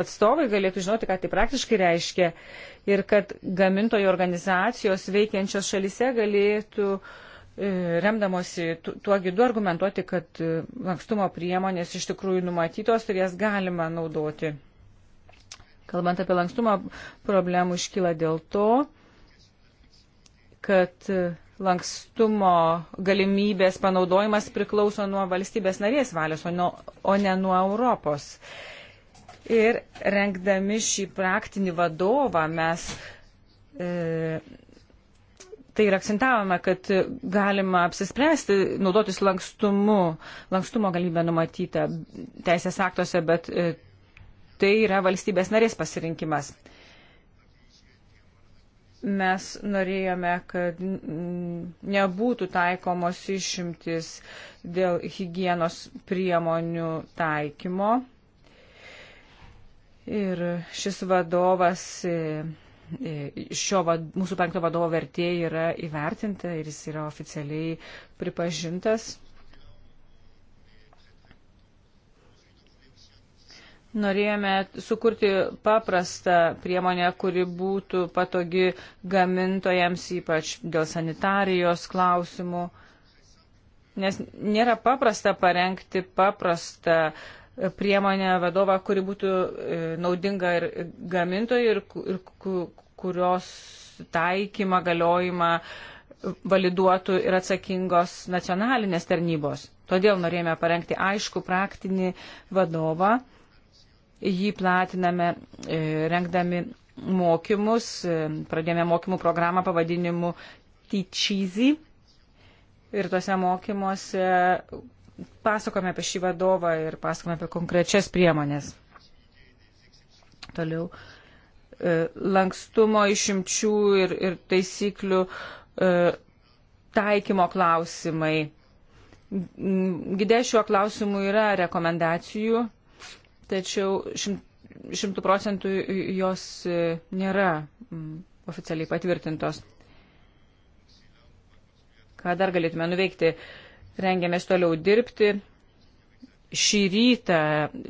Speaker 2: atstovai galėtų žinoti, ką tai praktiškai reiškia ir kad gamintojų organizacijos veikiančios šalise galėtų e, remdamosi tuo gidu argumentuoti, kad e, lankstumo priemonės iš tikrųjų numatytos ir jas galima naudoti. Kalbant apie lankstumą, problemų iškyla dėl to, kad lankstumo galimybės panaudojimas priklauso nuo valstybės narės valios, o, nuo, o ne nuo Europos. Ir rengdami šį praktinį vadovą mes e, tai ir akcentavome, kad galima apsispręsti, naudotis lankstumu, lankstumo galimybę numatytą teisės aktuose, bet e, tai yra valstybės narės pasirinkimas mes norėjome, kad nebūtų taikomos išimtis dėl hygienos priemonių taikymo. Ir šis vadovas, e, e, šio vad, mūsų penkto vadovo vertė yra įvertinta ir jis yra oficialiai pripažintas. Norėjome sukurti paprastą priemonę, kuri būtų patogi gamintojams, ypač dėl sanitarijos klausimų, nes nėra paprasta parengti paprastą priemonę vadovą, kuri būtų e, naudinga ir gamintojai, ir, ir kurios taikymą, galiojimą validuotų ir atsakingos nacionalinės tarnybos. Todėl norėjome parengti aišku praktinį vadovą jį platiname, e, rengdami mokymus, e, pradėjome mokymų programą pavadinimu Teacheezy. Ir tuose mokymuose pasakome apie šį vadovą ir pasakome apie konkrečias priemonės. Toliau. E, lankstumo išimčių ir, ir taisyklių taikymo klausimai. Gide šiuo klausimu yra rekomendacijų tačiau šimtų procentų jos e, nėra oficialiai patvirtintos. Ką dar galėtume nuveikti? Rengiamės toliau dirbti. Šį rytą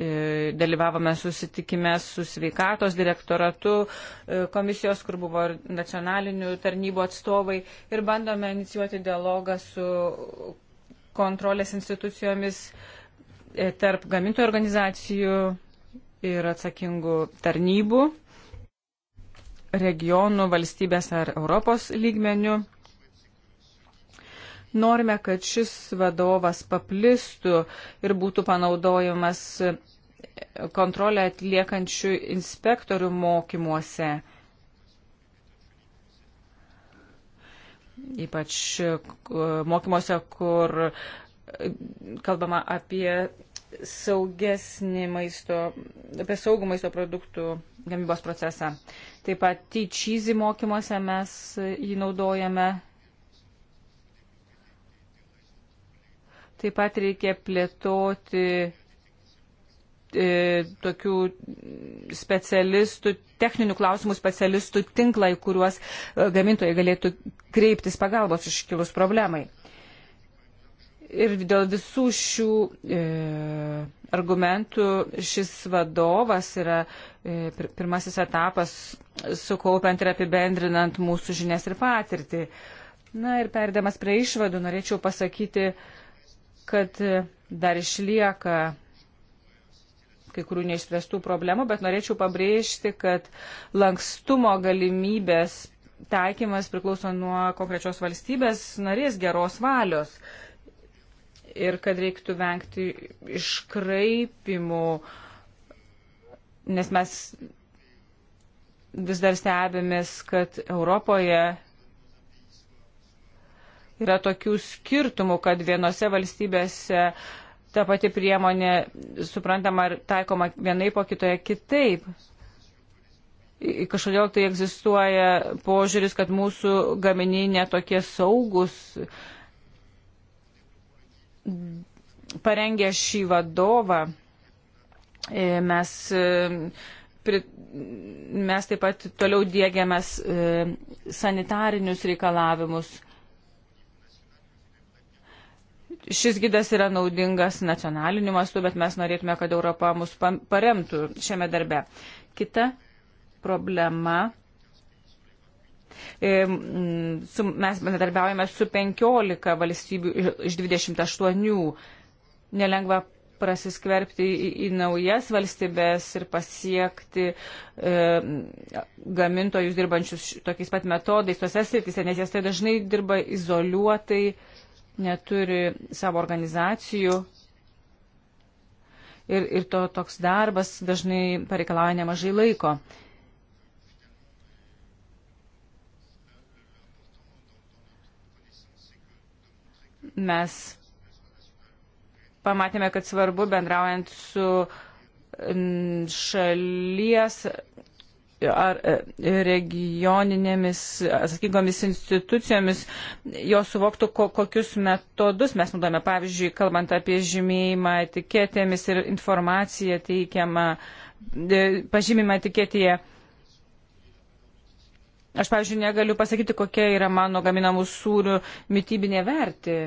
Speaker 2: e, dalyvavome susitikime su sveikatos direktoratu e, komisijos, kur buvo ir nacionalinių tarnybų atstovai ir bandome inicijuoti dialogą su kontrolės institucijomis e, E, tarp gamintojų organizacijų ir atsakingų tarnybų, regionų, valstybės ar Europos lygmenių. Norime, kad šis vadovas paplistų ir būtų panaudojamas kontrolę atliekančių inspektorių mokymuose. Ypač e, mokymuose, kur kalbama apie saugesnį maisto, apie saugų maisto produktų gamybos procesą. Taip pat tyčyzį mokymuose mes jį naudojame. Taip pat reikia plėtoti e, tokių specialistų, techninių klausimų specialistų tinklą, į kuriuos e, gamintojai galėtų kreiptis pagalbos iškilus problemai. Ir dėl visų šių e, argumentų šis vadovas yra e, pirmasis etapas sukaupiant ir apibendrinant mūsų žinias ir patirtį. Na ir perdamas prie išvadų norėčiau pasakyti, kad e, dar išlieka kai kurių neišspręstų problemų, bet norėčiau pabrėžti, kad lankstumo galimybės taikymas priklauso nuo konkrečios valstybės narės geros valios ir kad reiktų vengti iškraipimų, nes mes vis dar stebėmės, kad Europoje yra tokių skirtumų, kad vienose valstybėse ta pati priemonė suprantama ir taikoma vienaip, o kitoje kitaip. Kažkodėl tai egzistuoja požiūris, kad mūsų gaminiai netokie saugus, parengę šį vadovą, e, mes, e, mes taip pat toliau dėgiamės e, sanitarinius reikalavimus. Šis gidas yra naudingas nacionaliniu mastu, bet mes norėtume, kad Europa mus paremtų šiame darbe. Kita problema Mes bendradarbiaujame su 15 valstybių iš 28. Nelengva prasiskverbti į, į naujas valstybės ir pasiekti e, gamintojus dirbančius tokiais pat metodais tose sritise, nes jie tai dažnai dirba izoliuotai, neturi savo organizacijų. Ir, ir to toks darbas dažnai pareikalauja nemažai laiko. E, Mes pamatėme, kad svarbu bendraujant su šalies ar e, regioninėmis atsakingomis institucijomis, jos suvoktų, ko, kokius metodus mes naudojame. Pavyzdžiui, kalbant apie žymėjimą etiketėmis ir informaciją teikiamą, e, pažymimą etiketėje. Aš, pavyzdžiui, negaliu pasakyti, kokia yra mano gaminamų sūrių mytybinė vertė.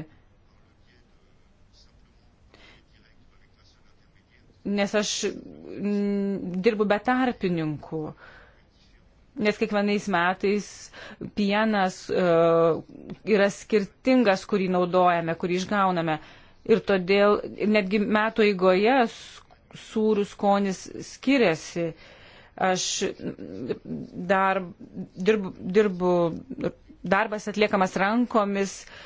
Speaker 2: nes aš mm, dirbu be tarpininkų. Nes kiekvienais metais pienas uh, yra skirtingas, kurį naudojame, kurį išgauname. Ir todėl netgi metų eigoje sūrių skonis skiriasi. Aš dar dirbu, dirbu darbas atliekamas rankomis, uh,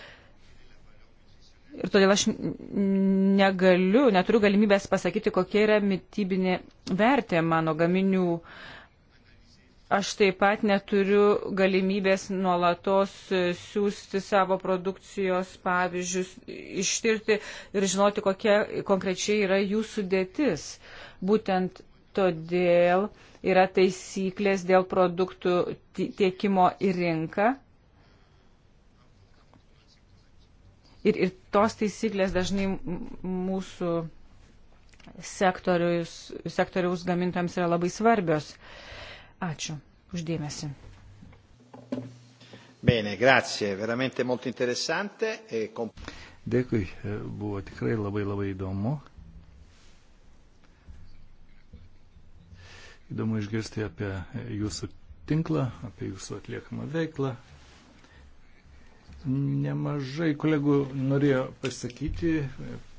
Speaker 2: Ir todėl aš negaliu, neturiu galimybės pasakyti, kokia yra mitybinė vertė mano gaminių. Aš taip pat neturiu galimybės nuolatos siūsti savo produkcijos pavyzdžius, ištirti ir žinoti, kokia konkrečiai yra jų sudėtis. Būtent todėl yra taisyklės dėl produktų tiekimo į rinką Ir, ir tos taisyklės dažnai mūsų sektoriaus, sektoriaus gamintams yra labai svarbios. Ačiū uždėmesi.
Speaker 1: Bene, grazie, veramente molto interessante. E comp...
Speaker 3: Dėkui, e, buvo tikrai labai labai įdomu. Įdomu išgirsti apie e, jūsų tinklą, apie jūsų atliekamą veiklą, Nemažai kolegų norėjo pasakyti,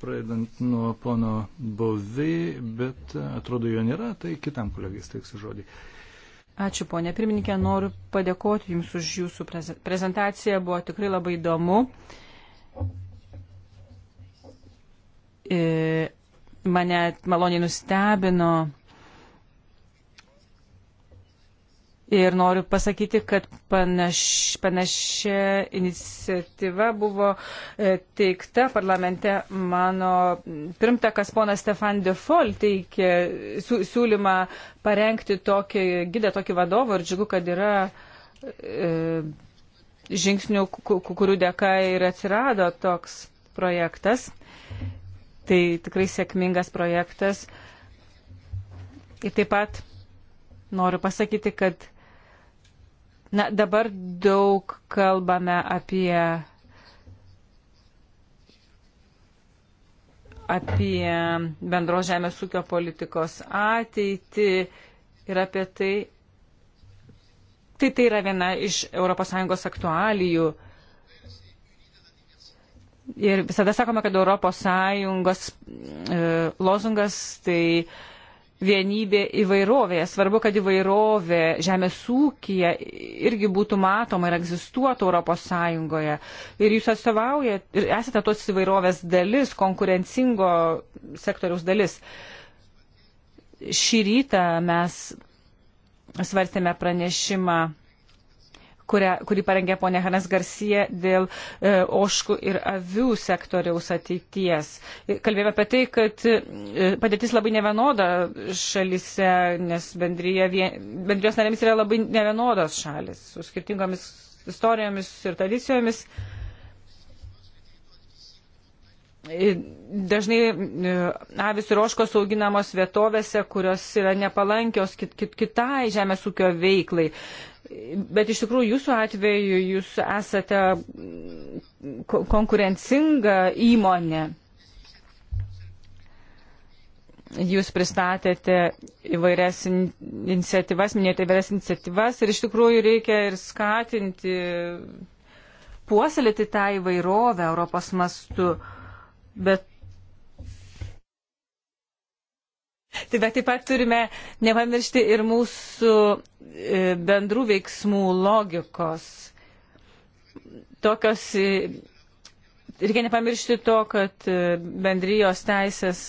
Speaker 3: pradedant nuo pono Bovei, bet atrodo jo nėra, tai kitam kolegai steiksiu žodį.
Speaker 2: Ačiū, ponė pirmininkė, noriu padėkoti Jums už Jūsų prezentaciją, buvo tikrai labai įdomu. E, mane maloniai nustebino Ir noriu pasakyti, kad panaš, panašia iniciatyva buvo e, teikta parlamente mano pirmtakas ponas Stefan Defol teikė siūlymą parengti tokį gidą, tokį vadovą ir džiugu, kad yra e, žingsnių, kurių dėka ir atsirado toks projektas. Tai tikrai sėkmingas projektas. Ir taip pat noriu pasakyti, kad Na, dabar daug kalbame apie, apie bendros žemės ūkio politikos ateitį ir apie tai. Tai tai yra viena iš ES aktualijų. Ir visada sakome, kad ES e, lozungas tai e, vienybė įvairovėje. Svarbu, kad įvairovė žemės ūkija irgi būtų matoma ir egzistuotų Europos Sąjungoje. Ir jūs atstovaujate ir esate tos įvairovės dalis, konkurencingo sektoriaus dalis. Šį rytą mes svarstėme pranešimą kurią, kurį parengė ponė Hanes Garcia dėl e, oškų ir avių sektoriaus ateities. Kalbėjome apie tai, kad e, padėtis labai nevienoda šalise, nes vien, bendrijos narėmis yra labai nevienodos šalis su skirtingomis istorijomis ir tradicijomis. E, dažnai e, avis ir oškos auginamos vietovėse, kurios yra nepalankios kit, kit, kitai žemės ūkio veiklai. Bet iš tikrųjų jūsų atveju jūs esate konkurencinga įmonė. Jūs pristatėte įvairias iniciatyvas, minėjote įvairias iniciatyvas ir iš tikrųjų reikia ir skatinti, puoselėti tą įvairovę Europos mastu. Uh, bet Taip, bet taip pat turime nepamiršti ir mūsų e, bendrų veiksmų logikos. Tokios, e, reikia nepamiršti to, kad e, bendrijos teisės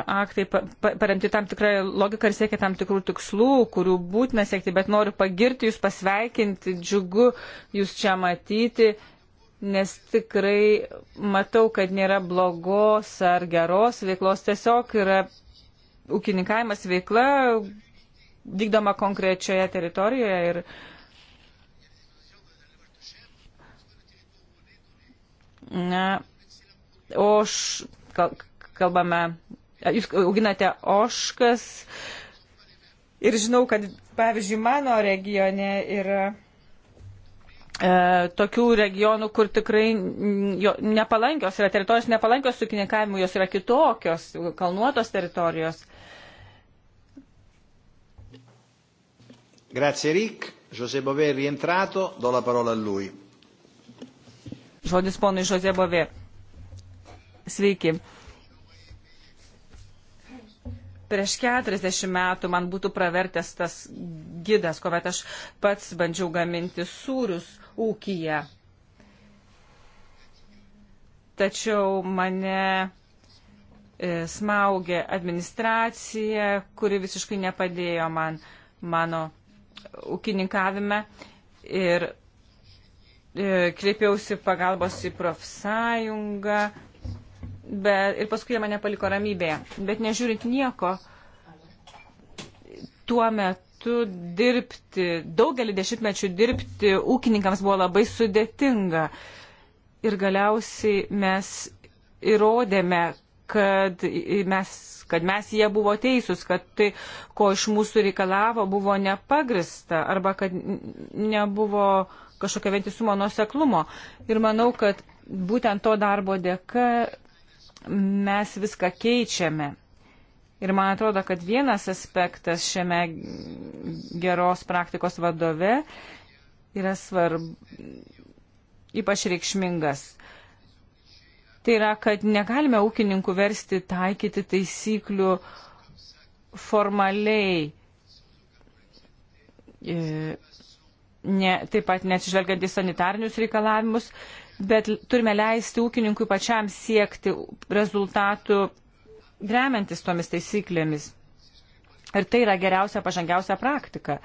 Speaker 2: aktai paremti tam tikrą logiką ir siekia tam tikrų tikslų, kurių būtina siekti, bet noriu pagirti jūs, pasveikinti, džiugu jūs čia matyti nes tikrai matau, kad nėra blogos ar geros veiklos, tiesiog yra ūkininkavimas veikla vykdoma konkrečioje teritorijoje ir Na, o š, kal, kalbame, jūs auginate oškas ir žinau, kad, pavyzdžiui, mano regione yra E, tokių regionų, kur tikrai nepalankios yra teritorijos, nepalankios sukininkavimui, jos yra kitokios, kalnuotos teritorijos.
Speaker 1: Grazie Rick, José Bové rientrato, do la parola a lui.
Speaker 2: Žodis ponui José Bové. Sveiki. Prieš 40 metų man būtų pravertęs tas gidas, kuomet aš pats bandžiau gaminti sūrius ūkyje. Tačiau mane e, smaugė administracija, kuri visiškai nepadėjo man mano ūkininkavime ir e, kreipiausi pagalbos į profsąjungą bet, ir paskui jie mane paliko ramybėje. Bet nežiūrint nieko, tuo metu metu dirbti, daugelį dešimtmečių dirbti ūkininkams buvo labai sudėtinga. Ir galiausiai mes įrodėme, kad mes, kad mes jie buvo teisūs, kad tai, ko iš mūsų reikalavo, buvo nepagrista arba kad nebuvo kažkokio vientisumo nuseklumo. Ir manau, kad būtent to darbo dėka mes viską keičiame. Ir man atrodo, kad vienas aspektas šiame geros praktikos vadove yra svarb, ypač reikšmingas. Tai yra, kad negalime ūkininkų versti taikyti taisyklių formaliai. E, ne, taip pat neatsižvelgiant į sanitarnius reikalavimus, bet turime leisti ūkininkui pačiam siekti rezultatų remiantis tomis taisyklėmis. Ir tai yra geriausia, pažangiausia praktika.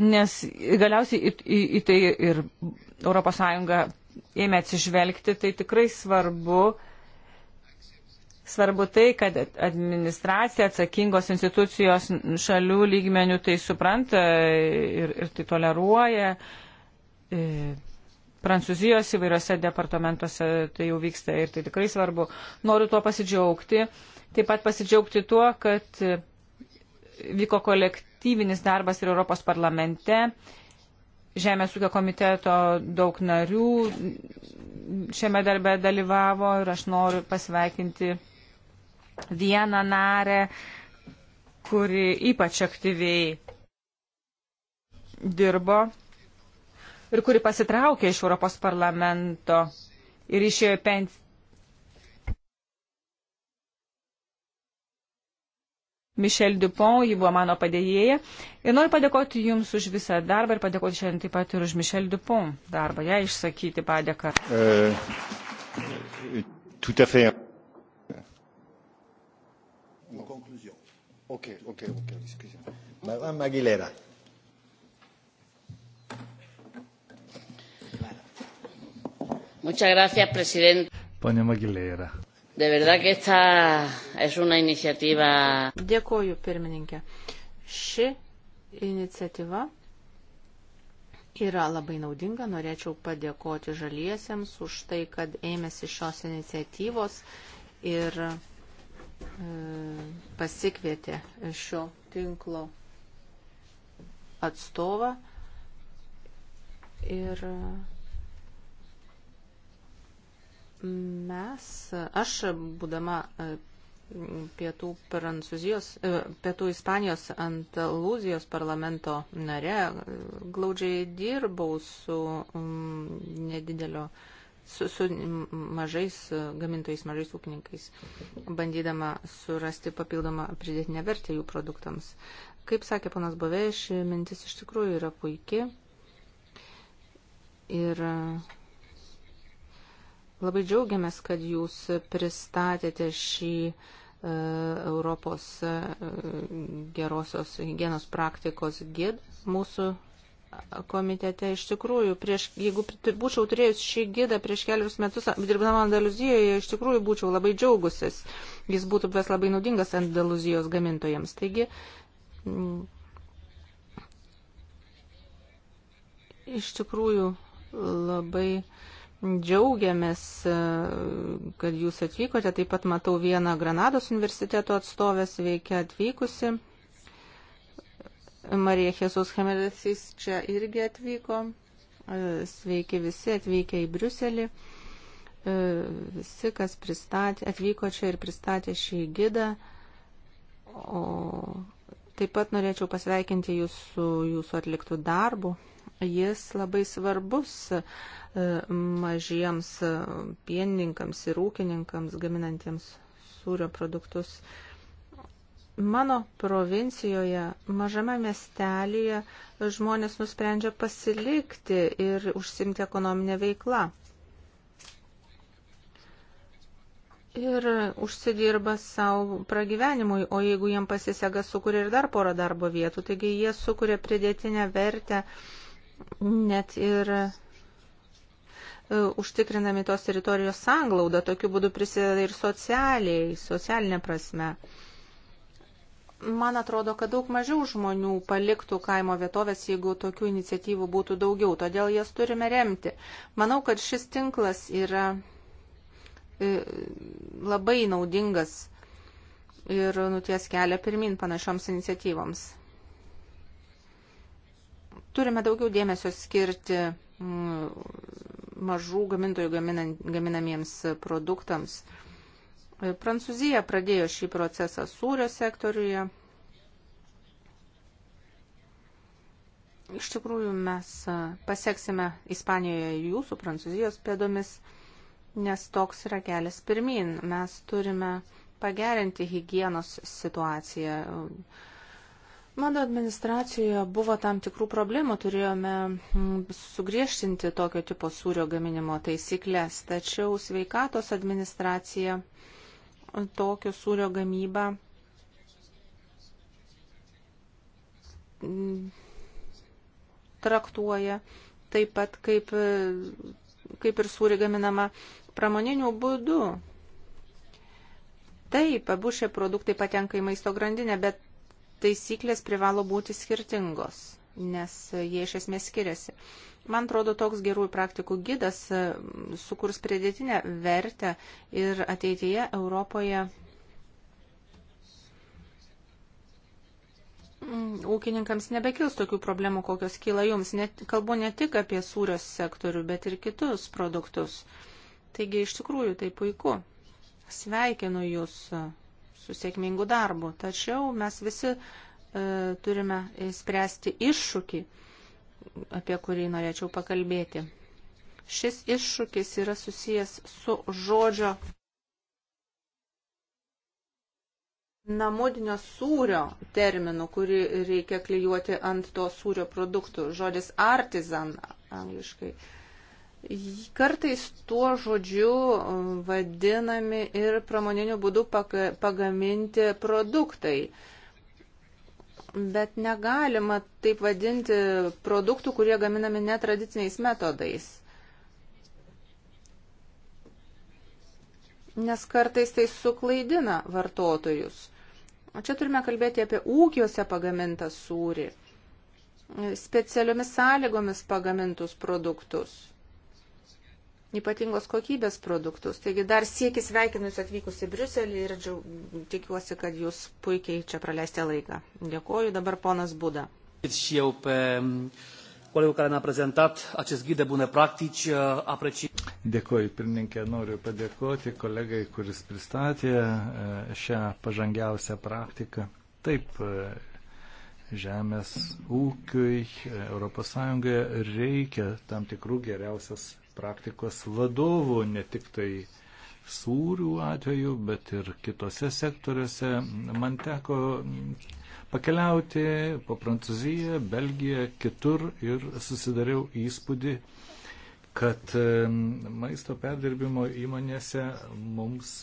Speaker 2: Nes galiausiai į, į, į tai ir ES ėmė atsižvelgti, tai tikrai svarbu, svarbu tai, kad administracija, atsakingos institucijos šalių lygmenių tai supranta ir, ir tai toleruoja. Ir e, Prancūzijos įvairiose departamentuose tai jau vyksta ir tai tikrai svarbu. Noriu tuo pasidžiaugti. Taip pat pasidžiaugti tuo, kad vyko kolektyvinis darbas ir Europos parlamente. Žemės ūkio komiteto daug narių šiame darbe dalyvavo ir aš noriu pasveikinti vieną narę, kuri ypač aktyviai dirbo ir kuri pasitraukė iš Europos parlamento ir išėjo pensiją. Mišel Dupont, ji buvo mano padėjėja. Ir noriu padėkoti Jums už visą darbą ir padėkoti šiandien taip pat ir už Mišel Dupont darbą, ją išsakyti padėką.
Speaker 1: Uh, Okay, okay, okay, excusez-moi. Madame Aguilera.
Speaker 4: Gracias,
Speaker 1: Pane Magilėra.
Speaker 4: Iniciativa... Dėkoju, pirmininkė. Ši iniciatyva yra labai naudinga. Norėčiau padėkoti žaliesiems už tai, kad ėmėsi šios iniciatyvos ir e, pasikvietė šio tinklo atstovą. Ir e, Mes, aš būdama e, pietų Prancūzijos, e, pietų Ispanijos Antalūzijos parlamento nare, glaudžiai dirbau su nedidelio, su, su mažais gamintojais, mažais ūkininkais, bandydama surasti papildomą pridėtinę vertę jų produktams. Kaip sakė panas Bovė, ši mintis iš tikrųjų yra puikia. Ir Labai džiaugiamės, kad jūs pristatėte šį e, Europos e, gerosios hygienos praktikos gid mūsų komitete. Iš tikrųjų, prieš, jeigu būčiau turėjus šį gidą prieš kelius metus, dirbdama Andaluzijoje, iš tikrųjų būčiau labai džiaugusis. Jis būtų buvęs labai naudingas Andaluzijos gamintojams. Taigi, mm, iš tikrųjų, labai uh, Džiaugiamės, e, kad jūs atvykote. Taip pat matau vieną Granados universiteto atstovę sveikia atvykusi. Marija Jesus Hemelisys čia irgi atvyko. E, sveiki visi atvykę į Briuselį. E, visi, kas pristatė, atvyko čia ir pristatė šį gidą. O taip pat norėčiau pasveikinti jūs su jūsų atliktų darbų. Jis labai svarbus E, mažiems e, pienininkams ir ūkininkams gaminantiems sūrio produktus. Mano provincijoje, mažame miestelėje, žmonės nusprendžia pasilikti ir užsimti ekonominę veiklą. Ir užsidirba savo pragyvenimui, o jeigu jiem pasisega, sukuria ir dar porą darbo vietų. Taigi jie sukuria pridėtinę vertę net ir E, užtikrinami tos teritorijos sanglauda, tokiu būdu prisideda ir socialiai, socialinė prasme. Man atrodo, kad daug mažiau žmonių paliktų kaimo vietovės, jeigu tokių iniciatyvų būtų daugiau, todėl jas turime remti. Manau, kad šis tinklas yra e, labai naudingas ir nuties kelią pirmin panašioms iniciatyvoms. Turime daugiau dėmesio skirti mažų gamintojų gaminamiems produktams. Prancūzija pradėjo šį procesą sūrio sektoriuje. Iš tikrųjų, mes pasieksime Ispanijoje jūsų, Prancūzijos pėdomis, nes toks yra kelias pirmin. Mes turime pagerinti hygienos situaciją Mano administracijoje buvo tam tikrų problemų, turėjome mm, sugriežtinti tokio tipo sūrio gaminimo taisyklės, tačiau sveikatos administracija tokio sūrio gamybą mm, traktuoja taip pat kaip, kaip ir sūrį gaminama pramoniniu būdu. Taip, abu šie produktai patenka į maisto grandinę, bet taisyklės privalo būti skirtingos, nes jie iš esmės skiriasi. Man atrodo, toks gerųjų praktikų gydas sukurs pridėtinę vertę ir ateityje Europoje ūkininkams nebekils tokių problemų, kokios kyla jums. Net, kalbu ne tik apie sūrios sektorių, bet ir kitus produktus. Taigi iš tikrųjų tai puiku. Sveikinu jūs su sėkmingu darbu. Tačiau mes visi e, turime spręsti iššūkį, apie kurį norėčiau pakalbėti. Šis iššūkis yra susijęs su žodžio namudinio sūrio terminu, kurį reikia klyjuoti ant to sūrio produktų. Žodis artisan angliškai. E, Kartais tuo žodžiu um, vadinami ir pramoniniu būdu pagaminti produktai. Bet negalima taip vadinti produktų, kurie gaminami netradiciniais metodais. Nes kartais tai suklaidina vartotojus. O čia turime kalbėti apie ūkiuose pagamintą sūrį, specialiomis sąlygomis pagamintus produktus ypatingos kokybės produktus. Taigi dar siekis sveikinus atvykus į Briuselį ir džiau, tikiuosi, kad jūs puikiai čia praleistė laiką. Dėkuoju dabar ponas Buda.
Speaker 5: Um, uh,
Speaker 3: Dėkuoju, pirmininkė, noriu padėkoti kolegai, kuris pristatė uh, šią pažangiausią praktiką. Taip, uh, žemės ūkiui ES reikia tam tikrų geriausias praktikos vadovų, ne tik tai sūrių atveju, bet ir kitose sektoriuose. Man teko pakeliauti po Prancūziją, Belgiją, kitur ir susidariau įspūdį, kad maisto perdirbimo įmonėse mums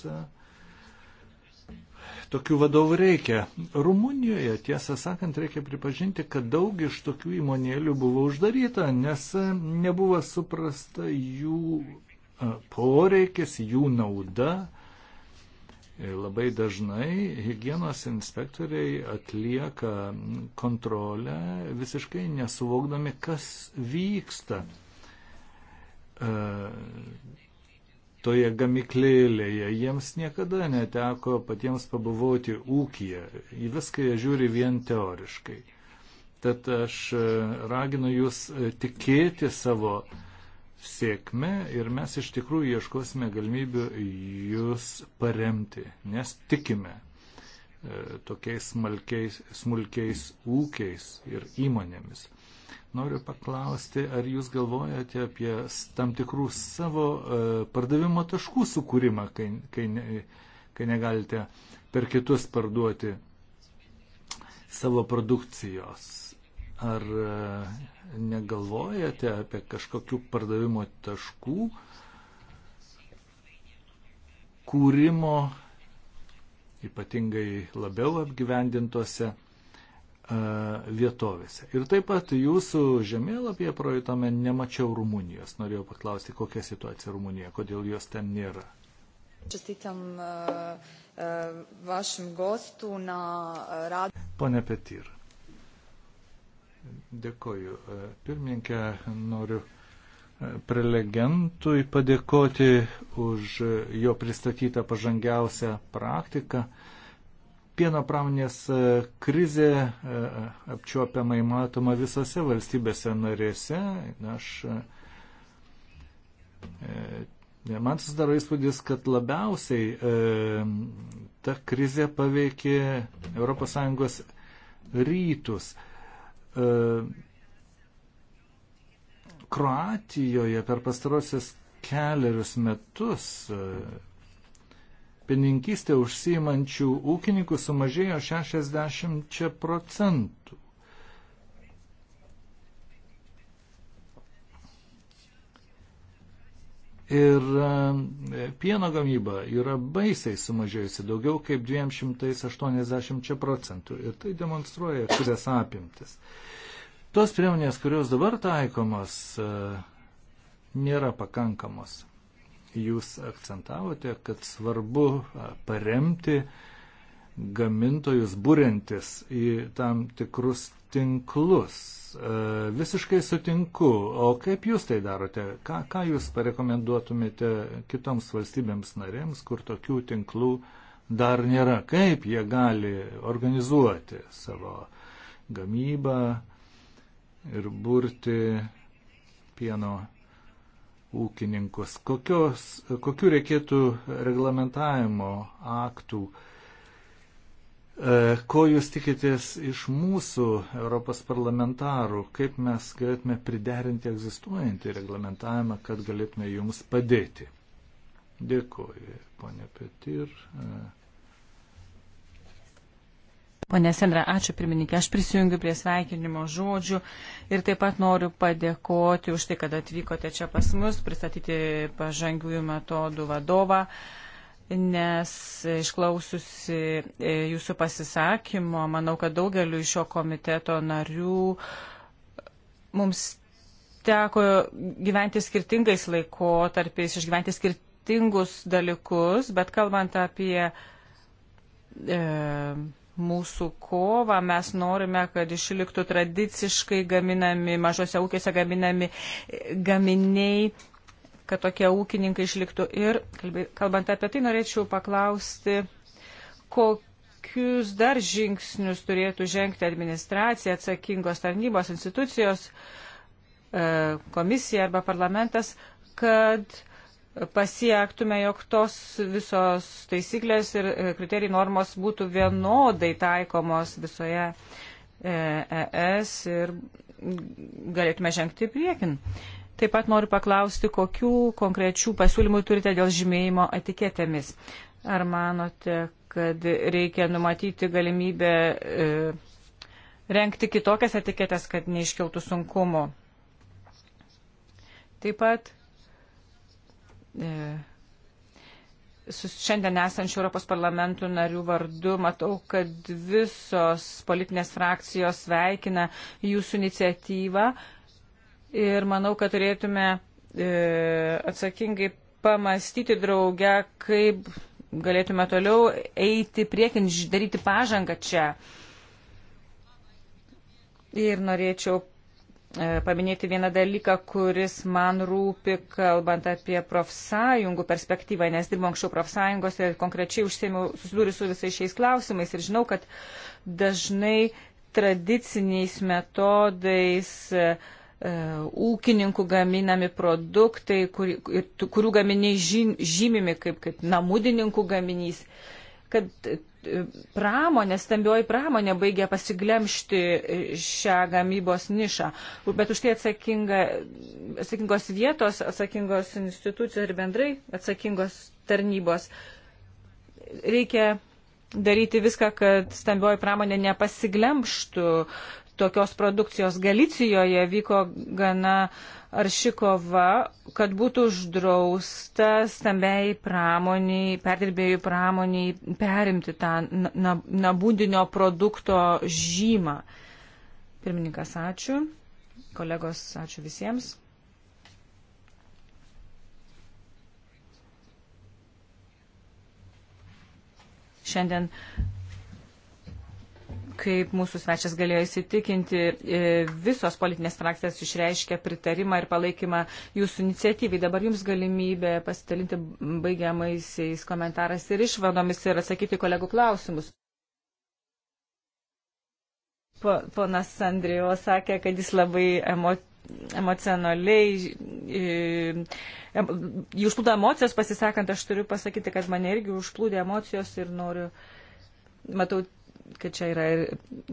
Speaker 3: tokių vadovų reikia. Rumunijoje, tiesą sakant, reikia pripažinti, kad daug iš tokių įmonėlių buvo uždaryta, nes e, nebuvo suprasta jų e, poreikis, jų nauda. E, labai dažnai hygienos inspektoriai atlieka kontrolę visiškai nesuvokdami, kas vyksta toje gamiklėlėje. Jiems niekada neteko patiems pabuvoti ūkiją. Į viską jie žiūri vien teoriškai. Tad aš e, raginu jūs e, tikėti savo sėkme ir mes iš tikrųjų ieškosime galimybių jūs paremti, nes tikime e, tokiais smulkiais, smulkiais ūkiais ir įmonėmis. Noriu paklausti, ar jūs galvojate apie tam tikrų savo e, pardavimo taškų sukūrimą, kai, kai, ne, kai negalite per kitus parduoti savo produkcijos? Ar e, negalvojate apie kažkokių pardavimo taškų kūrimo, ypatingai labiau apgyvendintose E, vietovėse. Ir taip pat jūsų žemėlapyje praeitame nemačiau Rumunijos. Norėjau paklausti, kokia situacija Rumunijoje, kodėl jos ten nėra.
Speaker 4: Čestitam e, e, vašim gostų na rad.
Speaker 3: Pone Petir. Dėkoju. Pirmininkė, noriu prelegentui padėkoti už jo pristatytą pažangiausią praktiką. Pieno pramonės e, krizė e, apčiuopiamai matoma visose valstybėse narėse. Aš, e, man susidaro įspūdis, kad labiausiai ta krizė paveikė ES rytus. Kroatijoje per pastarosius keliarius metus pininkystė užsijimančių ūkininkų sumažėjo 60 procentų. Ir e, pieno gamyba yra baisiai sumažėjusi daugiau kaip 280 procentų. Ir tai demonstruoja krizės apimtis. Tos priemonės, kurios dabar taikomos, e, nėra pakankamos. Jūs akcentavote, kad svarbu paremti gamintojus būrintis į tam tikrus tinklus. Visiškai sutinku. O kaip jūs tai darote? Ką, ką jūs parekomenduotumėte kitoms valstybėms narėms, kur tokių tinklų dar nėra? Kaip jie gali organizuoti savo gamybą ir burti pieno ūkininkus. Kokios, kokių reikėtų reglamentavimo aktų? E, ko jūs tikitės iš mūsų Europos parlamentarų? Kaip mes galėtume priderinti egzistuojantį reglamentavimą, kad galėtume jums padėti? Dėkuoju, ponė Petir. Uh,
Speaker 2: Pone Sendra, ačiū pirmininkė, aš prisijungiu prie sveikinimo žodžių ir taip pat noriu padėkoti už tai, kad atvykote čia pas mus, pristatyti pažangiųjų metodų vadovą, nes išklaususi e, jūsų pasisakymo, manau, kad daugeliu iš šio komiteto narių e, mums teko gyventi skirtingais laikotarpiais, išgyventi skirtingus dalykus, bet kalbant apie. E, mūsų kovą. Mes norime, kad išliktų tradiciškai gaminami, mažose ūkėse gaminami e, gaminiai kad tokie ūkininkai išliktų. Ir kalbant apie tai, norėčiau paklausti, kokius dar žingsnius turėtų žengti administracija, atsakingos tarnybos institucijos, e, komisija arba parlamentas, kad pasiektume, jog tos visos taisyklės ir e, kriterijai normos būtų vienodai taikomos visoje ES e ir galėtume žengti priekin. Taip pat noriu paklausti, kokių konkrečių pasiūlymų turite dėl žymėjimo etiketėmis. Ar manote, kad reikia numatyti galimybę e, renkti kitokias etiketės, kad neiškiltų sunkumų? Taip pat E, šiandien esančių Europos parlamentų narių vardu matau, kad visos politinės frakcijos sveikina jūsų iniciatyvą ir manau, kad turėtume e, atsakingai pamastyti drauge, kaip galėtume toliau eiti priekin, daryti pažangą čia. Ir norėčiau E, paminėti vieną dalyką, kuris man rūpi, kalbant apie profsąjungų perspektyvą, nes dirbau anksčiau profsąjungose ir konkrečiai užsėmiau susidūrus su visais šiais klausimais ir žinau, kad dažnai tradiciniais metodais e, e, ūkininkų gaminami produktai, kur, kurių gaminiai žymimi kaip, kaip namudininkų gaminys, kad pramonė, stambioji pramonė baigė pasiglemšti šią gamybos nišą, bet už tai atsakinga, atsakingos vietos, atsakingos institucijos ir bendrai atsakingos tarnybos. Reikia daryti viską, kad stambioji pramonė nepasiglemštų tokios produkcijos. Galicijoje vyko gana uh, ar ši kova, kad būtų uždrausta stambiai pramoniai, perdirbėjų pramoniai perimti tą nabūdinio produkto žymą. Pirmininkas, ačiū. Kolegos, ačiū visiems. Šiandien kaip mūsų svečias galėjo įsitikinti, e, visos politinės frakcijas išreiškia pritarimą ir palaikymą jūsų iniciatyvai. Dabar jums galimybė pasitalinti baigiamaisiais komentarais ir išvadomis ir atsakyti kolegų klausimus. Po, ponas Sandrijo sakė, kad jis labai emocijų emocionaliai, jį e, užplūdo emocijos pasisakant, aš turiu pasakyti, kad mane irgi užplūdė emocijos ir noriu, matau, kad čia yra ir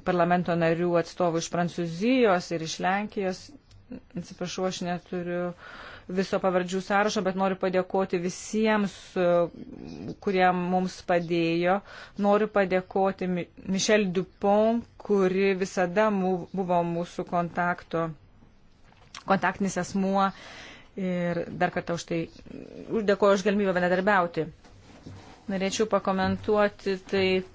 Speaker 2: parlamento narių atstovų iš Prancūzijos ir iš Lenkijos. Atsiprašau, aš neturiu viso pavardžių sąrašo, bet noriu padėkoti visiems, kurie mums padėjo. Noriu padėkoti Michelle Dupont, kuri visada buvo mūsų kontakto, kontaktinis asmuo. Ir dar kartą už tai dėkoju už galimybę bendradarbiauti. Norėčiau pakomentuoti taip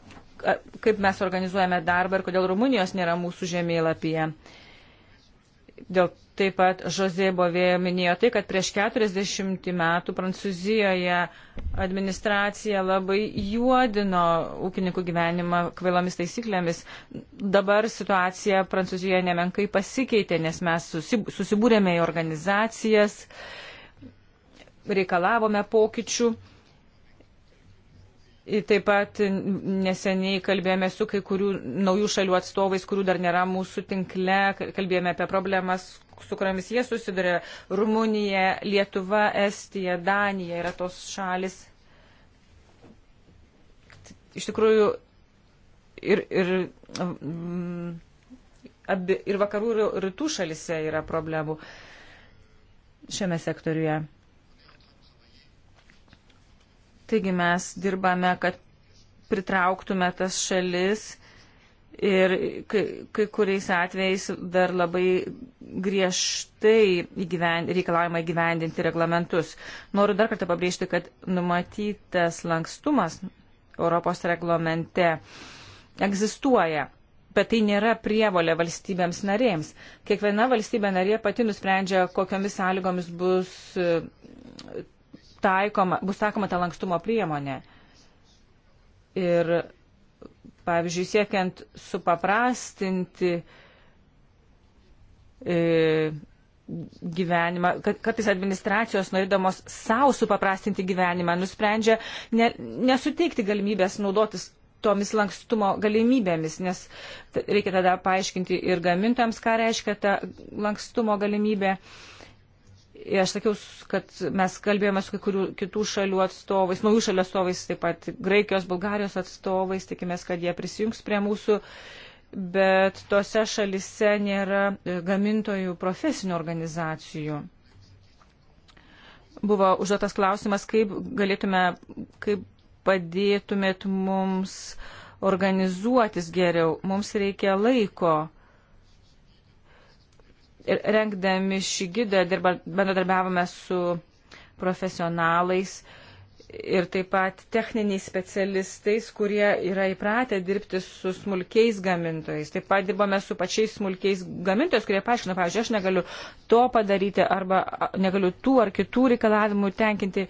Speaker 2: kaip mes organizuojame darbą ir kodėl Rumunijos nėra mūsų žemėlapyje. Dėl taip pat Žozė Bovė minėjo tai, kad prieš 40 metų Prancūzijoje administracija labai juodino ūkininkų gyvenimą kvailomis taisyklėmis. Dabar situacija Prancūzijoje nemenkai pasikeitė, nes mes susibūrėme į organizacijas, reikalavome pokyčių Taip pat neseniai kalbėjome su kai kurių naujų šalių atstovais, kurių dar nėra mūsų tinkle, kalbėjome apie problemas, su kuriamis jie susiduria. Rumunija, Lietuva, Estija, Danija yra tos šalis. Iš tikrųjų ir, ir, mm, abi, ir vakarų ir rytų šalise yra problemų šiame sektoriuje. Taigi mes dirbame, kad pritrauktume tas šalis ir kai, kai kuriais atvejais dar labai griežtai įgyven, reikalavimą įgyvendinti reglamentus. Noriu dar kartą pabrėžti, kad numatytas lankstumas Europos reglamente egzistuoja bet tai nėra prievolė valstybėms narėms. Kiekviena valstybė narė pati nusprendžia, kokiomis sąlygomis bus taikoma, bus taikoma ta lankstumo priemonė. Ir, pavyzdžiui, siekiant supaprastinti e, gyvenimą, kad kartais administracijos norėdamos savo supaprastinti gyvenimą, nusprendžia ne, nesuteikti galimybės naudotis tomis lankstumo galimybėmis, nes reikia tada paaiškinti ir gamintams, ką reiškia ta lankstumo galimybė. E, Aš sakiau, kad mes kalbėjome su kai kurių kitų šalių atstovais, naujų šalių atstovais, taip pat Graikijos, Bulgarijos atstovais, tikimės, kad jie prisijungs prie mūsų, bet tose šalise nėra e, gamintojų profesinių organizacijų. Buvo užduotas klausimas, kaip galėtume, kaip padėtumėt mums organizuotis geriau. Mums reikia laiko Rengdami šį gidą bendradarbiavome su profesionalais ir taip pat techniniais specialistais, kurie yra įpratę dirbti su smulkiais gamintojais. Taip pat dirbame su pačiais smulkiais gamintojais, kurie paaiškina, pavyzdžiui, aš negaliu to padaryti arba negaliu tų ar kitų reikalavimų tenkinti.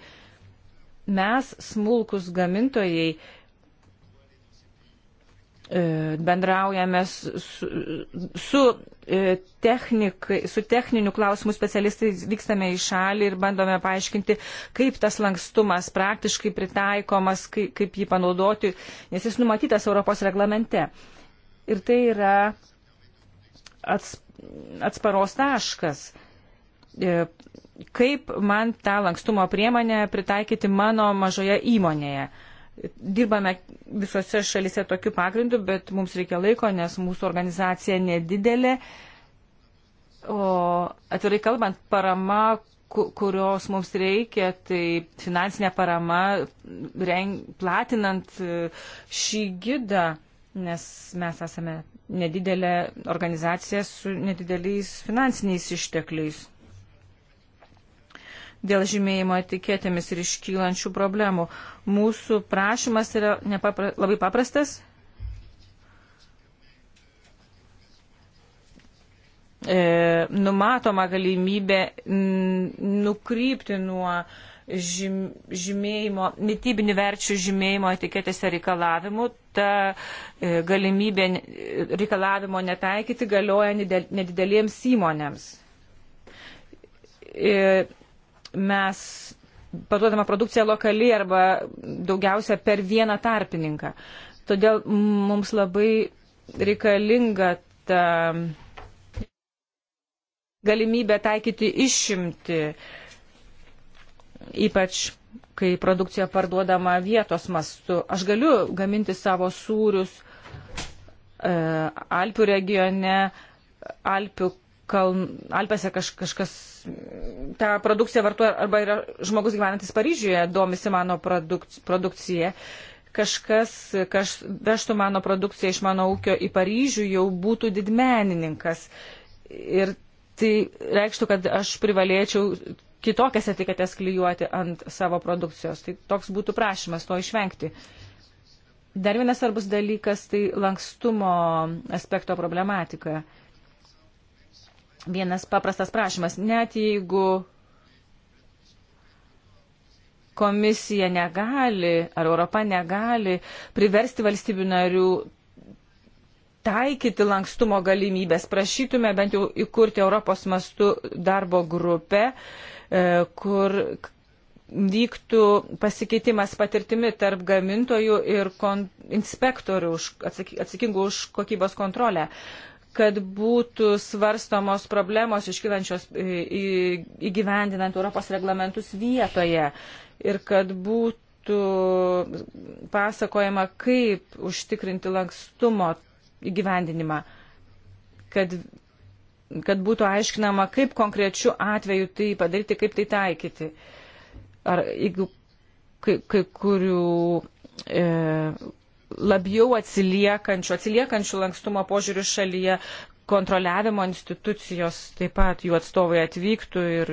Speaker 2: Mes, smulkus gamintojai, E, bendraujame su, su, e, technikai, su techninių klausimų specialistais, vykstame į šalį ir bandome paaiškinti, kaip tas lankstumas praktiškai pritaikomas, kaip, kaip jį panaudoti, nes jis numatytas Europos reglamente. Ir tai yra ats, atsparos taškas. E, kaip man tą lankstumo priemonę pritaikyti mano mažoje įmonėje? Dirbame visose šalise tokiu pagrindu, bet mums reikia laiko, nes mūsų organizacija nedidelė. O atvirai kalbant, parama, kurios mums reikia, tai finansinė parama reng, platinant e, šį gidą, nes mes esame nedidelė organizacija su nedideliais finansiniais ištekliais dėl žymėjimo etiketėmis ir iškylančių problemų. Mūsų prašymas yra nepapra labai paprastas. E, numatoma galimybė nukrypti nuo žym, žymėjimo, mitybinių verčių žymėjimo etiketėse reikalavimų. Ta e, galimybė reikalavimo netaikyti galioja nedidelėms įmonėms. E, mes parduodama produkcija lokali arba daugiausia per vieną tarpininką. Todėl mums labai reikalinga ta galimybė taikyti išimti, ypač kai produkcija parduodama vietos mastu. Aš galiu gaminti savo sūrius e, Alpių regione, Alpių kaln, Alpėse kaž, kažkas tą produkciją vartoja, arba yra žmogus gyvenantis Paryžiuje, domisi mano produk, produkcija. Kažkas, kas vežtų mano produkciją iš mano ūkio į Paryžių, jau būtų didmenininkas. Ir tai reikštų, kad aš privalėčiau kitokias etiketes klyjuoti ant savo produkcijos. Tai toks būtų prašymas to išvengti. Dar vienas svarbus dalykas - tai lankstumo aspekto problematika vienas paprastas prašymas. Net jeigu komisija negali ar Europa negali priversti valstybių narių taikyti lankstumo galimybės, prašytume bent jau įkurti Europos mastu darbo grupę, e, kur vyktų pasikeitimas patirtimi tarp gamintojų ir kon, inspektorių už, atsaky, atsakingų už kokybos kontrolę kad būtų svarstomos problemos iškilančios e, įgyvendinant Europos reglamentus vietoje ir kad būtų pasakojama, kaip užtikrinti lankstumo įgyvendinimą, kad, kad būtų aiškinama, kaip konkrečiu atveju tai padaryti, kaip tai taikyti. Ar jeigu kai, kai kurių e, labiau atsiliekančių, atsiliekančių lankstumo požiūrių šalyje, kontroliavimo institucijos taip pat jų atstovai atvyktų ir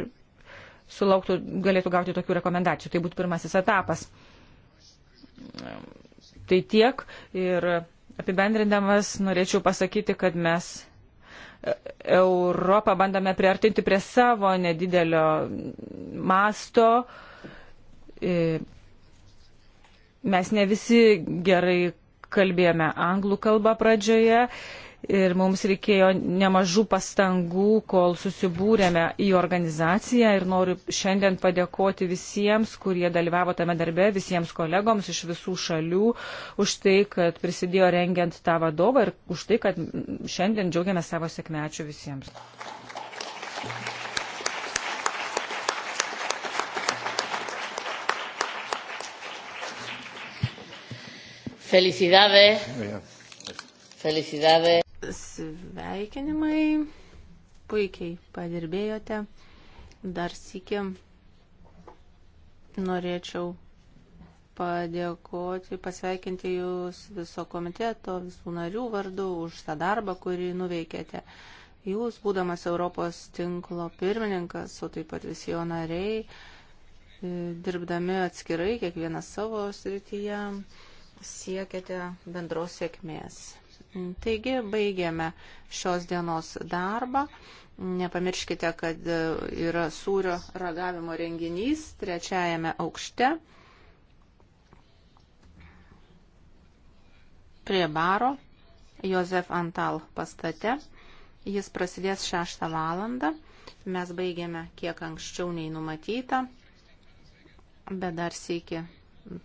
Speaker 2: sulauktų, galėtų gauti tokių rekomendacijų. Tai būtų pirmasis etapas. Tai tiek ir apibendrindamas norėčiau pasakyti, kad mes Europą bandome priartinti prie savo nedidelio masto e, Mes ne visi gerai kalbėjome anglų kalbą pradžioje ir mums reikėjo nemažų pastangų, kol susibūrėme į organizaciją ir noriu šiandien padėkoti visiems, kurie dalyvavo tame darbe, visiems kolegoms iš visų šalių už tai, kad prisidėjo rengiant tą vadovą ir už tai, kad šiandien džiaugiamės savo sėkmečių visiems. Thank you.
Speaker 4: Felicidades. Felicidades. Sveikinimai. Puikiai padirbėjote. Dar sėkiu norėčiau padėkoti, pasveikinti Jūs viso komiteto, visų narių vardu už tą darbą, kurį nuveikėte. Jūs, būdamas Europos tinklo pirmininkas, o taip pat visi jo nariai, dirbdami atskirai, kiekvienas savo srityje, siekiate bendros sėkmės. Taigi, baigėme šios dienos darbą. Nepamirškite, kad yra sūrio ragavimo renginys trečiajame aukšte prie baro Jozef Antal pastate. Jis prasidės 6 valandą. Mes baigėme kiek anksčiau nei numatyta, bet dar sėki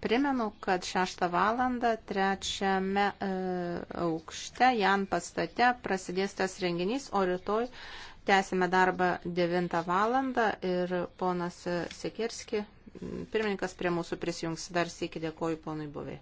Speaker 4: Primenu, kad 6 valandą trečiame e, aukšte Jan pastate prasidės tas renginys, o rytoj tęsime darbą 9 valandą ir ponas Sekerski, pirmininkas prie mūsų prisijungs. Dar sėki dėkoju ponui Buvei.